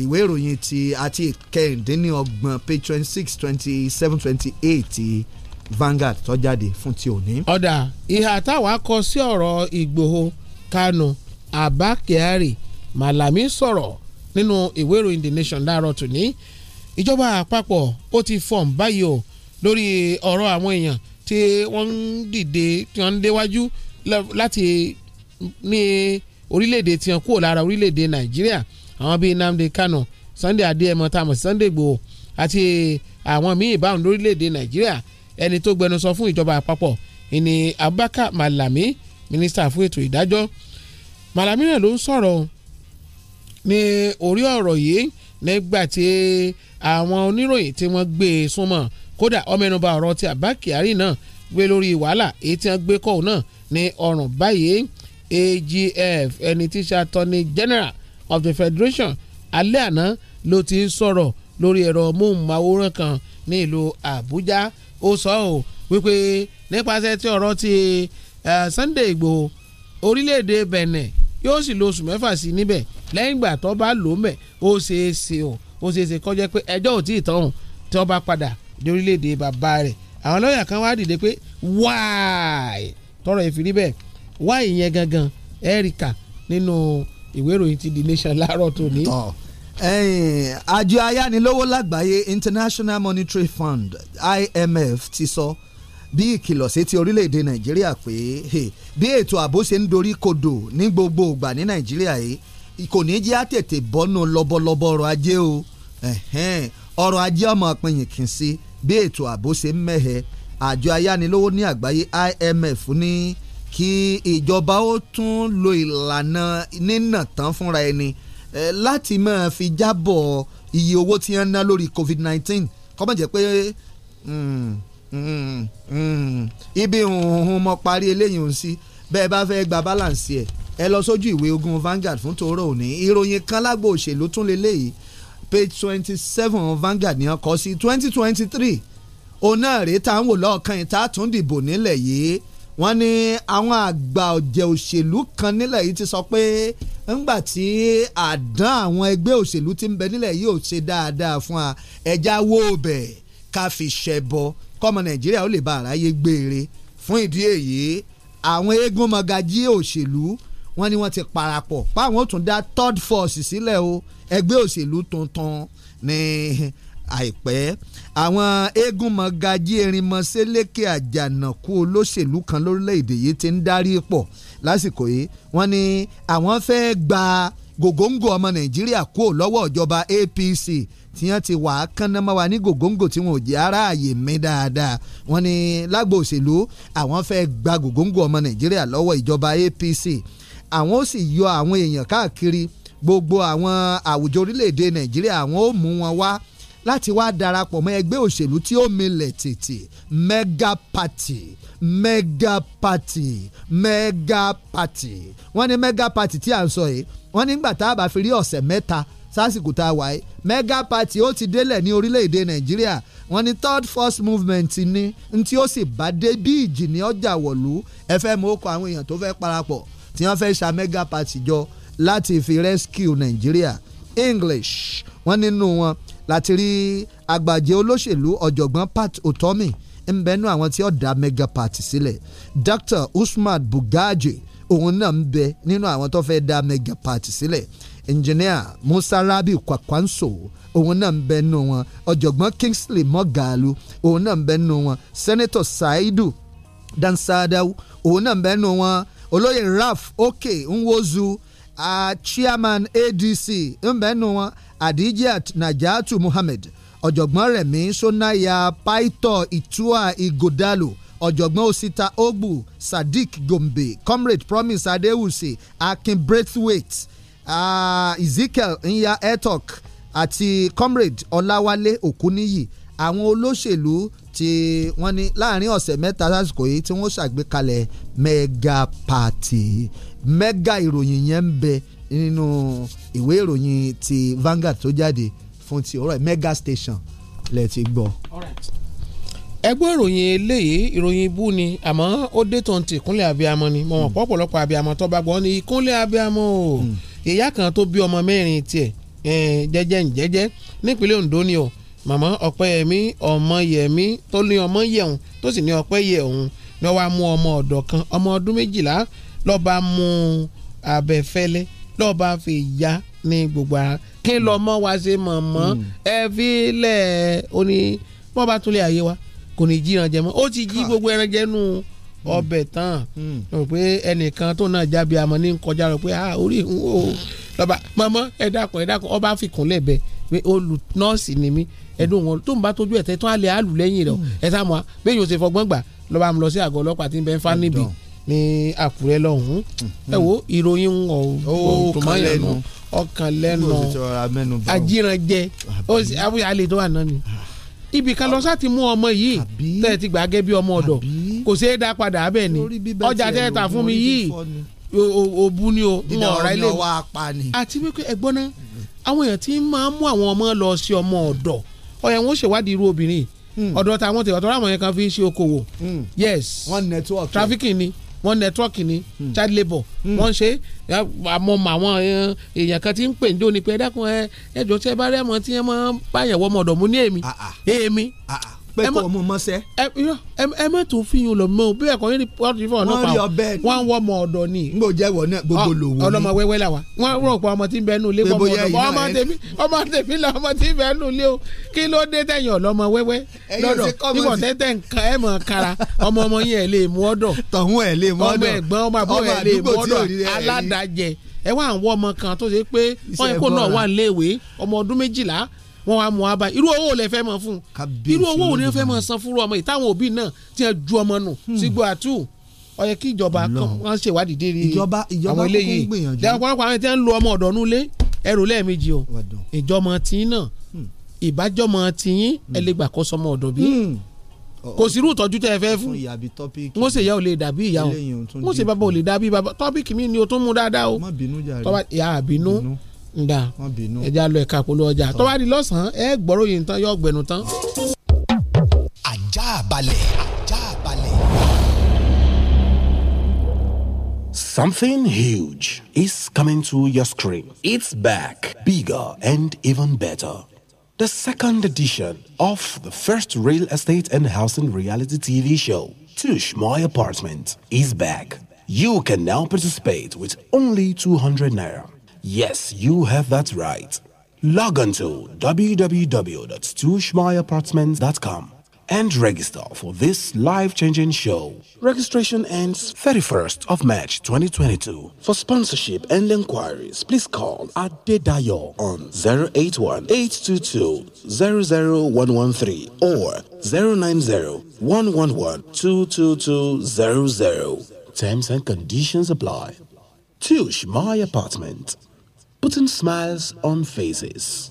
[SPEAKER 5] ìwé ìròyìn ti àti ìkẹrìndínlọ́gbọ̀n page twenty six twenty seven twenty eight Vanguard tó jáde fún ti òní. ọ̀dà ìhà táwa kọ sí ọ̀rọ̀ Ìgbòho Kanu
[SPEAKER 6] Abba Kyari Malami sọ̀rọ̀ nínú ìwé ìròyìn The Nation láàárọ̀ tòní ìjọba àpapọ̀ ó ti fọ̀n báyìí o lórí ọ̀rọ̀ àwọn èèyàn tí wọ́n ń dìde tí wọ́n ń déwájú láti ní orílẹ̀-èdè tiwọn kúrò lára orílẹ̀-èdè nàìjíríà àwọn bíi nnamdi kanu sunday adéẹmọ tamọ sunday igbòho àti àwọn míì báwọn lórílẹ̀-èdè nàìjíríà ẹni tó gbẹnusọ fún ìjọba àpapọ̀ ìní abubakar malami minister fún ètò ìdájọ́ malami náà ló ń sọ̀rọ̀ ní orí ọ̀rọ̀ yìí nígbà tí àwọn oníròyìn tí wọ́n gbé e súnmọ́ kódà ọmọ ẹnubá ọ̀rọ̀ ti àbá kyari náà gbé lórí wàhálà èyí tí wọ́n gbé kọ́ òun náà ní ọrùn báyìí AGF ẹni tí ṣe attorney general of the federation alẹ́ àná ló ti sọ̀rọ̀ lórí ẹ̀rọ móhùnmáwòrán kan ní ìlú abuja ó sọ ọ́ wípé nípasẹ̀ tí ọ̀rọ̀ ti Sunday Igboho orílẹ̀-èdè Benin yóò sì lo oṣù mẹ́fà sí níbẹ̀ lẹ́yìn ìgbà tó bá lò ó mẹ́ ó ṣeé ṣe ó ṣeé ṣe kọjá pé ẹjọ́ ò tí ì tán tí wọ́n bá padà dé orílẹ̀-èdè bàbá rẹ̀ àwọn lọ́ọ̀yà kan wá dìde pé wáì tọrọ ìfìrí bẹ́ẹ̀ wáì yẹn gangan Erika
[SPEAKER 5] nínú ìwé ìròyìn ti The Nation láàárọ̀ tòní. àjọ ayánilówó lágbàáyé International Monetary Fund IMF ti sọ bí ìkìlọ̀ sí ti orílẹ̀-èdè Nàìjíríà pé bí ètò ààbò ṣe ń dorí kodò ní gbogbo ìgbà ní Nàìjíríà yìí kò ní jẹ́ àtètè bọ́nú lọ́bọ̀lọ́bọ̀ ọrọ̀ ajé o ọrọ̀ ajé ọmọ ọ̀pìnyìn kì sí i bí ètò ààbò ṣe ń mẹ́hẹ àjọ ayánilówó ní àgbáyé IMF ní kí ìjọba ó tún lo ìlànà nínà tán fúnra ẹni láti máa fi jábọ̀ iye owó tí wọ́n ná lórí COVID-19 kó má jẹ́ pé hmm, hmm, hmm, ibi òun mọ parí eléyìí òun sí bẹ́ẹ̀ bá fẹ́ gba balance ẹ̀ ẹ lọ sójú ìwé ogun Vanguard fún tòórọ́ òní ìròyìn kan lágbo òṣèlú tún lélẹ́yìí page twenty seven Vanguard ní ọkọ̀ sí twenty twenty three òun rèé tá ń wò lọ́ọ̀kan yìí tá a tún dìbò nílẹ̀ yìí wọ́n ní àwọn àgbà ọ̀jẹ̀ òṣèlú kan nílẹ̀ yìí ti sọ pé ńgbà tí àdán àwọn ẹgbẹ́ òṣèlú ti ń bẹ nílẹ̀ yìí ò ṣe dáadáa fún wa ẹja wo bẹ̀ ká fi ṣẹbọ kọ́mọ Nàìjíríà ó lè bá àráyé gbére fún ìdí èyí àwọn eégún mọ̀gájí òṣèlú wọ́n ní wọ́n ti parapọ̀ páwọn ó tún dá third force sílẹ̀ o. Si ẹgbẹ́ òṣèlú tuntun ní àìpẹ́ àwọn eégúnmọ̀ gajì erinmọ̀ sélékè àjànàkú olóṣèlú kan lórílẹ̀‐èdè yìí ti ń darí pọ̀ lásìkò yìí wọ́n ní àwọn fẹ́ẹ́ gba gògóńgò ọmọ nàìjíríà kúrò lọ́wọ́ ìjọba APC tí wọ́n ti wà á kánná mọ́ wa ní gògóńgò tí wọn ò jẹ́ aráàyè mí dáadáa wọ́n ní lágbo òṣèlú àwọn fẹ́ẹ́ gba gògóńgò ọmọ nàìjíríà lọ́wọ́ ìjọba APC àwọn ó sì yọ àwọn èèyàn káàkiri gbogbo àwọn àwùjọ orílẹ̀-èdè nàìjíríà àwọn ó mú wọn wá láti wá darapọ̀ mọ́ ẹgbẹ́ òṣèlú tí ó milẹ̀ tètè mega party mega party mega party wọ́n ní mega party tí à ń sọ yìí wọ́n nígbà tá a bá fi rí ọ̀sẹ̀ mẹ́ta sásìkò tá a wà mega party ó ti délẹ̀ ní orílẹ̀-èdè nàìjíríà wọ́n ní third force movement ní tí ó sì bá dé bí ìjì ní ọjà wọ̀lú ẹ fẹ́ mú ó kọ àwọn èèyàn tó fẹ́ parapọ̀ tí wọ́n fẹ́ ṣa mega party jọ láti fi rescue Nigeria English wọ́n nínú wọn láti rí àgbàjẹ́ olóṣèlú ọ̀jọ̀gbọ́n Pat Otomi ń bẹnu àwọn tí ó dá mega party sílẹ̀ Dr. Usman Bugaji òun náà ń bẹ nínú àwọn tó fẹ́ dá mega party sílẹ̀ engineer Musa Rabi Kwakwanso òun náà ń bẹ wọn ọ̀jọ̀gbọ́n Kingsley Mogalu òun náà ń bẹ wọn Senator Saidu Dansada òun náà ń bẹ nínú wọn olóyè Ralph Oke Nwozu. Okay, chairman adc ńbẹ́nu wọn adijat najatu muhammed ọ̀jọ̀gbọ́n rẹ̀mí sọ́nàyà paito itua igodalo ọ̀jọ̀gbọ́n osita ogbu sadiq gombe comrade promise adewuse akin braithwaite uh, ezekiel nya etok àti comrade ọláwálé òkúníyì àwọn olóṣèlú tí wọ́n ní láàrin ọ̀sẹ̀ mẹ́ta lásìkò yìí tí wọ́n ṣàgbékalẹ̀ mega party mẹ́gà ìròyìn yẹn ń bẹ nínú ìwé ìròyìn ti Vanguard tó jáde fún ti ọ̀rọ̀ mega station lẹ ti gbọ́.
[SPEAKER 6] ẹgbẹ́ ìròyìn eléyìí ìròyìn ibú ni àmọ́ ó dé tó ń ti ìkúnlẹ̀ abiyamọ ni mọ̀ hmm. pọ̀pọ̀lọpọ̀ abiyamọ tó bá gbọ́ ni ìkúnlẹ̀ abiyamọ o hmm. ìyá kan tó bí ọmọ mẹ́rin tiẹ̀ jẹ́jẹ́ ǹjẹ́jẹ́ nípínlẹ̀ Ondo ni o màmá Ọpẹ́yẹmí Ọmọyẹmí tó ní ọmọ yẹun tó sì ní ọpẹ́ yẹ ni wọ́n wá mú ọmọ ọ̀dọ̀ kan ọmọ ọdún méjìlá lọ́ba mú abẹ́fẹ́lẹ́ lọ́ba fi ya ní gbogbo ara kí lọ mọ́ wa ṣe mọ̀ mọ́ mm. ẹ fi lẹ̀ ó ní tún lè àyè wa kò ní jí ẹranjẹ mọ́ ó ti jí ah. gbogbo ẹranjẹ nù ọbẹ̀ tán mm. rò pé ẹnìkan tó náà jábí amọ̀ ní kọjá rò pé ah orí ìhun o lọ́ba mọ́mọ́ ẹ dákun ẹ dákun ọba fìkún lẹ́bẹ̀ẹ́ pé olù nọ́ọ̀sì ni mí ẹ̀dùn wọn tó ń bá tójú ẹ̀ tẹ́ tán á lè àlù lẹ́yìn rẹ̀ mm. ẹ̀ sá mọ́ bẹ́ẹ̀ yóò ṣe fọgbọ́n gbà lọ́ba mi lọ sí àgọ́ ọlọ́pàá tí ń bẹ fa níbi ní àkúrẹ́ lọ́hùn-ún mm-hmm. ẹ wo ìròyìn ọ̀hún tó máa yẹn nù ọkàn lẹ́nu ajíranjẹ àbúyá àlè tó wà náà ni ah. ibì kan lọ sá mú ọmọ yìí tẹ́ ẹ ti gbà gẹ́ bí ọmọ ọ̀dọ̀ kò ṣeé dá padà abẹ́ ni ọjà tẹ́ ẹ ta fún mi yìí òbu ni o ń ọ̀rá ilé àti wípé ẹ̀gbọ́n náà àwọn èèyàn ti máa ń mú àwọn ọmọ lọ sí ọmọ ọ̀dọ̀ ọ̀yà wọn ó ṣèwádìí irú obìnrin hmm. ọ̀dọ̀ táwọn tẹ̀ ọ̀tọ̀ láwọn yẹn kan fi ń ṣe okòwò hmm. yes wọn network trafficking ni wọ́n nẹ́tíwọ́ọ̀kì ni hmm. child labour hmm. wọ́n ń ṣe àmọ́ àwọn eh, èèyàn kan ti ń pè ń ni pé ẹ dákun ẹ ẹjọ́ tí ẹ bá rẹ́ mọ́ tí ẹ mọ́ báyẹn wọ́n mọ̀ọ́dọ̀ mú ní èmi ah, ah. èmi ah, pé kò mú mọ́sẹ́. ẹ má tún fi yín lọ mọ o bí ẹ̀kọ́ yín rìpọ́tì fún ọlọ́pàá wọn wọ́n mọ ọ̀dọ̀ ni. n bò jẹ́ wọ náà gbogbo lò ni. ọlọmọ wẹ́wẹ́ la wa wọn rò pé ọmọ tí ń bẹ nù ilé pọmọ ọdọ ọmọ tèmi ọmọ tèmi la ọmọ tí ń bẹ nù ilé o kí ló dé tẹ̀yìn ọlọmọ wẹ́wẹ́ lọ́dọ̀ ibò tẹ́tẹ́ nǹkan ẹ̀ mọ̀ kára ọmọ ọmọ yín lè mú ọ̀dọ̀ tọ̀hún ẹ̀ lè mú ọ̀dọ̀ ọmọ ẹ̀gbọ́n ọmọ àbúrò ẹ̀ ẹ wá àwọn ọmọ kan tó ṣe pé wọn kó náà wà léèwé ọmọ ọdún méjìlá wọ́n wá mú wa bá irú owó lè fẹ́ mọ̀ fún un irú owó ò ní fẹ́ mọ̀ san fúru ọmọ yìí táwọn òbí náà ti hàn ju ọmọ nù hmm. sígbó àtú ó yẹ kí ìjọba kan ṣèwádìí dé rí àwọn eléyìí ọ̀pọ̀lọpọ̀ àwọn tí wọ́n ń lo ọmọ ọ̀dọ́ nulẹ̀ ẹrù lẹ́ẹ̀mejì o ìjọmọ tiyín náà hmm. ìbájọmọ tiyín ẹ lè hmm. gbà kó sọmọ ọ̀dọ́ bí kò sí irú ìtọ́jú tẹ́ ẹ fẹ́ fún wọ́n sì yá ò lè dàbí ìyá o wọ́n sì bàbá ò lè dàbí bàbá tọ́pìkì mi ni o tún mú dáadáa o tọ́ba ìyá àbínú nda ẹja lọ ẹ̀ka polówó ọjà di lọ́sàn-án ẹ gbọ́rọ̀ yìí tán yọ tán. ajá balẹ̀ ajá balẹ̀. Something huge is
[SPEAKER 1] coming to your screen. It's back, bigger and even better. The second edition of the first real estate and housing reality TV show, Tush My Apartment, is back. You can now participate with only 200 naira Yes, you have that right. Log on to www.stushmyapartments.com and register for this life-changing show. Registration ends 31st of March 2022. For sponsorship and inquiries, please call Adedayo on 081-822-00113 or 090-111-22200. Terms and conditions apply. Tush My Apartment putting smiles on faces.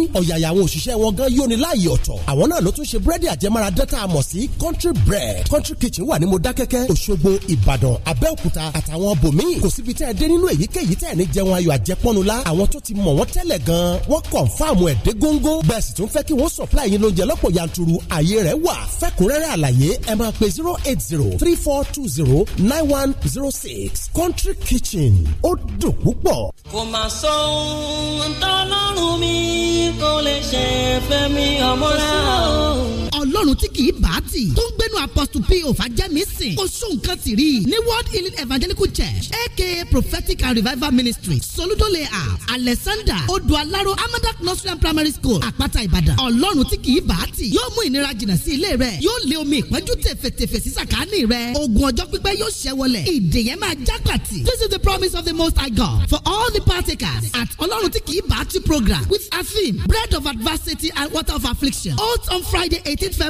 [SPEAKER 1] ní ọ̀yàyà àwọn òṣìṣẹ́ wọn gan yóni láàyè ọ̀tọ̀ àwọn náà ló tún ṣe búrẹ́dì àjẹmára dẹ́ta àmọ̀ sí country bread country kitchen wà ní Modákẹ́kẹ́ Òṣogbo Ìbàdàn Abẹ́òkúta àtàwọn bòmíì kò síbi tẹ́ ẹ dé nínú èyíkéyìí tẹ́ ẹ ní jẹun ayọ̀ àjẹpọ́nu la àwọn tó ti mọ̀ wọ́n tẹ́lẹ̀ gan wọ́n kọ̀ǹfàmù ẹ̀ dé góńgó bẹ́ẹ̀ sì tún fẹ́ kí wọ́n supply yín lóúnjẹ lọ́pọ̀ yanturu ààyè rẹ̀ wà fẹ́kúnrẹ́rẹ́ àlàyé ẹ máa pe zero eight zero three four two zero nine one zero six country kitchen ó dùn púpọ̀.
[SPEAKER 11] kò mà sọ ohun tọ́lọ́run mi
[SPEAKER 12] kò lè ṣe
[SPEAKER 11] fẹ́mi ọmọ rẹ̀
[SPEAKER 12] o ọlọ́run tí kì í bá tì tó ń gbénu apostle p o fàjẹ́mísìn oṣù nǹkan ti rí ní world healing evangelical church aka prophetic and revival ministry solúdólè a alexander odualaro amadak nursery and primary school àpáta ìbàdàn ọlọ́run tí kì í bá tì yóò mú ìnira jìnnà sí ilé rẹ yóò lé omi ìpẹ́jù tẹ̀fẹ̀tẹ̀fẹ̀ sí sàkáání rẹ ogun ọjọ́ pípẹ́ yóò ṣẹ́ wọlé ìdè yẹn máa jákàtì this is the promise of the most high god for all the partakers at ọlọ́run tí kì í bá tì program with a theme bread of adversity and water of affliction out on friday eighteen february.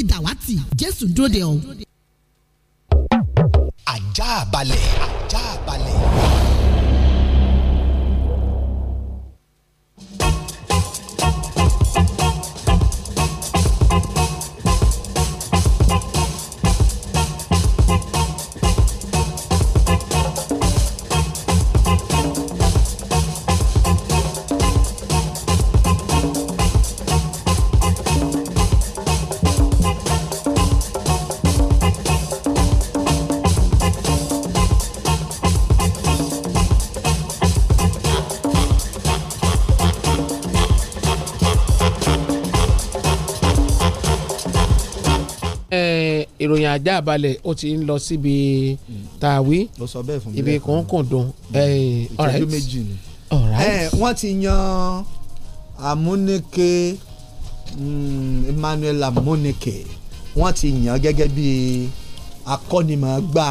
[SPEAKER 12] òkè dàwátì jésù dúró de
[SPEAKER 8] ajá balẹ̀ ajá balẹ̀.
[SPEAKER 6] ajá balẹ̀ ó ti ń lọ síbi tàwí ibi kòńkòndùn
[SPEAKER 5] ìtọ́jú méjì ni wọ́n ti yan amúnike mm, Emmanuel amúnike wọ́n ti yan gẹ́gẹ́ bí akọ́nimọ̀ọ́gbà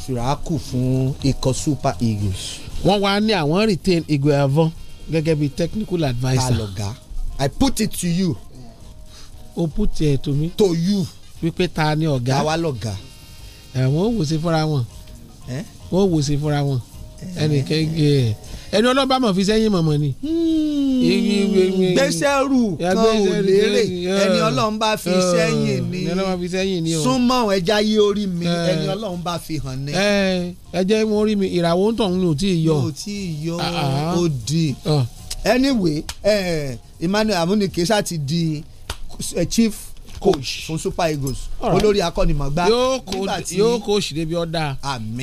[SPEAKER 5] fìràkù fún ikọ̀ Super Eagles. wọ́n wá ní
[SPEAKER 6] àwọn retain igwe
[SPEAKER 5] avon gẹ́gẹ́ bí technical adviser. ta lọ̀gá I
[SPEAKER 6] put it to you. o put it to me. to you wípé ta ni ọ̀gá ta wá lọ̀gá. ẹ wọn ò wò sí fúnra wọn wọn ò wò sí fúnra wọn ẹnìkẹ́gẹ́ ẹ̀ ẹni ọlọ́ba mọ̀ fi sẹ́yìn mọ̀mọ́ ni.
[SPEAKER 2] Hmm. gbèsè
[SPEAKER 6] rù kan ò lérè ẹni ọlọ́run bá fi sẹ́yìn ni súnmọ́ ẹja yí orí mi ẹni ọlọ́run
[SPEAKER 5] bá fi hàn ní.
[SPEAKER 6] ẹjẹ wọn orí mi ìràwọ̀ ń tọ̀hún ni ò tí ì yọ. ò tí
[SPEAKER 5] ì yọ ah, ah, ah. ó di anyway eh, Emmanuel amúnikẹ́ sá ti di eh, chief coach fún super eagles olórí akọ́nimọ̀gbá yóò
[SPEAKER 6] kó ṣì débi ọ̀dà. àmín